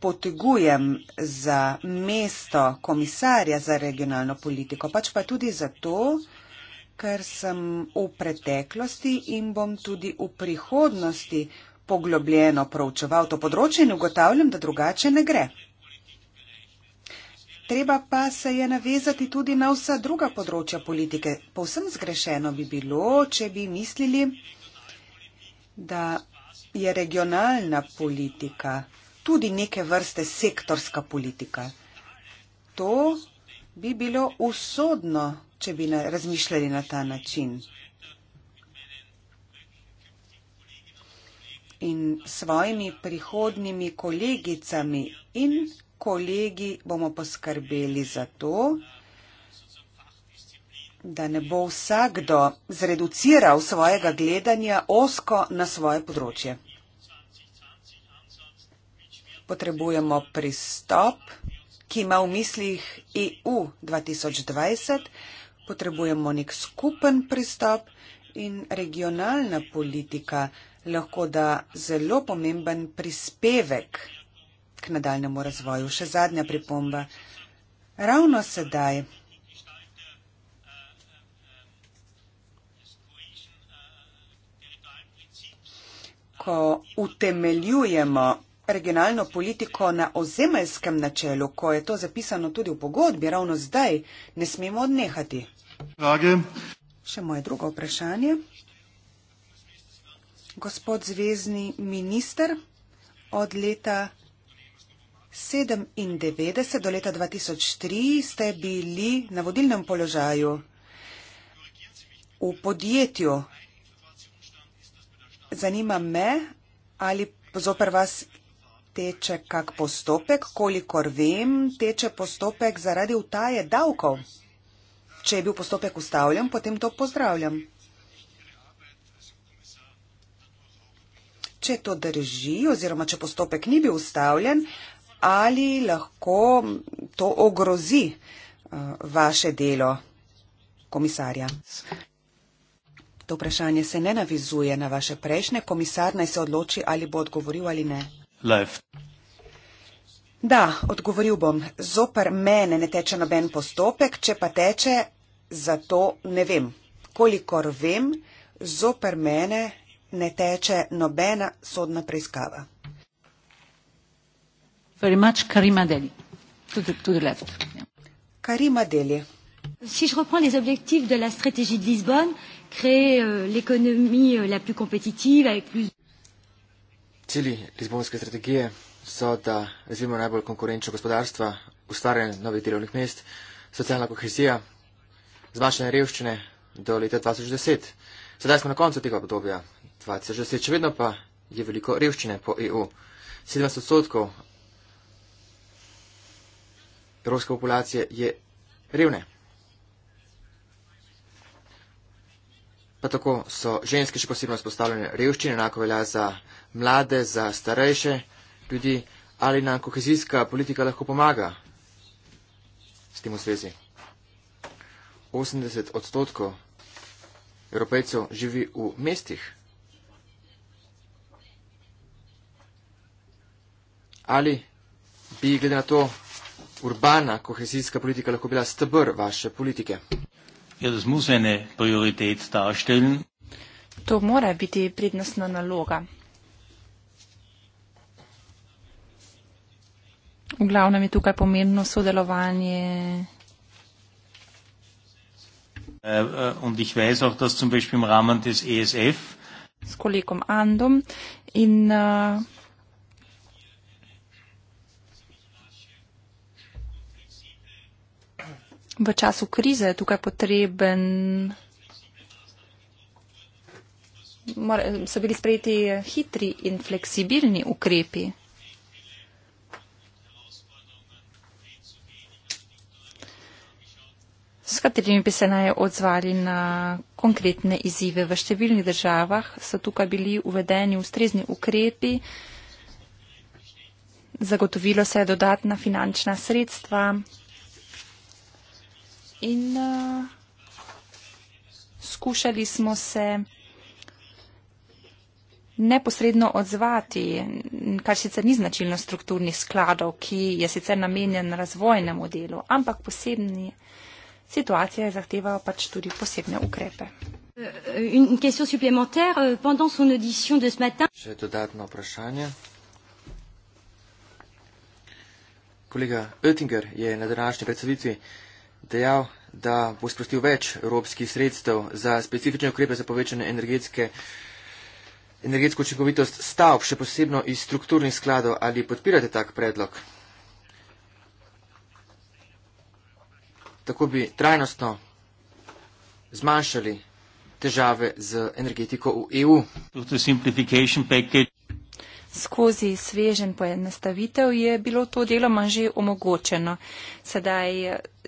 potegujem za mesto komisarja za regionalno politiko, pač pa tudi zato, ker sem v preteklosti in bom tudi v prihodnosti poglobljeno proučeval to področje in ugotavljam, da drugače ne gre. Treba pa se je navezati tudi na vsa druga področja politike. Povsem zgrešeno bi bilo, če bi mislili, da je regionalna politika tudi neke vrste sektorska politika. To bi bilo usodno, če bi razmišljali na ta način. In svojimi prihodnimi kolegicami in kolegi bomo poskrbeli za to, da ne bo vsakdo zreduciral svojega gledanja osko na svoje področje. Potrebujemo pristop, ki ima v mislih EU 2020, potrebujemo nek skupen pristop in regionalna politika lahko da zelo pomemben prispevek k nadaljnemu razvoju. Še zadnja pripomba. Ravno sedaj ko utemeljujemo regionalno politiko na ozemeljskem načelu, ko je to zapisano tudi v pogodbi, ravno zdaj ne smemo odnehati. Drage. Še moje drugo vprašanje. Gospod zvezdni minister, od leta 1997 do leta 2003 ste bili na vodilnem položaju v podjetju. Zanima me, ali zoper vas teče kak postopek, kolikor vem, teče postopek zaradi utaje davkov. Če je bil postopek ustavljen, potem to pozdravljam. Če to drži oziroma če postopek ni bil ustavljen, ali lahko to ogrozi eh, vaše delo komisarja. To vprašanje se ne navizuje na vaše prejšnje. Komisar naj se odloči, ali bo odgovoril ali ne. Left. Da, odgovoril bom. Zoper mene ne teče noben postopek, če pa teče, zato ne vem. Kolikor vem, zoper mene ne teče nobena sodna preiskava very much Karima Deli. To the, to the left. Karima Deli. Si je reprends les objectifs de la stratégie de Lisbonne, créer euh, l'économie euh, la plus compétitive avec plus. Cili Lisbonske strategije so, da razvijemo najbolj konkurenčno gospodarstvo, ustvarjanje novih delovnih mest, socialna kohezija, zmanjšanje revščine do leta 2010. Sedaj smo na koncu tega obdobja 2010, še vedno pa je veliko revščine po EU. 70 odstotkov romske populacije je revne. Pa tako so ženske še posebno spostavljene revščine, enako velja za mlade, za starejše ljudi, ali nam kohezijska politika lahko pomaga s tem v svezi. 80 odstotkov evropejcev živi v mestih. Ali bi glede na to, urbana kohezijska politika lahko bila stebr vaše politike? Ja, to mora biti prednostna naloga. V glavnem je tukaj pomembno sodelovanje. Eh, eh, e S kolegom Andom in uh, v času krize je tukaj potreben. So bili sprejeti hitri in fleksibilni ukrepi. s katerimi bi se naj odzvali na konkretne izzive. V številnih državah so tukaj bili uvedeni ustrezni ukrepi, zagotovilo se je dodatna finančna sredstva, in uh, skušali smo se neposredno odzvati, kar sicer ni značilno strukturnih skladov, ki je sicer namenjen razvojnemu delu, ampak posebni situacije zahtevajo pač tudi posebne ukrepe. Euh, Še dodatno vprašanje. Kolega Oettinger je na današnji predstavitvi dejal, da bo sprostil več evropskih sredstev za specifične ukrepe za povečanje energetske, energetsko učinkovitost stavb, še posebno iz strukturnih skladov. Ali podpirate tak predlog? Tako bi trajnostno zmanjšali težave z energetiko v EU skozi svežen poenostavitev je bilo to deloma že omogočeno. Sedaj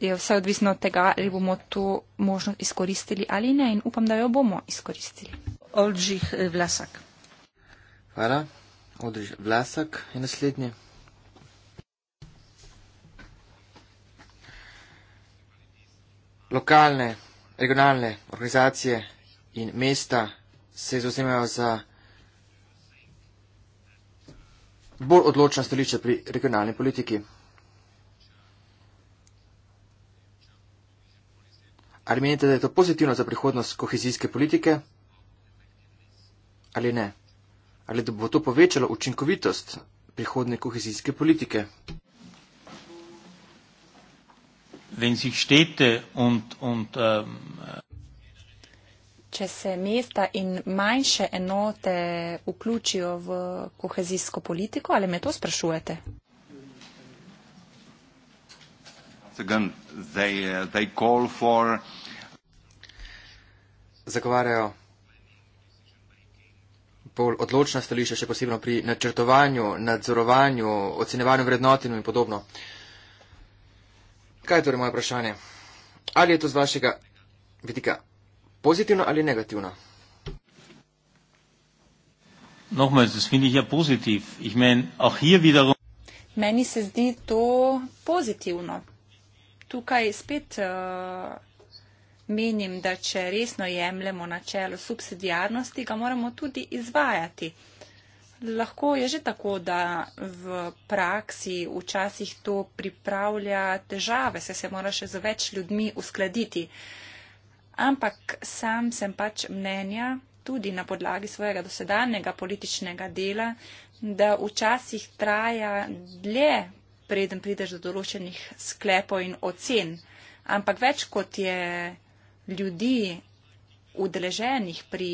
je vse odvisno od tega, ali bomo to možno izkoristili ali ne in upam, da jo bomo izkoristili. Oldžih Vlasak. Hvala. Oldžih Vlasak je naslednji. Lokalne, regionalne organizacije in mesta se zauzemajo za bolj odločna stališča pri regionalni politiki. Ali menite, da je to pozitivno za prihodnost kohezijske politike? Ali ne? Ali da bo to povečalo učinkovitost prihodne kohezijske politike? Wenn sich Städte und, und ähm, če se mesta in manjše enote vključijo v kohezijsko politiko, ali me to sprašujete? Uh, Zagovarjajo bolj odločna stališča, še posebno pri načrtovanju, nadzorovanju, ocenevanju vrednotin in podobno. Kaj je torej moje vprašanje? Ali je to z vašega vidika Pozitivna ali negativna? Ja Meni se zdi to pozitivno. Tukaj spet uh, menim, da če resno jemljemo načelo subsidijarnosti, ga moramo tudi izvajati. Lahko je že tako, da v praksi včasih to pripravlja težave, se se moraš z več ljudmi uskladiti. Uh, ampak sam sem pač mnenja, tudi na podlagi svojega dosedanjega političnega dela, da včasih traja dlje, preden prideš do določenih sklepov in ocen. Ampak več kot je ljudi udeleženih pri,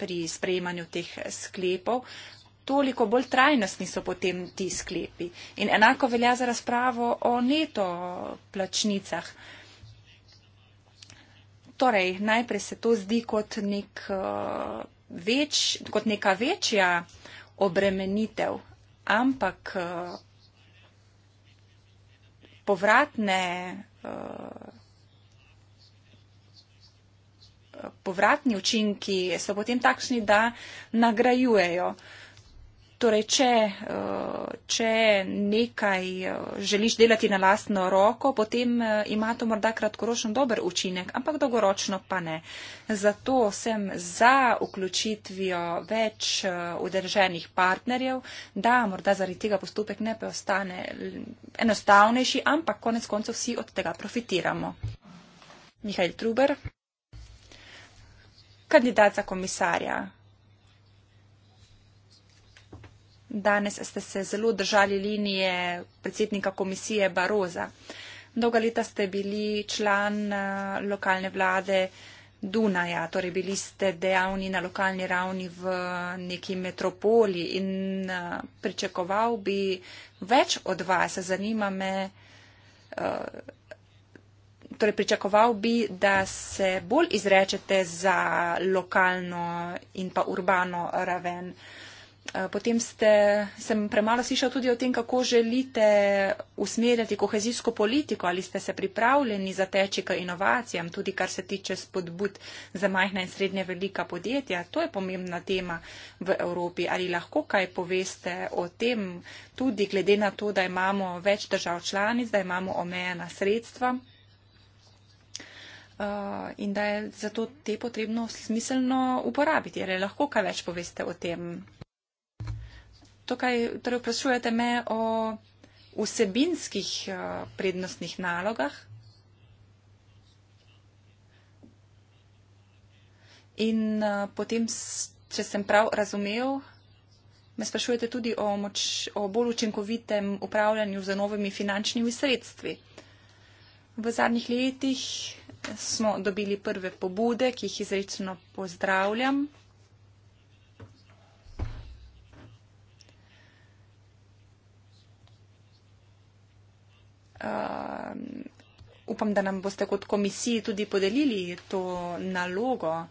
pri sprejemanju teh sklepov, toliko bolj trajnostni so potem ti sklepi. In enako velja za razpravo o neto plačnicah torej, najprej se to zdi kot, nek, uh, več, kot neka večja obremenitev, ampak uh, povratne, uh, povratni učinki so potem takšni, da nagrajujejo uh, Torej, če, eh, če nekaj eh, želiš delati na lastno roko, potem eh, ima to morda kratkoročno dober učinek, ampak dolgoročno pa ne. Zato sem za vključitvijo več udrženih partnerjev, da morda zaradi tega postopek ne preostane enostavnejši, ampak konec koncev vsi od tega profitiramo. Mihajl Truber, kandidat za komisarja. Danes ste se zelo držali linije predsednika komisije Baroza. Dolga leta ste bili član eh, lokalne vlade Dunaja, torej bili ste dejavni na lokalni ravni v neki metropoli in eh, pričakoval bi več od vas. Zanima me, eh, torej pričakoval bi, da se bolj izrečete za lokalno in pa urbano raven. Eh, potem ste, sem premalo slišal tudi o tem, kako želite usmerjati kohezijsko politiko, ali ste se pripravljeni zateči k inovacijam, tudi kar se tiče spodbud za majhna in srednje velika podjetja. To je pomembna tema v Evropi. Ali lahko kaj poveste o tem, tudi glede na to, da imamo več držav članic, da imamo omejena sredstva uh, in da je zato te potrebno smiselno uporabiti. Ali lahko kaj več poveste o tem? tukaj torej vprašujete me o vsebinskih eh, prednostnih nalogah. In eh, potem, če sem prav razumel, me sprašujete tudi o, moč, o bolj učinkovitem upravljanju z novimi finančnimi sredstvi. V zadnjih letih smo dobili prve pobude, ki jih izrečno pozdravljam. Ehm, upam, da nam boste kot komisiji tudi podelili to nalogo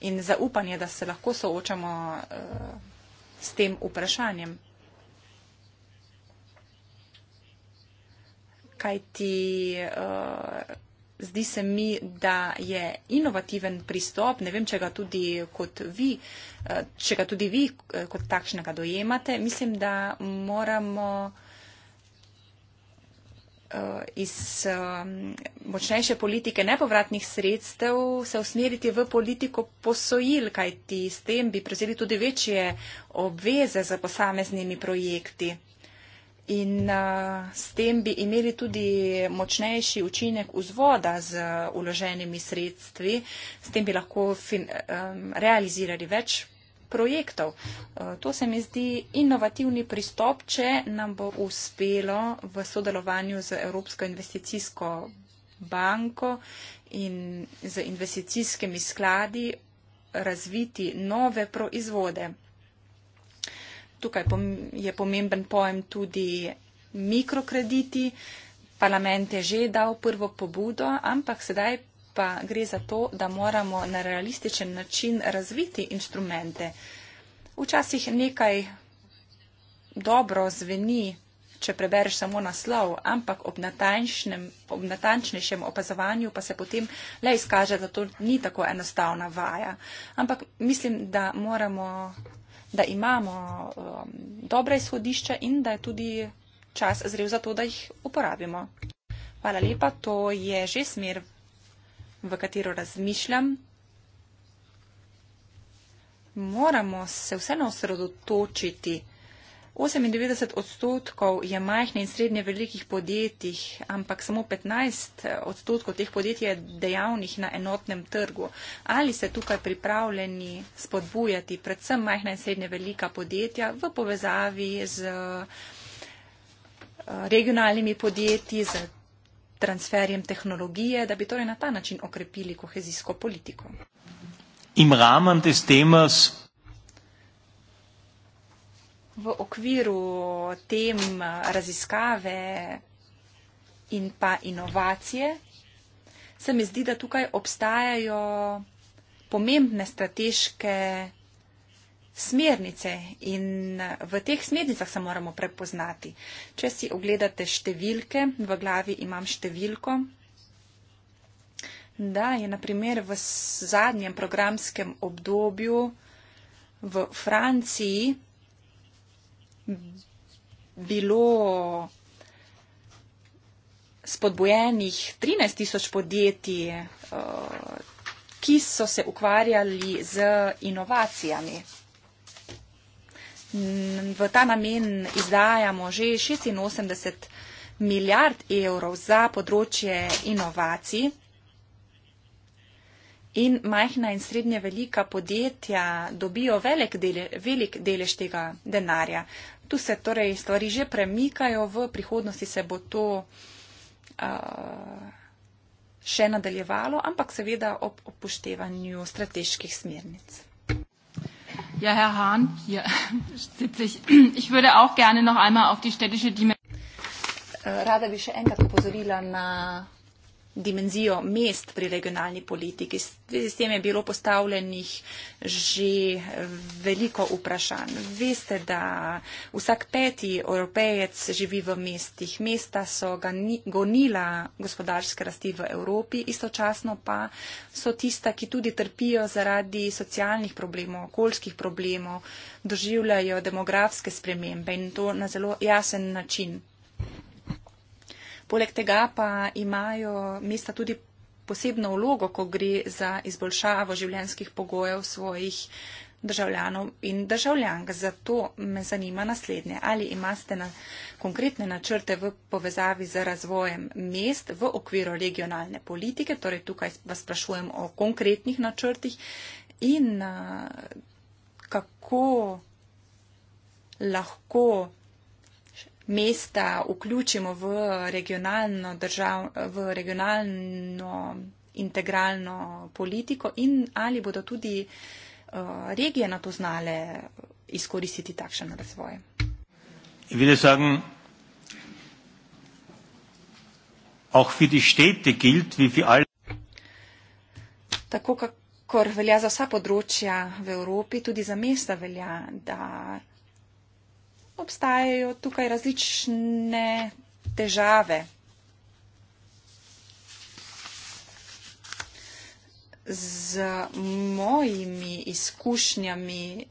in zaupanje, da se lahko soočamo eh, s tem vprašanjem. Kaj ti eh, zdi se mi, da je inovativen pristop, ne vem, če ga tudi kot vi, eh, če ga tudi vi kot takšnega dojemate, mislim, da moramo. Eh, iz močnejše politike nepovratnih sredstev se usmeriti v politiko posojil, kajti s tem bi prevzeli tudi večje obveze za posameznimi projekti. In eh, s tem bi imeli tudi močnejši učinek vzvoda z uloženimi sredstvi, s tem bi lahko realizirali več projektov. Eh, to se mi zdi inovativni pristop, če nam bo uspelo v sodelovanju z Evropsko investicijsko banko in z investicijskimi skladi razviti nove proizvode. Tukaj je pomemben pojem tudi mikrokrediti. Parlament je že dal prvo pobudo, ampak sedaj pa gre za to, da moramo na realističen način razviti instrumente. Včasih nekaj dobro zveni, če prebereš samo naslov, ampak ob, ob natančnejšem opazovanju pa se potem le izkaže, da to ni tako enostavna vaja. Ampak mislim, da moramo, da imamo um, dobra izhodišča in da je tudi čas zrel za to, da jih uporabimo. Hvala lepa, to je že smer v katero razmišljam. Moramo se vseeno osredotočiti. 98 odstotkov je majhne in srednje velikih podjetij, ampak samo 15 odstotkov teh podjetij je dejavnih na enotnem trgu. Ali se tukaj pripravljeni spodbujati predvsem majhne in srednje velika podjetja v povezavi z eh, regionalnimi podjetji, z transferjem tehnologije, da bi torej na ta način okrepili kohezijsko politiko. V okviru tem raziskave in pa inovacije se mi zdi, da tukaj obstajajo pomembne strateške smernice in v teh smernicah se moramo prepoznati. Če si ogledate številke, v glavi imam številko, da je naprimer v zadnjem programskem obdobju v Franciji bilo spodbojenih 13 tisoč podjetij, eh, ki so se ukvarjali z inovacijami v ta namen izdajamo že 86 milijard evrov za področje inovacij. In majhna in srednje velika podjetja dobijo velik, dele, velik delež tega denarja. Tu se torej stvari že premikajo, v prihodnosti se bo to uh, še nadaljevalo, ampak seveda ob upoštevanju strateških smernic. Ja, Herr Hahn, hier sitze ich. Ich würde auch gerne noch einmal auf die städtische Dimension. Rada bi še enkrat opozorila na dimenzijo mest pri regionalni politiki. S tem je bilo postavljenih že veliko vprašanj. Veste, da vsak peti evropejec živi v mestih. Mesta so gonila gospodarske rasti v Evropi, istočasno pa so tista, ki tudi trpijo zaradi socialnih problemov, okoljskih problemov, doživljajo demografske spremembe in to na zelo jasen način. Poleg tega pa imajo mesta tudi posebno vlogo, ko gre za izboljšavo življenskih pogojev svojih državljanov in državljank. Zato me zanima naslednje. Ali imate na konkretne načrte v povezavi z razvojem mest v okviru regionalne politike? Torej tukaj vas sprašujem o konkretnih načrtih in kako lahko mesta vključimo v regionalno, držav, v regionalno integralno politiko in ali bodo tudi eh, regije na to znale izkoristiti takšen razvoj. Tako kakor velja za vsa področja v Evropi, tudi za mesta velja, da obstajajo tukaj različne težave. Z mojimi izkušnjami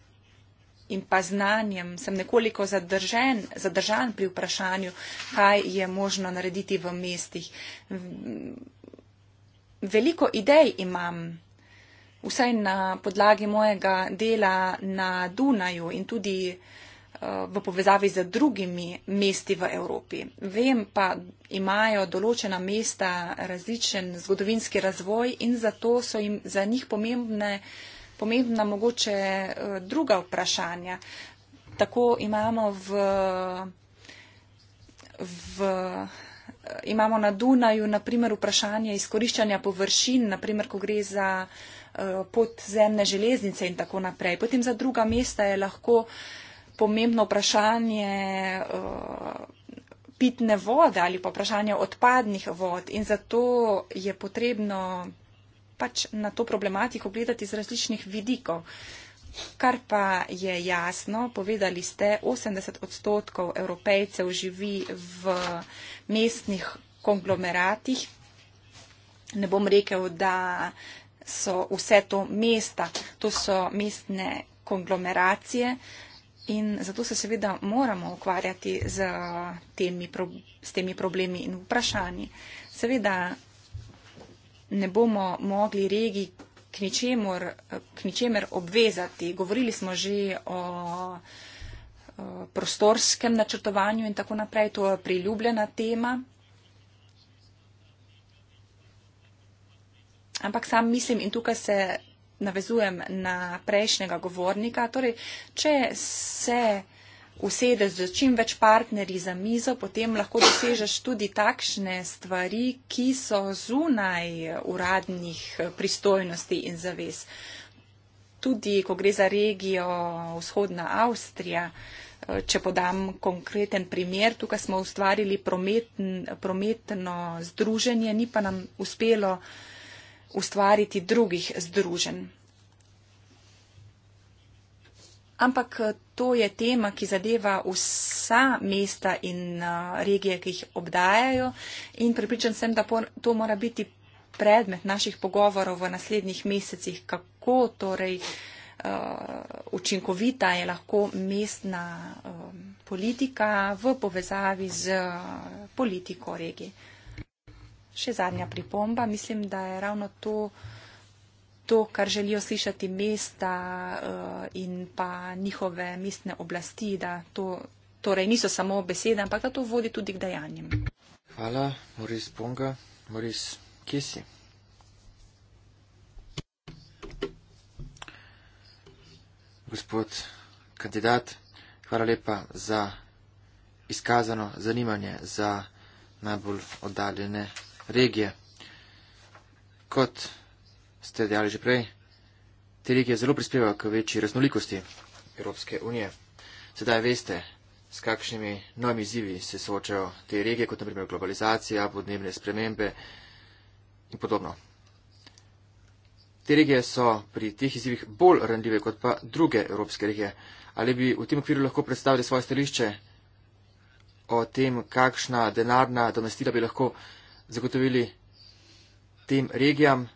in pa znanjem sem nekoliko zadržen, zadržan pri vprašanju, kaj je možno narediti v mestih. Veliko idej imam, vsaj na podlagi mojega dela na Dunaju in tudi uh, Eh, v povezavi z drugimi mesti v Evropi. Vem pa, imajo določena mesta različen zgodovinski razvoj in zato so jim za njih pomembne, pomembna mogoče eh, druga vprašanja. Tako imamo v. v eh, Imamo na Dunaju, naprimer, vprašanje izkoriščanja površin, naprimer, ko gre za uh, podzemne železnice in tako naprej. Potem za druga mesta je lahko uh, pomembno vprašanje eh, pitne vode ali pa vprašanje odpadnih vod in zato je potrebno pač na to problematiko gledati z različnih vidikov. Kar pa je jasno, povedali ste, 80 odstotkov evropejcev živi v mestnih konglomeratih. Ne bom rekel, da so vse to mesta, to so mestne konglomeracije. Uh, In zato se seveda moramo ukvarjati z temi, pro, s temi problemi in vprašanji. Seveda ne bomo mogli regi k ničemer, k ničemer obvezati. Govorili smo že o, o prostorskem načrtovanju in tako naprej. To je priljubljena tema. Ampak sam mislim in tukaj se navezujem na prejšnjega govornika. Torej, če se usedeš z čim več partnerji za mizo, potem lahko dosežeš tudi takšne stvari, ki so zunaj uradnih pristojnosti in zavez. Tudi, ko gre za regijo vzhodna Avstrija, če podam konkreten primer, tukaj smo ustvarili prometn, prometno združenje, ni pa nam uspelo ustvariti drugih združenj. Ampak eh, to je tema, ki zadeva vsa mesta in eh, regije, ki jih obdajajo in pripričan sem, da to mora biti predmet naših pogovorov v naslednjih mesecih, kako torej eh, učinkovita je lahko mestna politika v povezavi z politiko regije. Še zadnja pripomba. Mislim, da je ravno to, to kar želijo slišati mesta uh, in pa njihove mestne oblasti, da to torej niso samo besede, ampak da to vodi tudi k dejanjem. Hvala, Moris Ponga. Moris, kje si? Gospod kandidat, hvala lepa za izkazano zanimanje za najbolj oddaljene regije. Kot ste dejali že prej, te regije zelo prispevajo k večji raznolikosti Evropske unije. Sedaj veste, s kakšnimi novimi izzivi se soočajo te regije, kot naprimer globalizacija, podnebne spremembe in podobno. Te regije so pri teh izzivih bolj randljive kot pa druge evropske regije. Ali bi v tem okviru lahko predstavili svoje stališče o tem, kakšna denarna domestila bi lahko zagotovili tem regijam,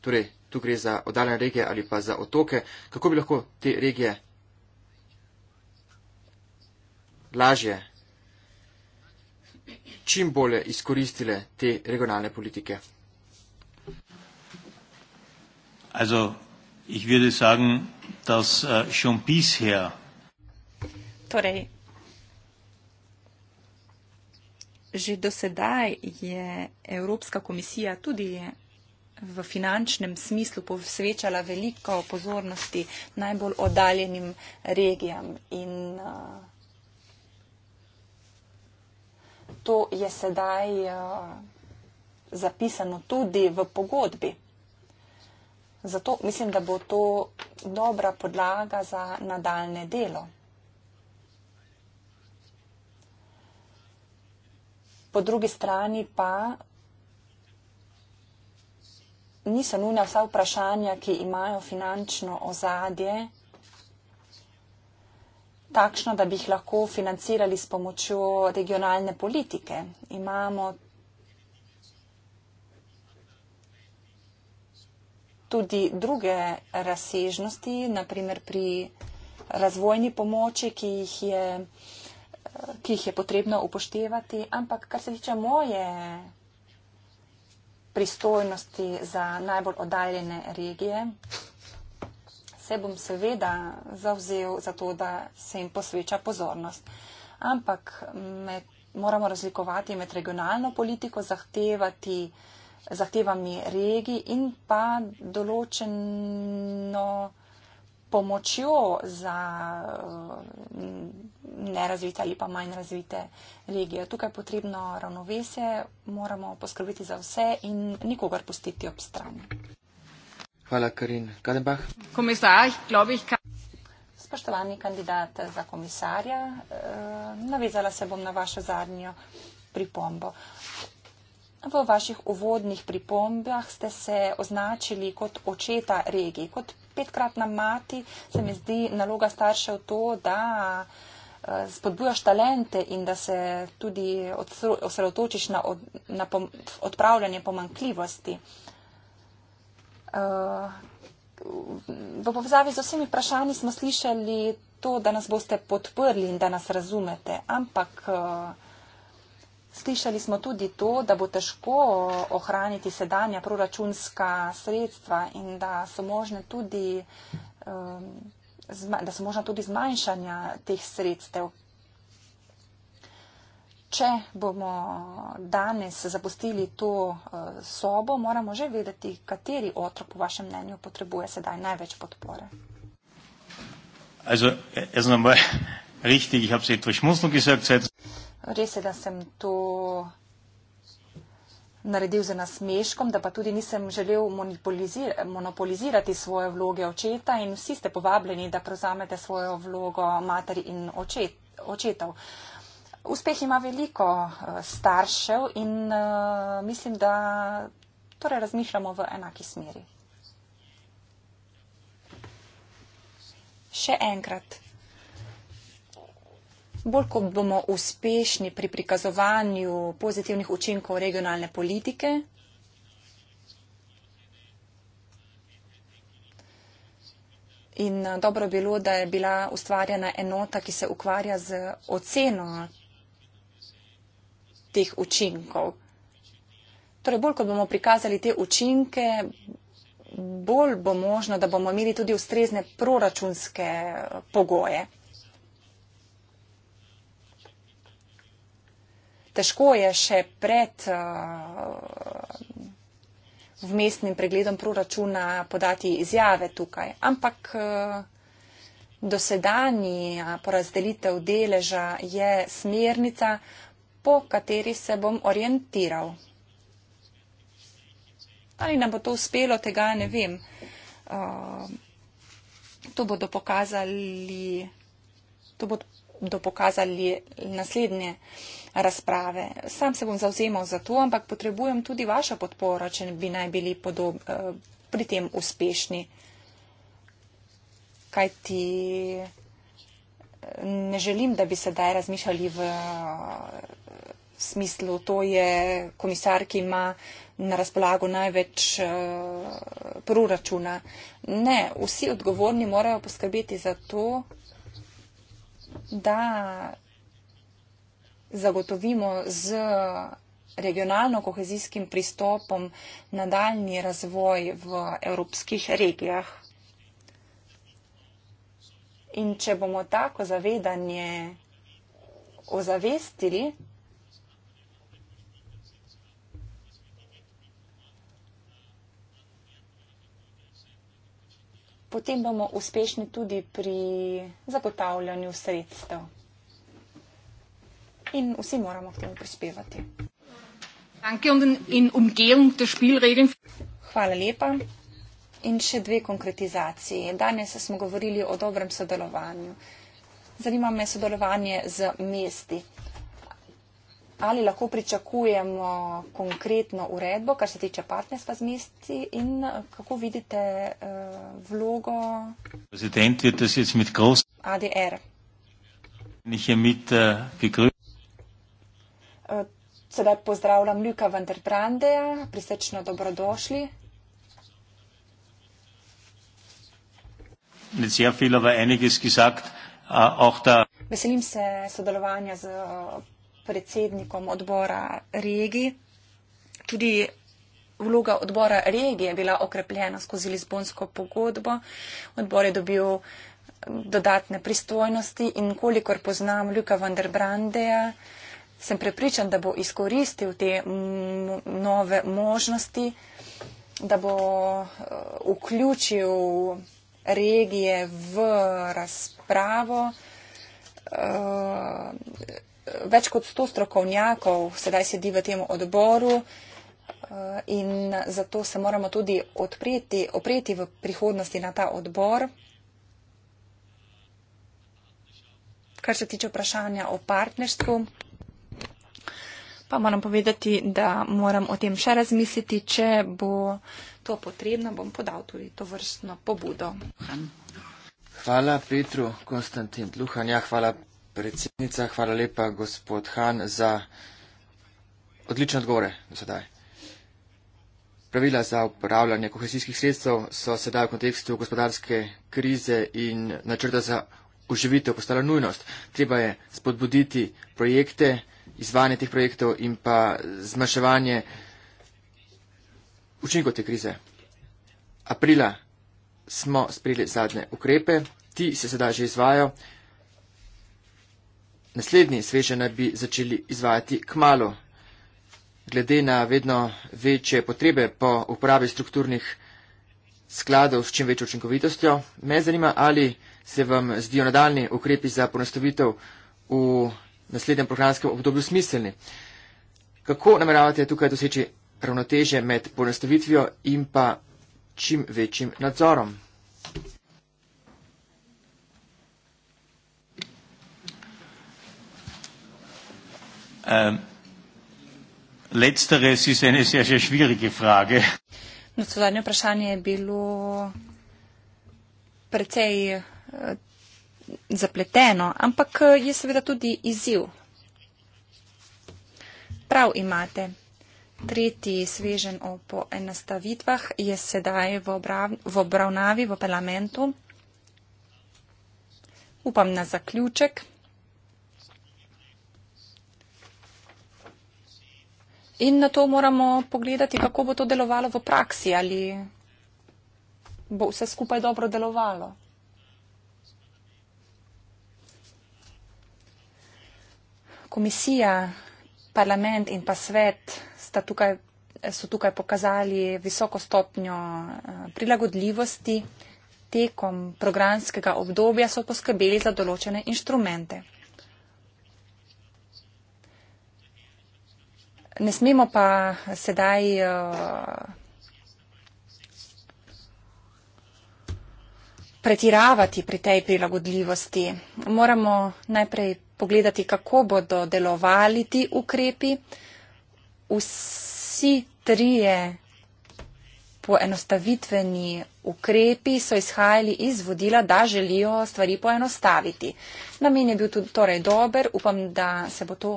torej tu gre za odaljene regije ali pa za otoke, kako bi lahko te regije lažje, čim bolje izkoristile te regionalne politike. Also, ich würde sagen, dass äh, schon bisher. Torej, Že do sedaj je Evropska komisija tudi v finančnem smislu posvečala veliko pozornosti najbolj oddaljenim regijam. In uh, to je sedaj uh, zapisano tudi v pogodbi. Zato mislim, da bo to dobra podlaga za nadaljne delo. Po drugi strani pa niso nujna vsa vprašanja, ki imajo finančno ozadje, takšno, da bi jih lahko financirali s pomočjo regionalne politike. Imamo tudi druge razsežnosti, naprimer pri razvojni pomoči, ki jih je vsega, ki jih je potrebno upoštevati, ampak kar se tiče moje pristojnosti za najbolj oddaljene regije, se bom seveda zavzel za to, da se jim posveča pozornost. Ampak med, moramo razlikovati med regionalno politiko, zahtevati zahtevami regij in pa določeno pomočjo za eh, nerazvite ali pa manj razvite regije. Tukaj je potrebno ravnovesje, moramo poskrbeti za vse in nikogar pustiti ob strani. Hvala, Karin. Kadenbach. Komisar, globih. Spoštovani kandidat za komisarja, eh, navezala se bom na vašo zadnjo pripombo. V vaših uvodnih pripombah ste se označili kot očeta regije, kot petkratna mati, se mi zdi naloga staršev to, da eh, spodbujaš talente in da se tudi osredotočiš na, od, na pom, odpravljanje pomankljivosti. Eh, v povezavi z vsemi vprašanji smo slišali to, da nas boste podprli in da nas razumete, ampak. Eh, Slišali smo tudi to, da bo težko ohraniti sedanja proračunska sredstva in da so možne tudi, um, da so možna tudi zmanjšanja teh sredstev. Če bomo danes zapustili to uh, sobo, moramo že vedeti, kateri otrok po vašem mnenju potrebuje sedaj največ podpore. Also, Res je, da sem to naredil za nasmeškom, da pa tudi nisem želel monopolizirati svoje vloge očeta in vsi ste povabljeni, da prevzamete svojo vlogo materi in očet, očetov. Uspeh ima veliko eh, staršev in uh, mislim, da torej razmišljamo v enaki smeri. Še enkrat bolj ko bomo uspešni pri prikazovanju pozitivnih učinkov regionalne politike, In eh, dobro je bilo, da je bila ustvarjena enota, ki se ukvarja z oceno teh učinkov. Torej, bolj kot bomo prikazali te učinke, bolj bo možno, da bomo imeli tudi ustrezne proračunske eh, pogoje. težko je še pred uh, vmesnim pregledom proračuna podati izjave tukaj. Ampak uh, eh, dosedani porazdelitev deleža je smernica, po kateri se bom orientiral. Ali nam bo to uspelo, tega ne vem. Uh, to bodo pokazali. To bodo bodo pokazali naslednje razprave. Sam se bom zauzemal za to, ampak potrebujem tudi vaša podpora, če bi naj bili podob, eh, pri tem uspešni. Kaj ti eh, ne želim, da bi sedaj razmišljali v eh, smislu, to je komisar, ki ima na razpolago največ uh, proračuna. Ne, vsi odgovorni morajo poskrbeti za to, da zagotovimo z regionalno kohezijskim pristopom nadaljni razvoj v evropskih regijah. In če bomo tako zavedanje ozavestili, potem bomo uspešni tudi pri zagotavljanju sredstev. In vsi moramo k temu prispevati. Um Hvala lepa. In še dve konkretizacije. Danes smo govorili o dobrem sodelovanju. Zanima me sodelovanje z mesti ali lahko pričakujemo konkretno uredbo, kar se tiče partnerstva z mesti in eh, kako vidite uh, vlogo ADR. Uh, eh, sedaj pozdravljam Ljuka Vanderbrandeja, prisečno dobrodošli. Veselim se sodelovanja z. Uh, predsednikom odbora regij. Tudi vloga odbora regije je bila okrepljena skozi Lizbonsko pogodbo. Odbor je dobil um, dodatne pristojnosti in kolikor poznam Ljuka Vanderbrandeja, sem prepričan, da bo izkoristil te nove možnosti, da bo uh, vključil regije v razpravo. Uh, več kot sto strokovnjakov sedaj sedi v tem odboru eh, in zato se moramo tudi odpreti, opreti v prihodnosti na ta odbor. Kar se tiče vprašanja o partnerstvu, pa moram povedati, da moram o tem še razmisliti, če bo to potrebno, bom podal tudi to vrstno pobudo. Hvala Petru Konstantin Luhanja, hvala predsednica, hvala lepa gospod Han za odlične odgovore do sedaj. Pravila za upravljanje kohezijskih sredstev so sedaj v kontekstu gospodarske krize in načrta za oživitev postala nujnost. Treba je spodbuditi projekte, izvanje teh projektov in pa zmaševanje učinkov te krize. Aprila smo sprejeli zadnje ukrepe, ti se sedaj že izvajo. Naslednji sveže naj bi začeli izvajati k malu. Glede na vedno večje potrebe po uporabi strukturnih skladov s čim večjo učinkovitostjo, me zanima, ali se vam zdijo nadaljni ukrepi za ponastavitev v naslednjem programskem obdobju smiselni. Kako nameravate tukaj doseči ravnoteže med ponastavitvijo in pa čim večjim nadzorom? Ähm, letzteres ist eine sehr, sehr schwierige Frage. Das no, zadnje vprašanje je bilo precej eh, zapleteno, ampak eh, je seveda tudi izziv. Prav imate. Tretji svežen o poenostavitvah je sedaj v, obrav, v obravnavi v parlamentu. Upam na zaključek. In na to moramo pogledati, kako bo to delovalo v praksi, ali bo vse skupaj dobro delovalo. Komisija, parlament in pa svet tukaj, so tukaj pokazali visoko stopnjo eh, prilagodljivosti. Tekom programskega obdobja so poskrbeli za določene inštrumente. Ne smemo pa sedaj eh, pretiravati pri tej prilagodljivosti. Moramo najprej pogledati, kako bodo delovali ti ukrepi. Vsi trije poenostavitveni ukrepi so izhajali iz vodila, da želijo stvari poenostaviti. Namen je bil tudi torej dober, upam, da se bo to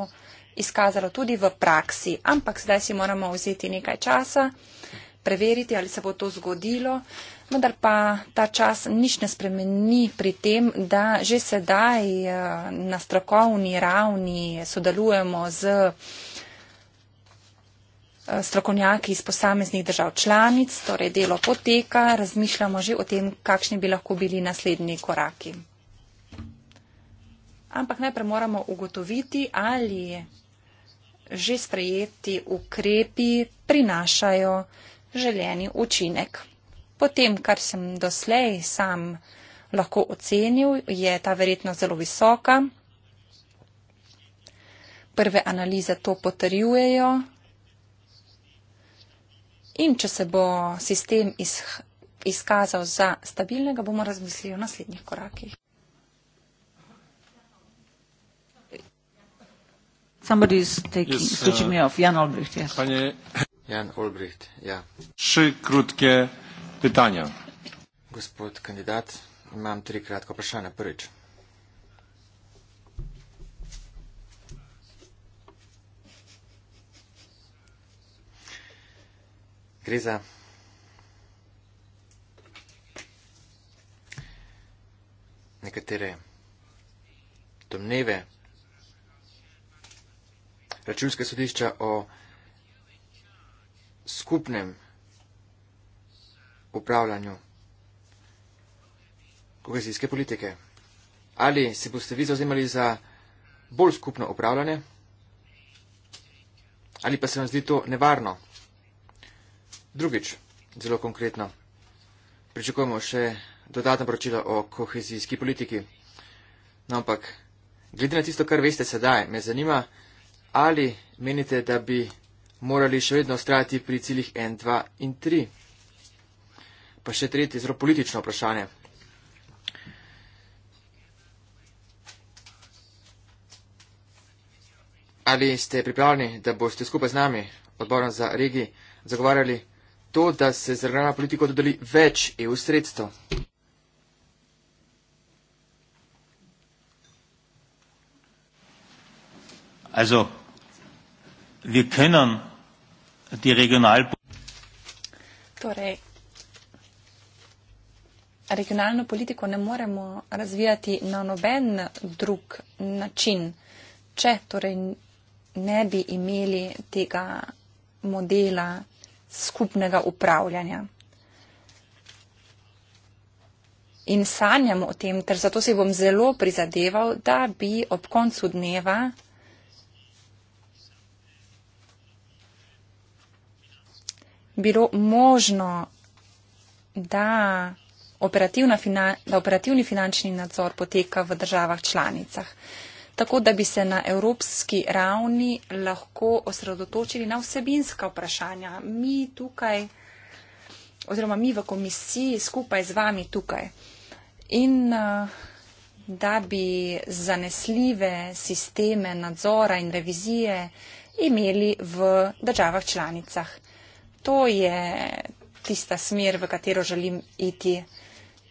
izkazalo tudi v praksi, ampak zdaj si moramo vzeti nekaj časa, preveriti, ali se bo to zgodilo. Vendar pa ta čas nič ne spremeni pri tem, da že sedaj eh, na strokovni ravni sodelujemo z eh, strokovnjaki iz posameznih držav članic, torej delo poteka, razmišljamo že o tem, kakšni bi lahko bili naslednji koraki. Ampak najprej moramo ugotoviti, ali že sprejeti ukrepi prinašajo želeni učinek. Po tem, kar sem doslej sam lahko ocenil, je ta verjetnost zelo visoka. Prve analize to potrjujejo. In če se bo sistem izkazal za stabilnega, bomo razmislili o naslednjih korakih. somebody is taking yes, uh, switching me off. Jan Olbricht, yes. Panie... Jan Olbricht, ja. Trzy krótkie pytania. Gospod kandydat, mam trzy krótkie pytania. Pierwsze. Gre za nekatere domneve, računske sodišča o skupnem upravljanju kohezijske politike. Ali se boste vi zauzemali za bolj skupno upravljanje? Ali pa se vam zdi to nevarno? Drugič, zelo konkretno, pričakujemo še dodatno poročilo o kohezijski politiki. No, ampak, glede na tisto, kar veste sedaj, me zanima, ali menite, da bi morali še vedno ustrajati pri ciljih 1, 2 in 3? Pa še tretje zelo politično vprašanje. Ali ste pripravljeni, da boste skupaj z nami, odborom za regiji, zagovarjali to, da se z regionalno politiko dodeli več EU sredstev? Also, wir können die Regionalpolitik. Torej, regionalno politiko ne moremo razvijati na noben drug način, če torej ne bi imeli tega modela skupnega upravljanja. In sanjam o tem, ter zato si bom zelo prizadeval, da bi ob koncu dneva bilo možno, da operativni, finan, da operativni finančni nadzor poteka v državah članicah. Tako da bi se na evropski ravni lahko osredotočili na vsebinska vprašanja. Mi tukaj, oziroma mi v komisiji skupaj z vami tukaj. In uh, da bi zanesljive sisteme nadzora in revizije imeli v državah članicah to je tista smer, v katero želim iti.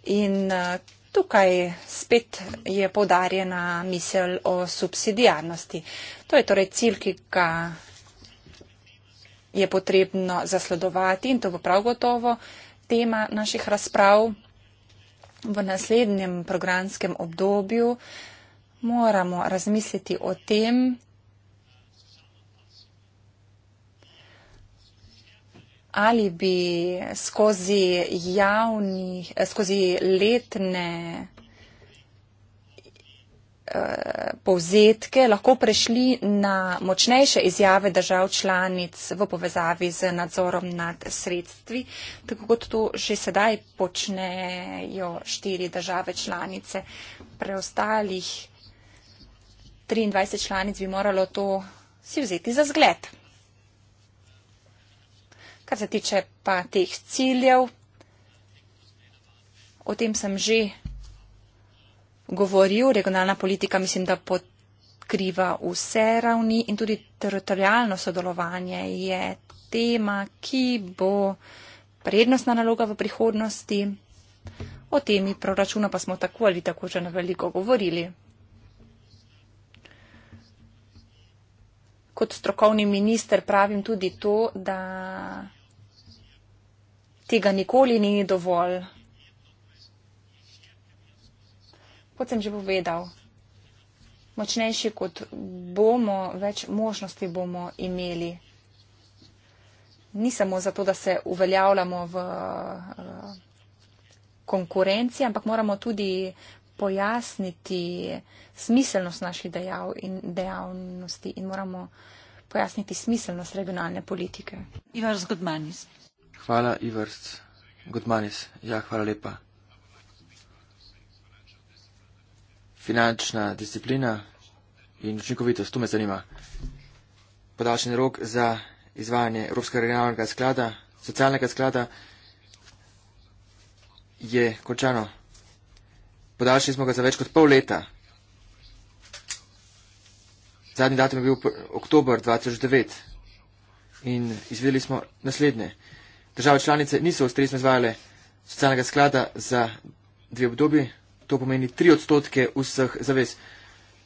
In eh, tukaj spet je podarjena misel o subsidijarnosti. To je torej cilj, ki ga je potrebno zasledovati in to bo prav gotovo tema naših razprav. V naslednjem programskem obdobju moramo razmisliti o tem, ali bi skozi javni, eh, skozi letne eh, povzetke lahko prešli na močnejše izjave držav članic v povezavi z nadzorom nad sredstvi, tako kot to že sedaj počnejo štiri države članice. Preostalih 23 članic bi moralo to si vzeti za zgled. Kar se tiče pa teh ciljev, o tem sem že govoril. Regionalna politika mislim, da pokriva vse ravni in tudi teritorijalno sodelovanje je tema, ki bo prednostna naloga v prihodnosti. O temi proračuna pa smo tako ali tako že na veliko govorili. Kot strokovni minister pravim tudi to, da tega nikoli ni dovolj. Kot sem že povedal, močnejši kot bomo, več možnosti bomo imeli. Ni samo zato, da se uveljavljamo v eh, konkurenci, ampak moramo tudi pojasniti smiselnost naših dejav in dejavnosti in moramo pojasniti smiselnost regionalne politike. Ivar Zgodmanis. Hvala, Ivarc Gudmanis. Ja, hvala lepa. Finančna disciplina in učinkovitost, to me zanima. Podaljšen rok za izvajanje Evropskega regionalnega sklada, socialnega sklada je končano. Podaljšali smo ga za več kot pol leta. Zadnji datum je bil oktober 2009 in izvedeli smo naslednje. Države članice niso ustrezno izvajale socialnega sklada za dve obdobi, to pomeni 3 odstotke vseh zavez,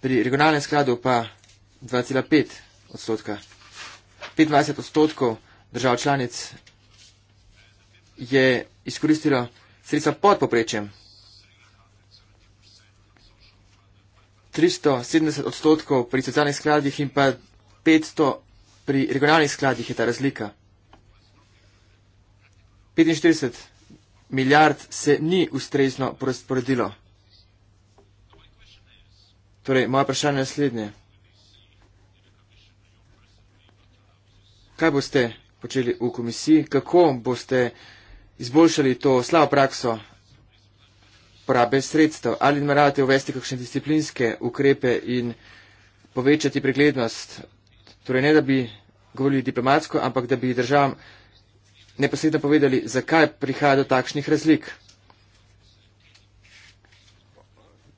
pri regionalnem skladu pa 2,5 odstotka. 25 odstotkov držav članic je izkoristilo sredstva pod poprečjem. 370 odstotkov pri socialnih skladih in pa 500 pri regionalnih skladih je ta razlika. 45 milijard se ni ustrezno porazporedilo. Torej, moja vprašanja je slednje. Kaj boste počeli v komisiji? Kako boste izboljšali to slabo prakso porabe sredstev? Ali nameravate uvesti kakšne disciplinske ukrepe in povečati preglednost? Torej, ne da bi govorili diplomatsko, ampak da bi državam neposredno povedali, zakaj prihaja do takšnih razlik.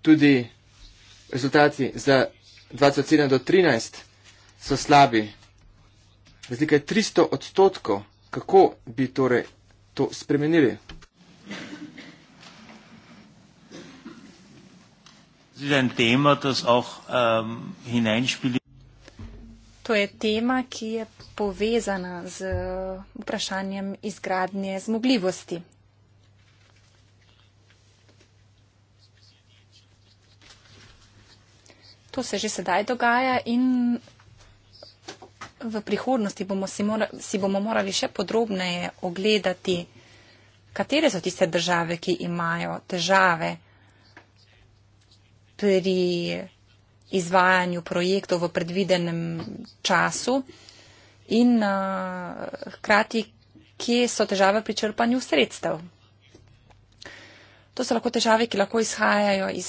Tudi rezultati za 27 do 13 so slabi. Razlika je 300 odstotkov. Kako bi torej to spremenili? Zdaj je en tema, ki se lahko ähm, hineinspili. To je tema, ki je povezana z eh, vprašanjem izgradnje zmogljivosti. To se že sedaj dogaja in v prihodnosti bomo si, mora, si bomo morali še podrobneje ogledati, katere so tiste države, ki imajo težave pri izvajanju projektov v predvidenem času in uh, hkrati, kje so težave pri črpanju sredstev. To so lahko težave, ki lahko izhajajo iz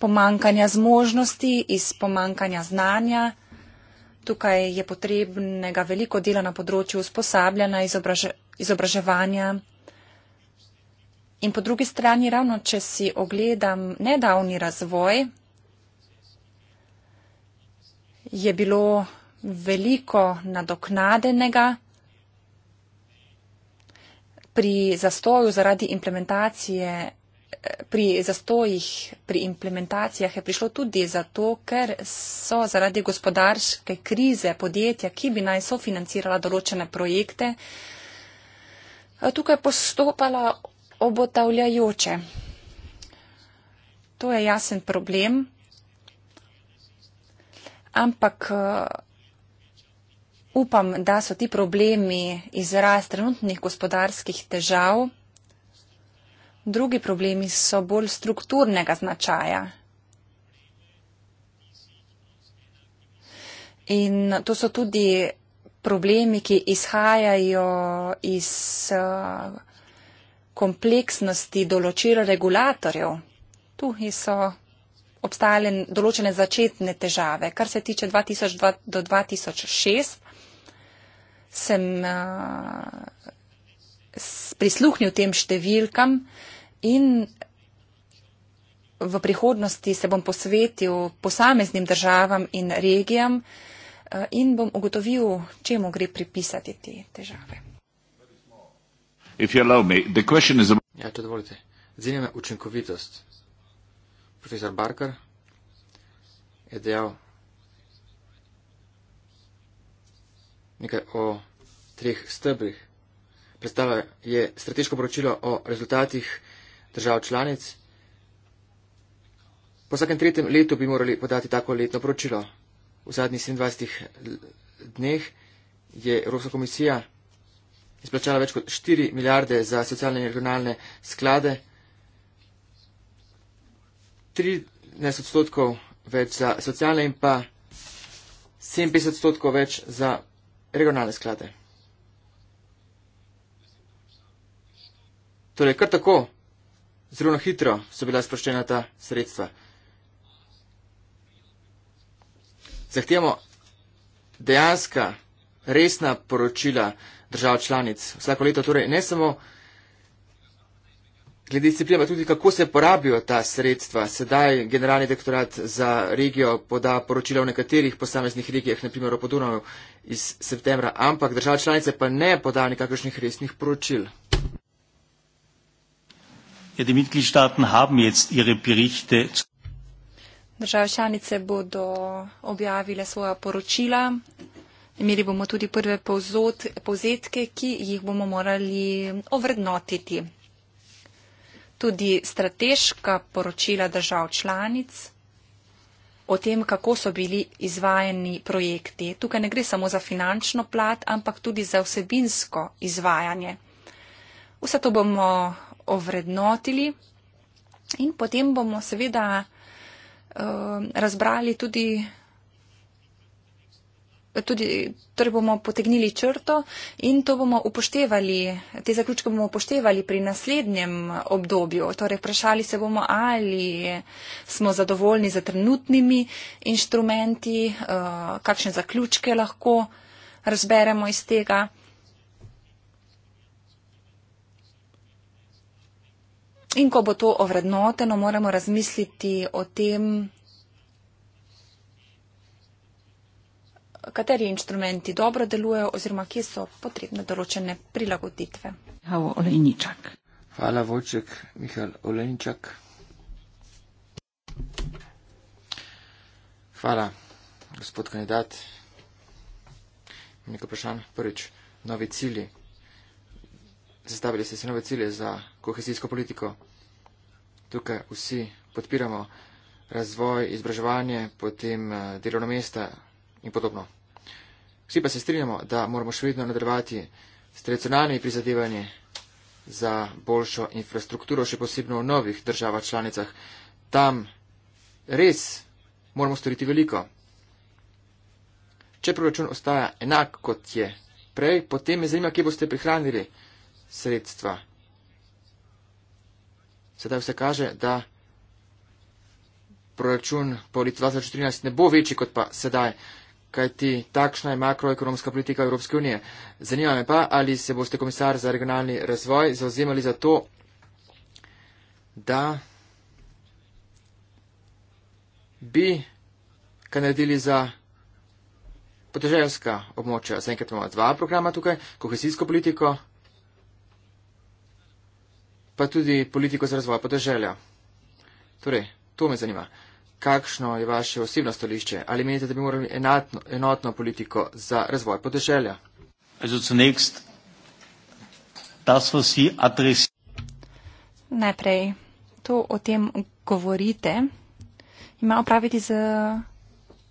pomankanja zmožnosti, iz pomankanja znanja. Tukaj je potrebnega veliko dela na področju usposabljanja, izobraže, izobraževanja. In po drugi strani, ravno če si ogledam nedavni razvoj, je bilo veliko nadoknadenega pri zastoju zaradi implementacije, pri zastojih, pri implementacijah je prišlo tudi zato, ker so zaradi gospodarske krize podjetja, ki bi naj sofinancirala določene projekte, tukaj postopala obotavljajoče. To je jasen problem, ampak eh, upam, da so ti problemi izraz trenutnih gospodarskih težav. Drugi problemi so bolj strukturnega značaja. In to so tudi problemi, ki izhajajo iz eh, kompleksnosti določila regulatorjev. Tu so obstajale določene začetne težave. Kar se tiče 2002 do 2006, sem uh, prisluhnil tem številkam in v prihodnosti se bom posvetil posameznim državam in regijam uh, in bom ugotovil, čemu gre pripisati te težave. Ja, če dovolite. Zanima me učinkovitost. Profesor Barker je dejal nekaj o treh stebrih. Predstava je strateško poročilo o rezultatih držav članic. Po vsakem tretjem letu bi morali podati tako letno poročilo. V zadnjih 27 dneh je Evropska komisija izplačala več kot 4 milijarde za socialne in regionalne sklade, 13 odstotkov več za socialne in pa 57 odstotkov več za regionalne sklade. Torej, kar tako, zelo hitro so bila sproščena ta sredstva. Zahtevamo dejanska, resna poročila, držav članic. Vsako leto torej ne samo glede disciplina, pa tudi kako se porabijo ta sredstva. Sedaj Generalni dektorat za regijo poda poročila v nekaterih posameznih regijah, naprimer o Podunavu iz septembra, ampak držav članice pa ne poda nikakršnih resnih poročil. Ja, države članice bodo objavile svoja poročila Imeli bomo tudi prve povzot, povzetke, ki jih bomo morali ovrednotiti. Tudi strateška poročila držav članic o tem, kako so bili izvajeni projekti. Tukaj ne gre samo za finančno plat, ampak tudi za vsebinsko izvajanje. Vse to bomo ovrednotili in potem bomo seveda uh, razbrali tudi tudi, torej bomo potegnili črto in to bomo upoštevali, te zaključke bomo upoštevali pri naslednjem obdobju. Torej, vprašali se bomo, ali smo zadovoljni z za trenutnimi inštrumenti, eh, kakšne zaključke lahko razberemo iz tega. In ko bo to ovrednoteno, moramo razmisliti o tem, kateri inštrumenti dobro delujejo oziroma kje so potrebne določene prilagoditve. Hvala, Vojček, Mihal Olejničak. Hvala, gospod kandidat. Nekaj vprašanj. Prvič, novi cilji. Zastavili ste se nove cilje za kohezijsko politiko. Tukaj vsi podpiramo razvoj, izobraževanje, potem eh, delovno mesta, in podobno. Vsi pa se strinjamo, da moramo še vedno nadaljevati s tradicionalnimi prizadevanji za boljšo infrastrukturo, še posebno v novih državah članicah. Tam res moramo storiti veliko. Če proračun ostaja enak, kot je prej, potem me zanima, kje boste prihranili sredstva. Sedaj vse kaže, da proračun po letu 2014 ne bo večji kot pa sedaj kajti takšna je makroekonomska politika Evropske unije. Zanima me pa, ali se boste komisar za regionalni razvoj zauzemali za to, da bi kaj naredili za podeželjska območja. Zaenkrat imamo dva programa tukaj, kohesijsko politiko, pa tudi politiko za razvoj podeželja. Torej, to me zanima kakšno je vaše osebno stališče? Ali menite, da bi morali enotno, enotno politiko za razvoj podeželja? Najprej to o tem govorite, ima opraviti z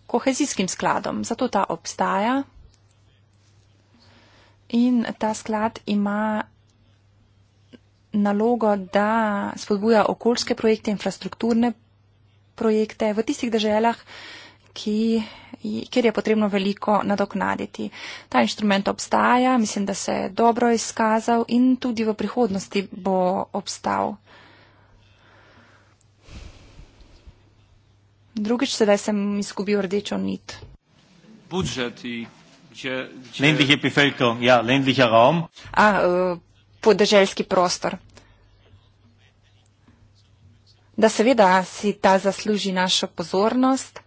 kohezijskim skladom, zato ta obstaja. In ta sklad ima nalogo, da spodbuja okoljske projekte, infrastrukturne projekte v tistih državah, kjer je potrebno veliko nadoknaditi. Ta inštrument obstaja, mislim, da se je dobro izkazal in tudi v prihodnosti bo obstal. Drugič, sedaj sem izgubil rdečo nit. Ländliche Bevölkerung, ja, ländlicher Raum. Ah, uh, podeželski prostor da seveda si ta zasluži našo pozornost.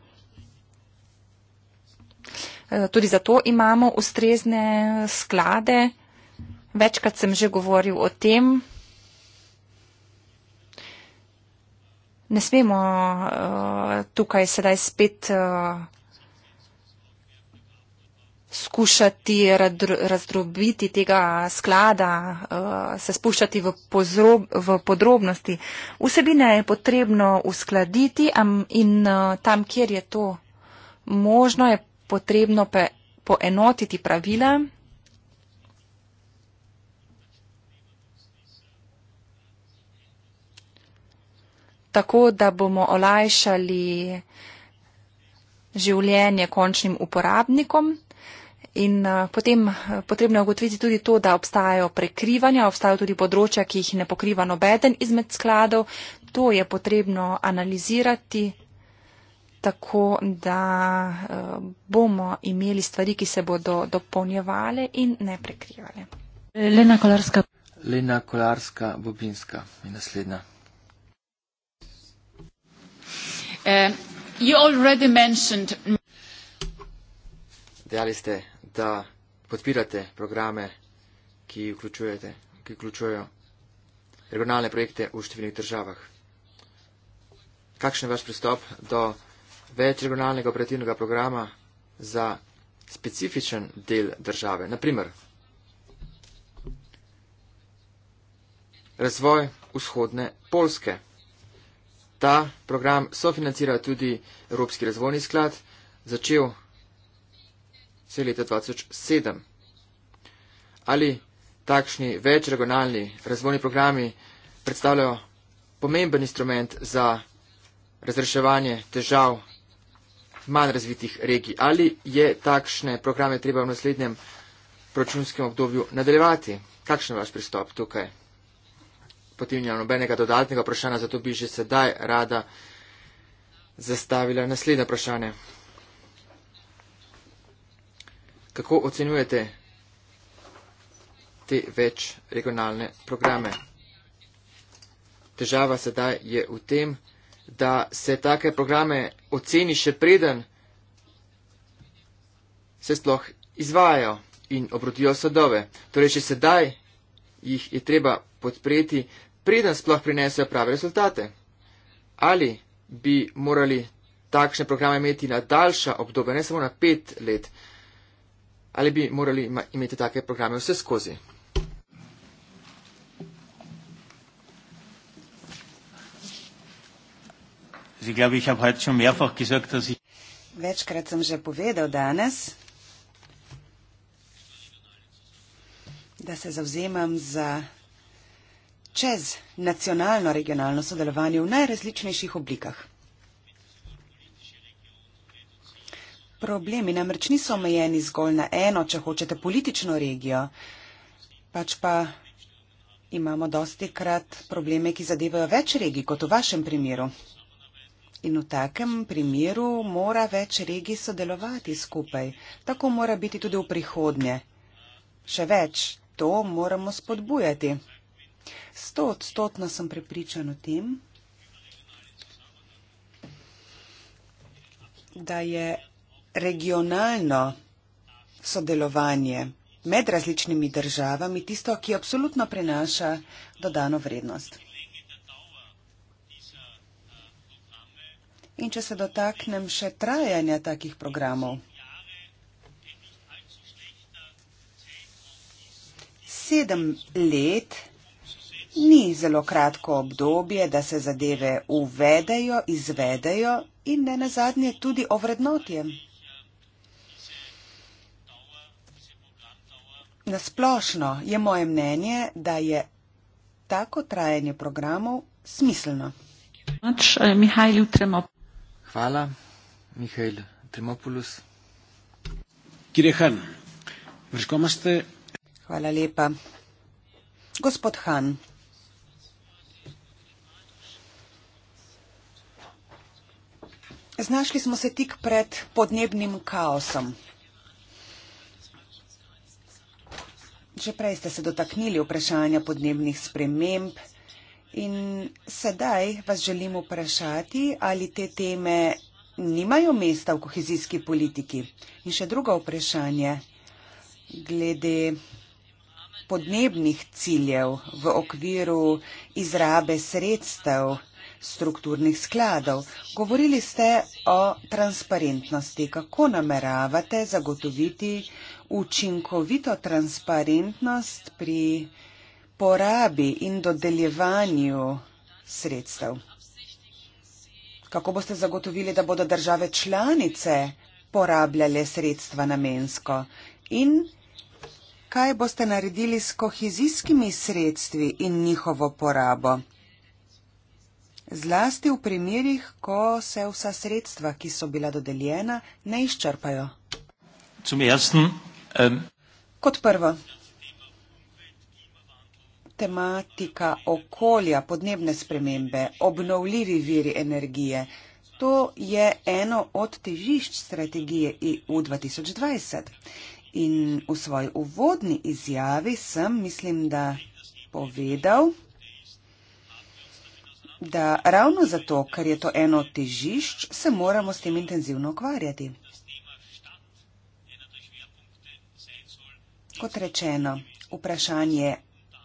E, tudi zato imamo ustrezne sklade. Večkrat sem že govoril o tem. Ne smemo uh, tukaj sedaj spet uh, skušati razdrobiti tega sklada, eh, se spuščati v, pozrob, v podrobnosti. Vsebine je potrebno uskladiti in eh, tam, kjer je to možno, je potrebno pe, poenotiti pravila. tako da bomo olajšali življenje končnim uporabnikom. In eh, potem eh, potrebno je ugotoviti tudi to, da obstajajo prekrivanja, obstajajo tudi področja, ki jih ne pokriva nobeden izmed skladov. To je potrebno analizirati tako, da eh, bomo imeli stvari, ki se bodo dopolnjevale in ne prekrivale. Lena Kolarska. Lena Kolarska, Bobinska in naslednja. Uh, you already mentioned. Dejali ste, da podpirate programe, ki, ki vključujejo regionalne projekte v številnih državah. Kakšen je vaš pristop do večregionalnega operativnega programa za specifičen del države? Naprimer, razvoj vzhodne Polske. Ta program sofinancira tudi Evropski razvojni sklad, začel vse leta 2007. Ali takšni večregionalni razvojni programi predstavljajo pomemben instrument za razreševanje težav manj razvitih regij? Ali je takšne programe treba v naslednjem proračunskem obdobju nadaljevati? Kakšen je vaš pristop tukaj? Potem nimam nobenega dodatnega vprašanja, zato bi že sedaj rada zastavila naslednje vprašanje. Kako ocenjujete te več regionalne programe? Težava sedaj je v tem, da se take programe oceni še preden se sploh izvajajo in obrodijo sadove. Torej, še sedaj jih je treba podpreti, preden sploh prinesejo prave rezultate. Ali bi morali takšne programe imeti na daljša obdobja, ne samo na pet let, ali bi morali imeti take programe vse skozi? Večkrat sem že povedal danes, da se zauzemam za čez nacionalno, regionalno sodelovanje v najrazličnejših oblikah. problemi namreč niso omejeni zgolj na eno, če hočete, politično regijo, pač pa imamo dosti krat probleme, ki zadevajo več regij, kot v vašem primeru. In v takem primeru mora več regij sodelovati skupaj. Tako mora biti tudi v prihodnje. Še več, to moramo spodbujati. Sto odstotno sem prepričan o tem, da je regionalno sodelovanje med različnimi državami tisto, ki absolutno prenaša dodano vrednost. In če se dotaknem še trajanja takih programov. Sedem let ni zelo kratko obdobje, da se zadeve uvedejo, izvedejo in ne nazadnje tudi ovrednotijo. Nasplošno je moje mnenje, da je tako trajanje programov smiselno. Hvala, Mihajl Tremopulus. Kire Han, vrškoma ste. Hvala lepa. Gospod Han. Znašli smo se tik pred podnebnim kaosom. Že prej ste se dotaknili vprašanja podnebnih sprememb in sedaj vas želim vprašati, ali te teme nimajo mesta v kohezijski politiki. In še drugo vprašanje glede podnebnih ciljev v okviru izrabe sredstev strukturnih skladov. Govorili ste o transparentnosti. Kako nameravate zagotoviti učinkovito transparentnost pri porabi in dodeljevanju sredstev? Kako boste zagotovili, da bodo države članice porabljale sredstva namensko? In kaj boste naredili s kohezijskimi sredstvi in njihovo porabo? zlasti v primerjih, ko se vsa sredstva, ki so bila dodeljena, ne izčrpajo. Ersten, um... Kot prvo, tematika okolja, podnebne spremembe, obnovljivi viri energije. To je eno od težišč strategije EU 2020. In v svoji uvodni izjavi sem, mislim, da povedal, da ravno zato, ker je to eno od težišč, se moramo s tem intenzivno ukvarjati. Kot rečeno, vprašanje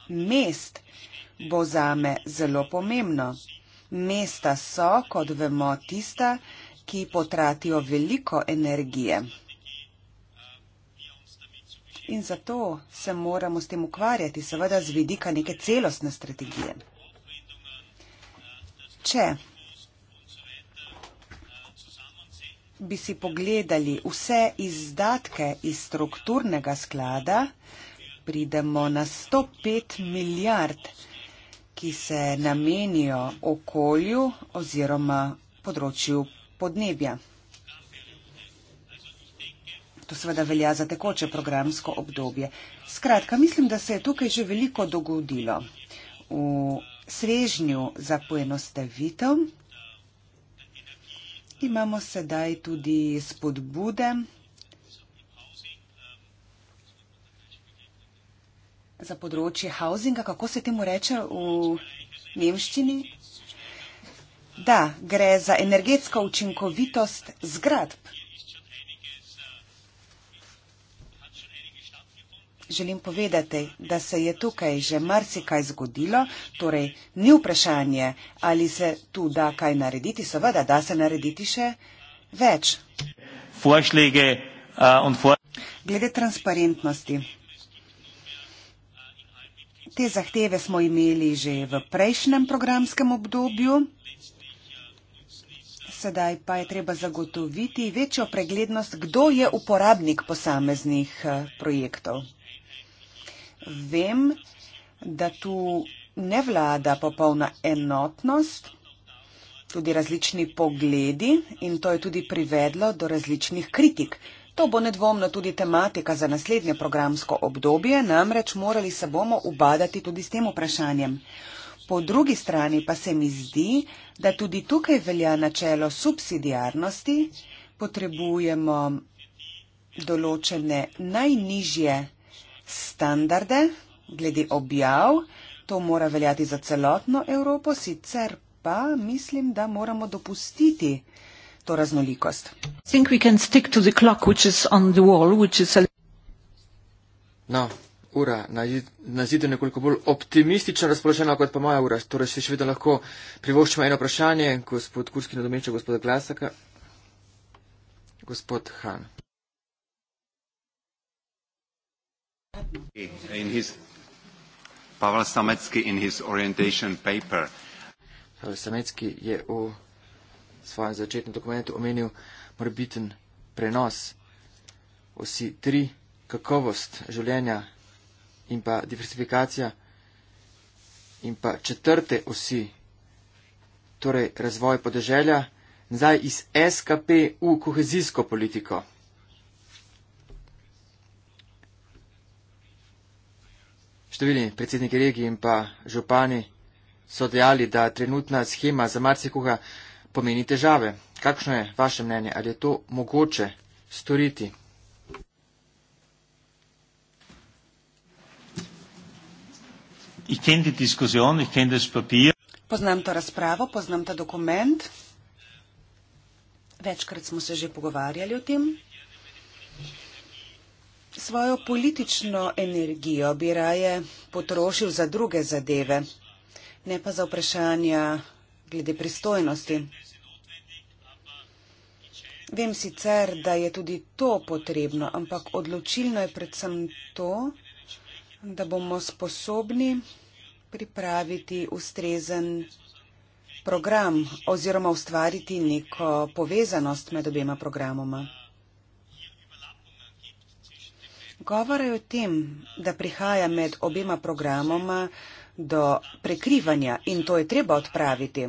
mest bo zame zelo pomembno. Mesta so, kot vemo, tista, ki potratijo veliko energije. In zato se moramo s tem ukvarjati, seveda z vidika neke celostne strategije če bi si pogledali vse izdatke iz strukturnega sklada, pridemo na 105 milijard, ki se namenijo okolju oziroma področju podnebja. To seveda velja za tekoče programsko obdobje. Skratka, mislim, da se je tukaj že veliko dogodilo. V srežnju za poenostavitev. Imamo sedaj tudi spodbude za področje housinga, kako se temu reče v nemščini. Da, gre za energetsko učinkovitost zgradb. želim povedati, da se je tukaj že marsikaj zgodilo, torej ni vprašanje, ali se tu da kaj narediti, seveda da se narediti še več. Äh, Glede transparentnosti. Te zahteve smo imeli že v prejšnjem programskem obdobju. Sedaj pa je treba zagotoviti večjo preglednost, kdo je uporabnik posameznih eh, projektov vem, da tu ne vlada popolna enotnost, tudi različni pogledi in to je tudi privedlo do različnih kritik. To bo nedvomno tudi tematika za naslednje programsko obdobje, namreč morali se bomo ubadati tudi s tem vprašanjem. Po drugi strani pa se mi zdi, da tudi tukaj velja načelo subsidijarnosti, potrebujemo določene najnižje standarde glede objav. To mora veljati za celotno Evropo, sicer pa mislim, da moramo dopustiti to raznolikost. No, ura na, na zidu je nekoliko bolj optimistična razpoložena, kot pa moja ura. Torej, še vedno lahko privoščimo eno vprašanje, gospod Kurski, nadomeča gospoda Glasaka. Gospod Han. Pavel Samecki in his orientation paper. Pavel Samecki je v svojem začetnem dokumentu omenil morbiten prenos. Vsi tri, kakovost življenja in pa diversifikacija in pa četrte vsi, torej razvoj podeželja, nazaj iz SKP v kohezijsko politiko. Številni predsedniki regij in pa župani so dejali, da trenutna schema za marsikoga pomeni težave. Kakšno je vaše mnenje? Ali je to mogoče storiti? Poznam to razpravo, poznam ta dokument. Večkrat smo se že pogovarjali o tem. Svojo politično energijo bi raje potrošil za druge zadeve, ne pa za vprašanja glede pristojnosti. Vem sicer, da je tudi to potrebno, ampak odločilno je predvsem to, da bomo sposobni pripraviti ustrezen program oziroma ustvariti neko povezanost med obema programoma. Govore o tem, da prihaja med obima programoma do prekrivanja in to je treba odpraviti.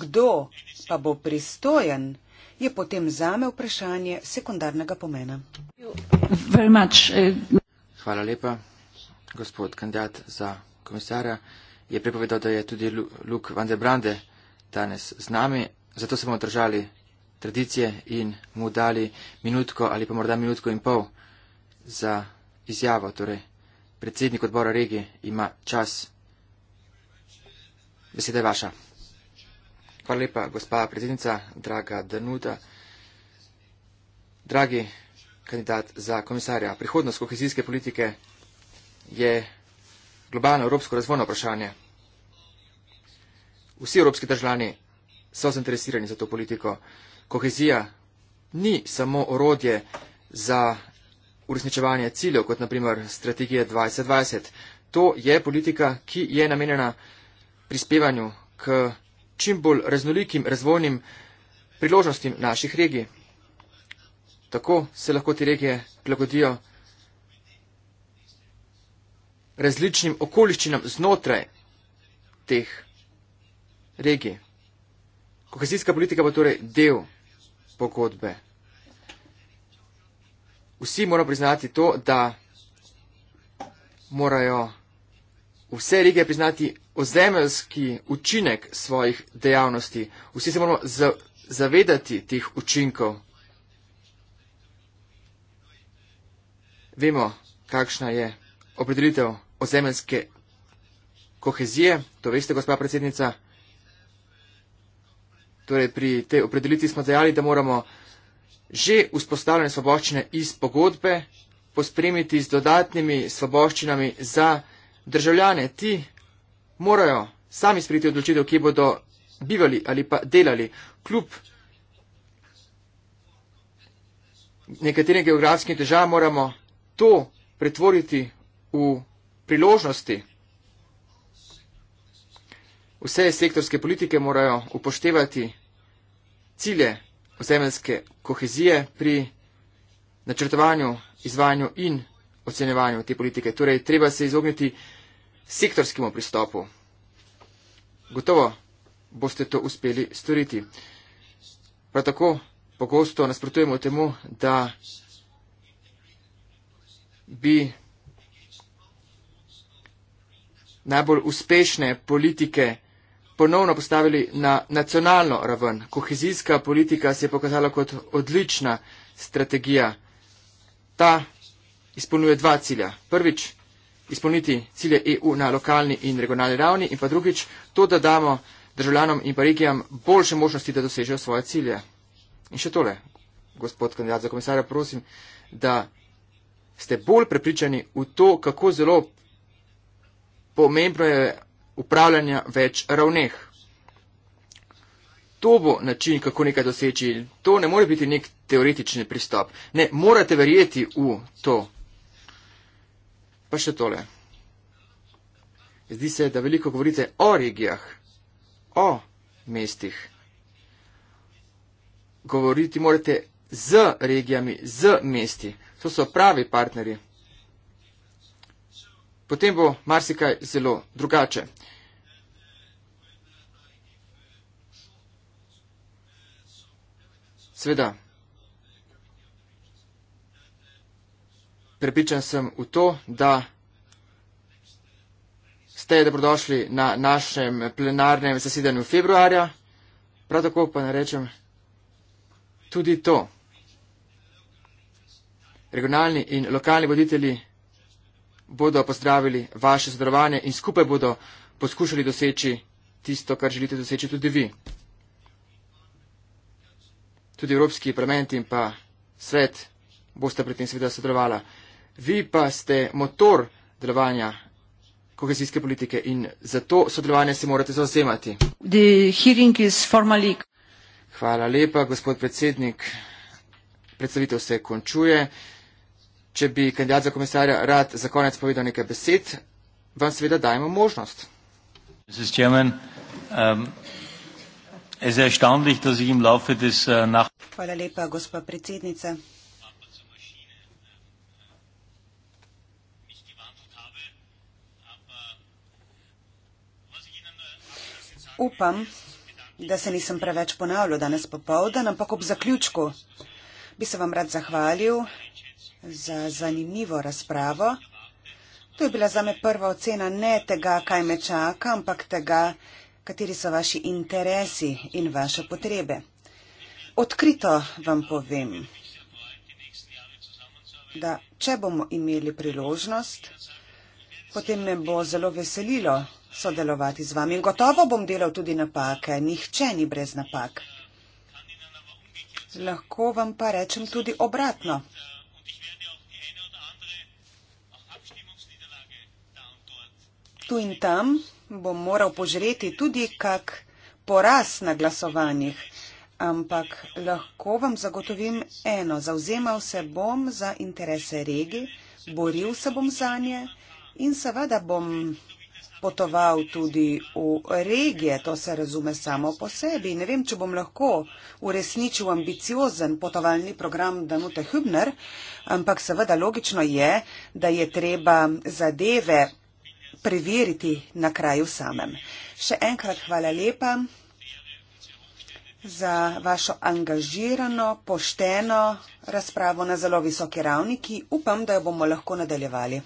Kdo pa bo pristojen, je potem zame vprašanje sekundarnega pomena. Eh, Hvala lepa, gospod kandidat za komisarja. Je prepovedal, da je tudi Luk van der Brande danes z nami, zato se bomo držali tradicije in mu dali minutko ali pa morda minutko in pol za izjavo. Torej, predsednik odbora regije ima čas. Beseda je vaša. Hvala lepa, gospa predsednica, draga Danuta, dragi kandidat za komisarja. Prihodnost kohezijske politike je globalno evropsko razvojno vprašanje. Vsi evropski državljani so zainteresirani za to politiko. Kohezija ni samo orodje za uresničevanje ciljev, kot naprimer strategije 2020. To je politika, ki je namenjena prispevanju k čim bolj raznolikim razvojnim priložnostim naših regij. Tako se lahko te regije prilagodijo različnim okoliščinam znotraj teh regij. Kohezijska politika bo torej del pogodbe vsi moramo priznati to, da morajo vse lige priznati ozemeljski učinek svojih dejavnosti. Vsi se moramo zavedati tih učinkov. Vemo, kakšna je opredelitev ozemeljske kohezije, to veste, gospa predsednica. Torej, pri tej opredelitvi smo dejali, da moramo že vzpostavljene svoboščine iz pogodbe pospremiti z dodatnimi svoboščinami za državljane. Ti morajo sami sprejeti odločitev, ki bodo bivali ali pa delali. Kljub nekaterim geografskim težavam moramo to pretvoriti v priložnosti. Vse sektorske politike morajo upoštevati cilje zemljske kohezije pri načrtovanju, izvajanju in ocenjevanju te politike. Torej, treba se izogniti sektorskemu pristopu. Gotovo boste to uspeli storiti. Prav tako pogosto nasprotujemo temu, da bi najbolj uspešne politike ponovno postavili na nacionalno raven. Kohezijska politika se je pokazala kot odlična strategija. Ta izpolnjuje dva cilja. Prvič, izpolniti cilje EU na lokalni in regionalni ravni in pa drugič, to, da damo državljanom in pa regijam boljše možnosti, da dosežejo svoje cilje. In še tole, gospod kandidat za komisarja, prosim, da ste bolj prepričani v to, kako zelo pomembno je upravljanja več ravneh. To bo način, kako nekaj doseči. To ne more biti nek teoretični pristop. Ne, morate verjeti v to. Pa še tole. Zdi se, da veliko govorite o regijah, o mestih. Govoriti morate z regijami, z mesti. To so pravi partnerji potem bo marsikaj zelo drugače. Sveda, prepričan sem v to, da ste dobrodošli na našem plenarnem zasedanju februarja, prav tako pa narečem tudi to. Regionalni in lokalni voditelji bodo pozdravili vaše sodelovanje in skupaj bodo poskušali doseči tisto, kar želite doseči tudi vi. Tudi Evropski parlament in pa svet boste pri tem seveda sodelovala. Vi pa ste motor delovanja kohezijske politike in za to sodelovanje se morate zauzemati. Hvala lepa, gospod predsednik. Predstavitev se končuje. Če bi kandidat za komisarja rad za konec povedal nekaj besed, vam seveda dajemo možnost. Um, äh, Hvala lepa, gospa predsednica. Upam, da se nisem preveč ponavljal danes popovdan, ampak ob zaključku bi se vam rad zahvalil za zanimivo razpravo. To je bila zame prva ocena ne tega, kaj me čaka, ampak tega, kateri so vaši interesi in vaše potrebe. Odkrito vam povem, da če bomo imeli priložnost, potem me bo zelo veselilo sodelovati z vami. In gotovo bom delal tudi napake, nihče ni brez napak. Lahko vam pa rečem tudi obratno. tu in tam bo moral požreti tudi kak poraz na glasovanjih. Ampak lahko vam zagotovim eno, zauzemal se bom za interese regi, boril se bom za nje in seveda bom potoval tudi v regije, to se razume samo po sebi. Ne vem, če bom lahko uresničil ambiciozen potovalni program Danute Hübner, ampak seveda logično je, da je treba zadeve preveriti na kraju samem. Še enkrat hvala lepa za vašo angažirano, pošteno razpravo na zelo visoki ravni, ki upam, da jo bomo lahko nadaljevali.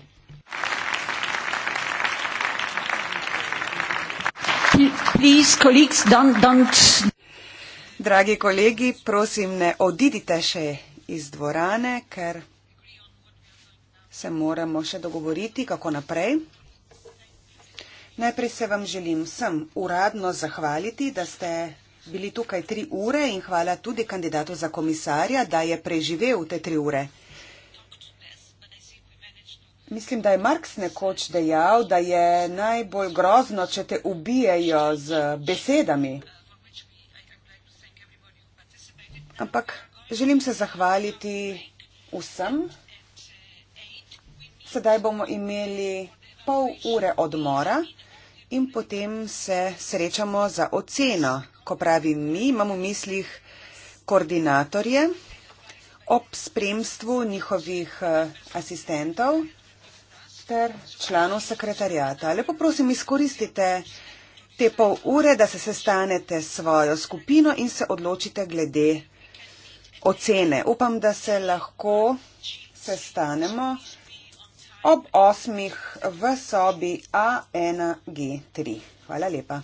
Please, colleagues, don't, don't. Dragi kolegi, prosim, ne odidite še iz dvorane, ker se moramo še dogovoriti, kako naprej. Najprej se vam želim vsem uradno zahvaliti, da ste bili tukaj tri ure in hvala tudi kandidatu za komisarja, da je preživel te tri ure. Mislim, da je Marx nekoč dejal, da je najbolj grozno, če te ubijajo z besedami. Ampak želim se zahvaliti vsem. Sedaj bomo imeli pol ure odmora in potem se srečamo za oceno. Ko pravim mi, imam v mislih koordinatorje ob spremstvu njihovih eh, asistentov ter članov sekretarjata. Lepo prosim, izkoristite te pol ure, da se sestanete s svojo skupino in se odločite glede ocene. Upam, da se lahko sestanemo ob 8 v sobi A1G3. Hvala lepa.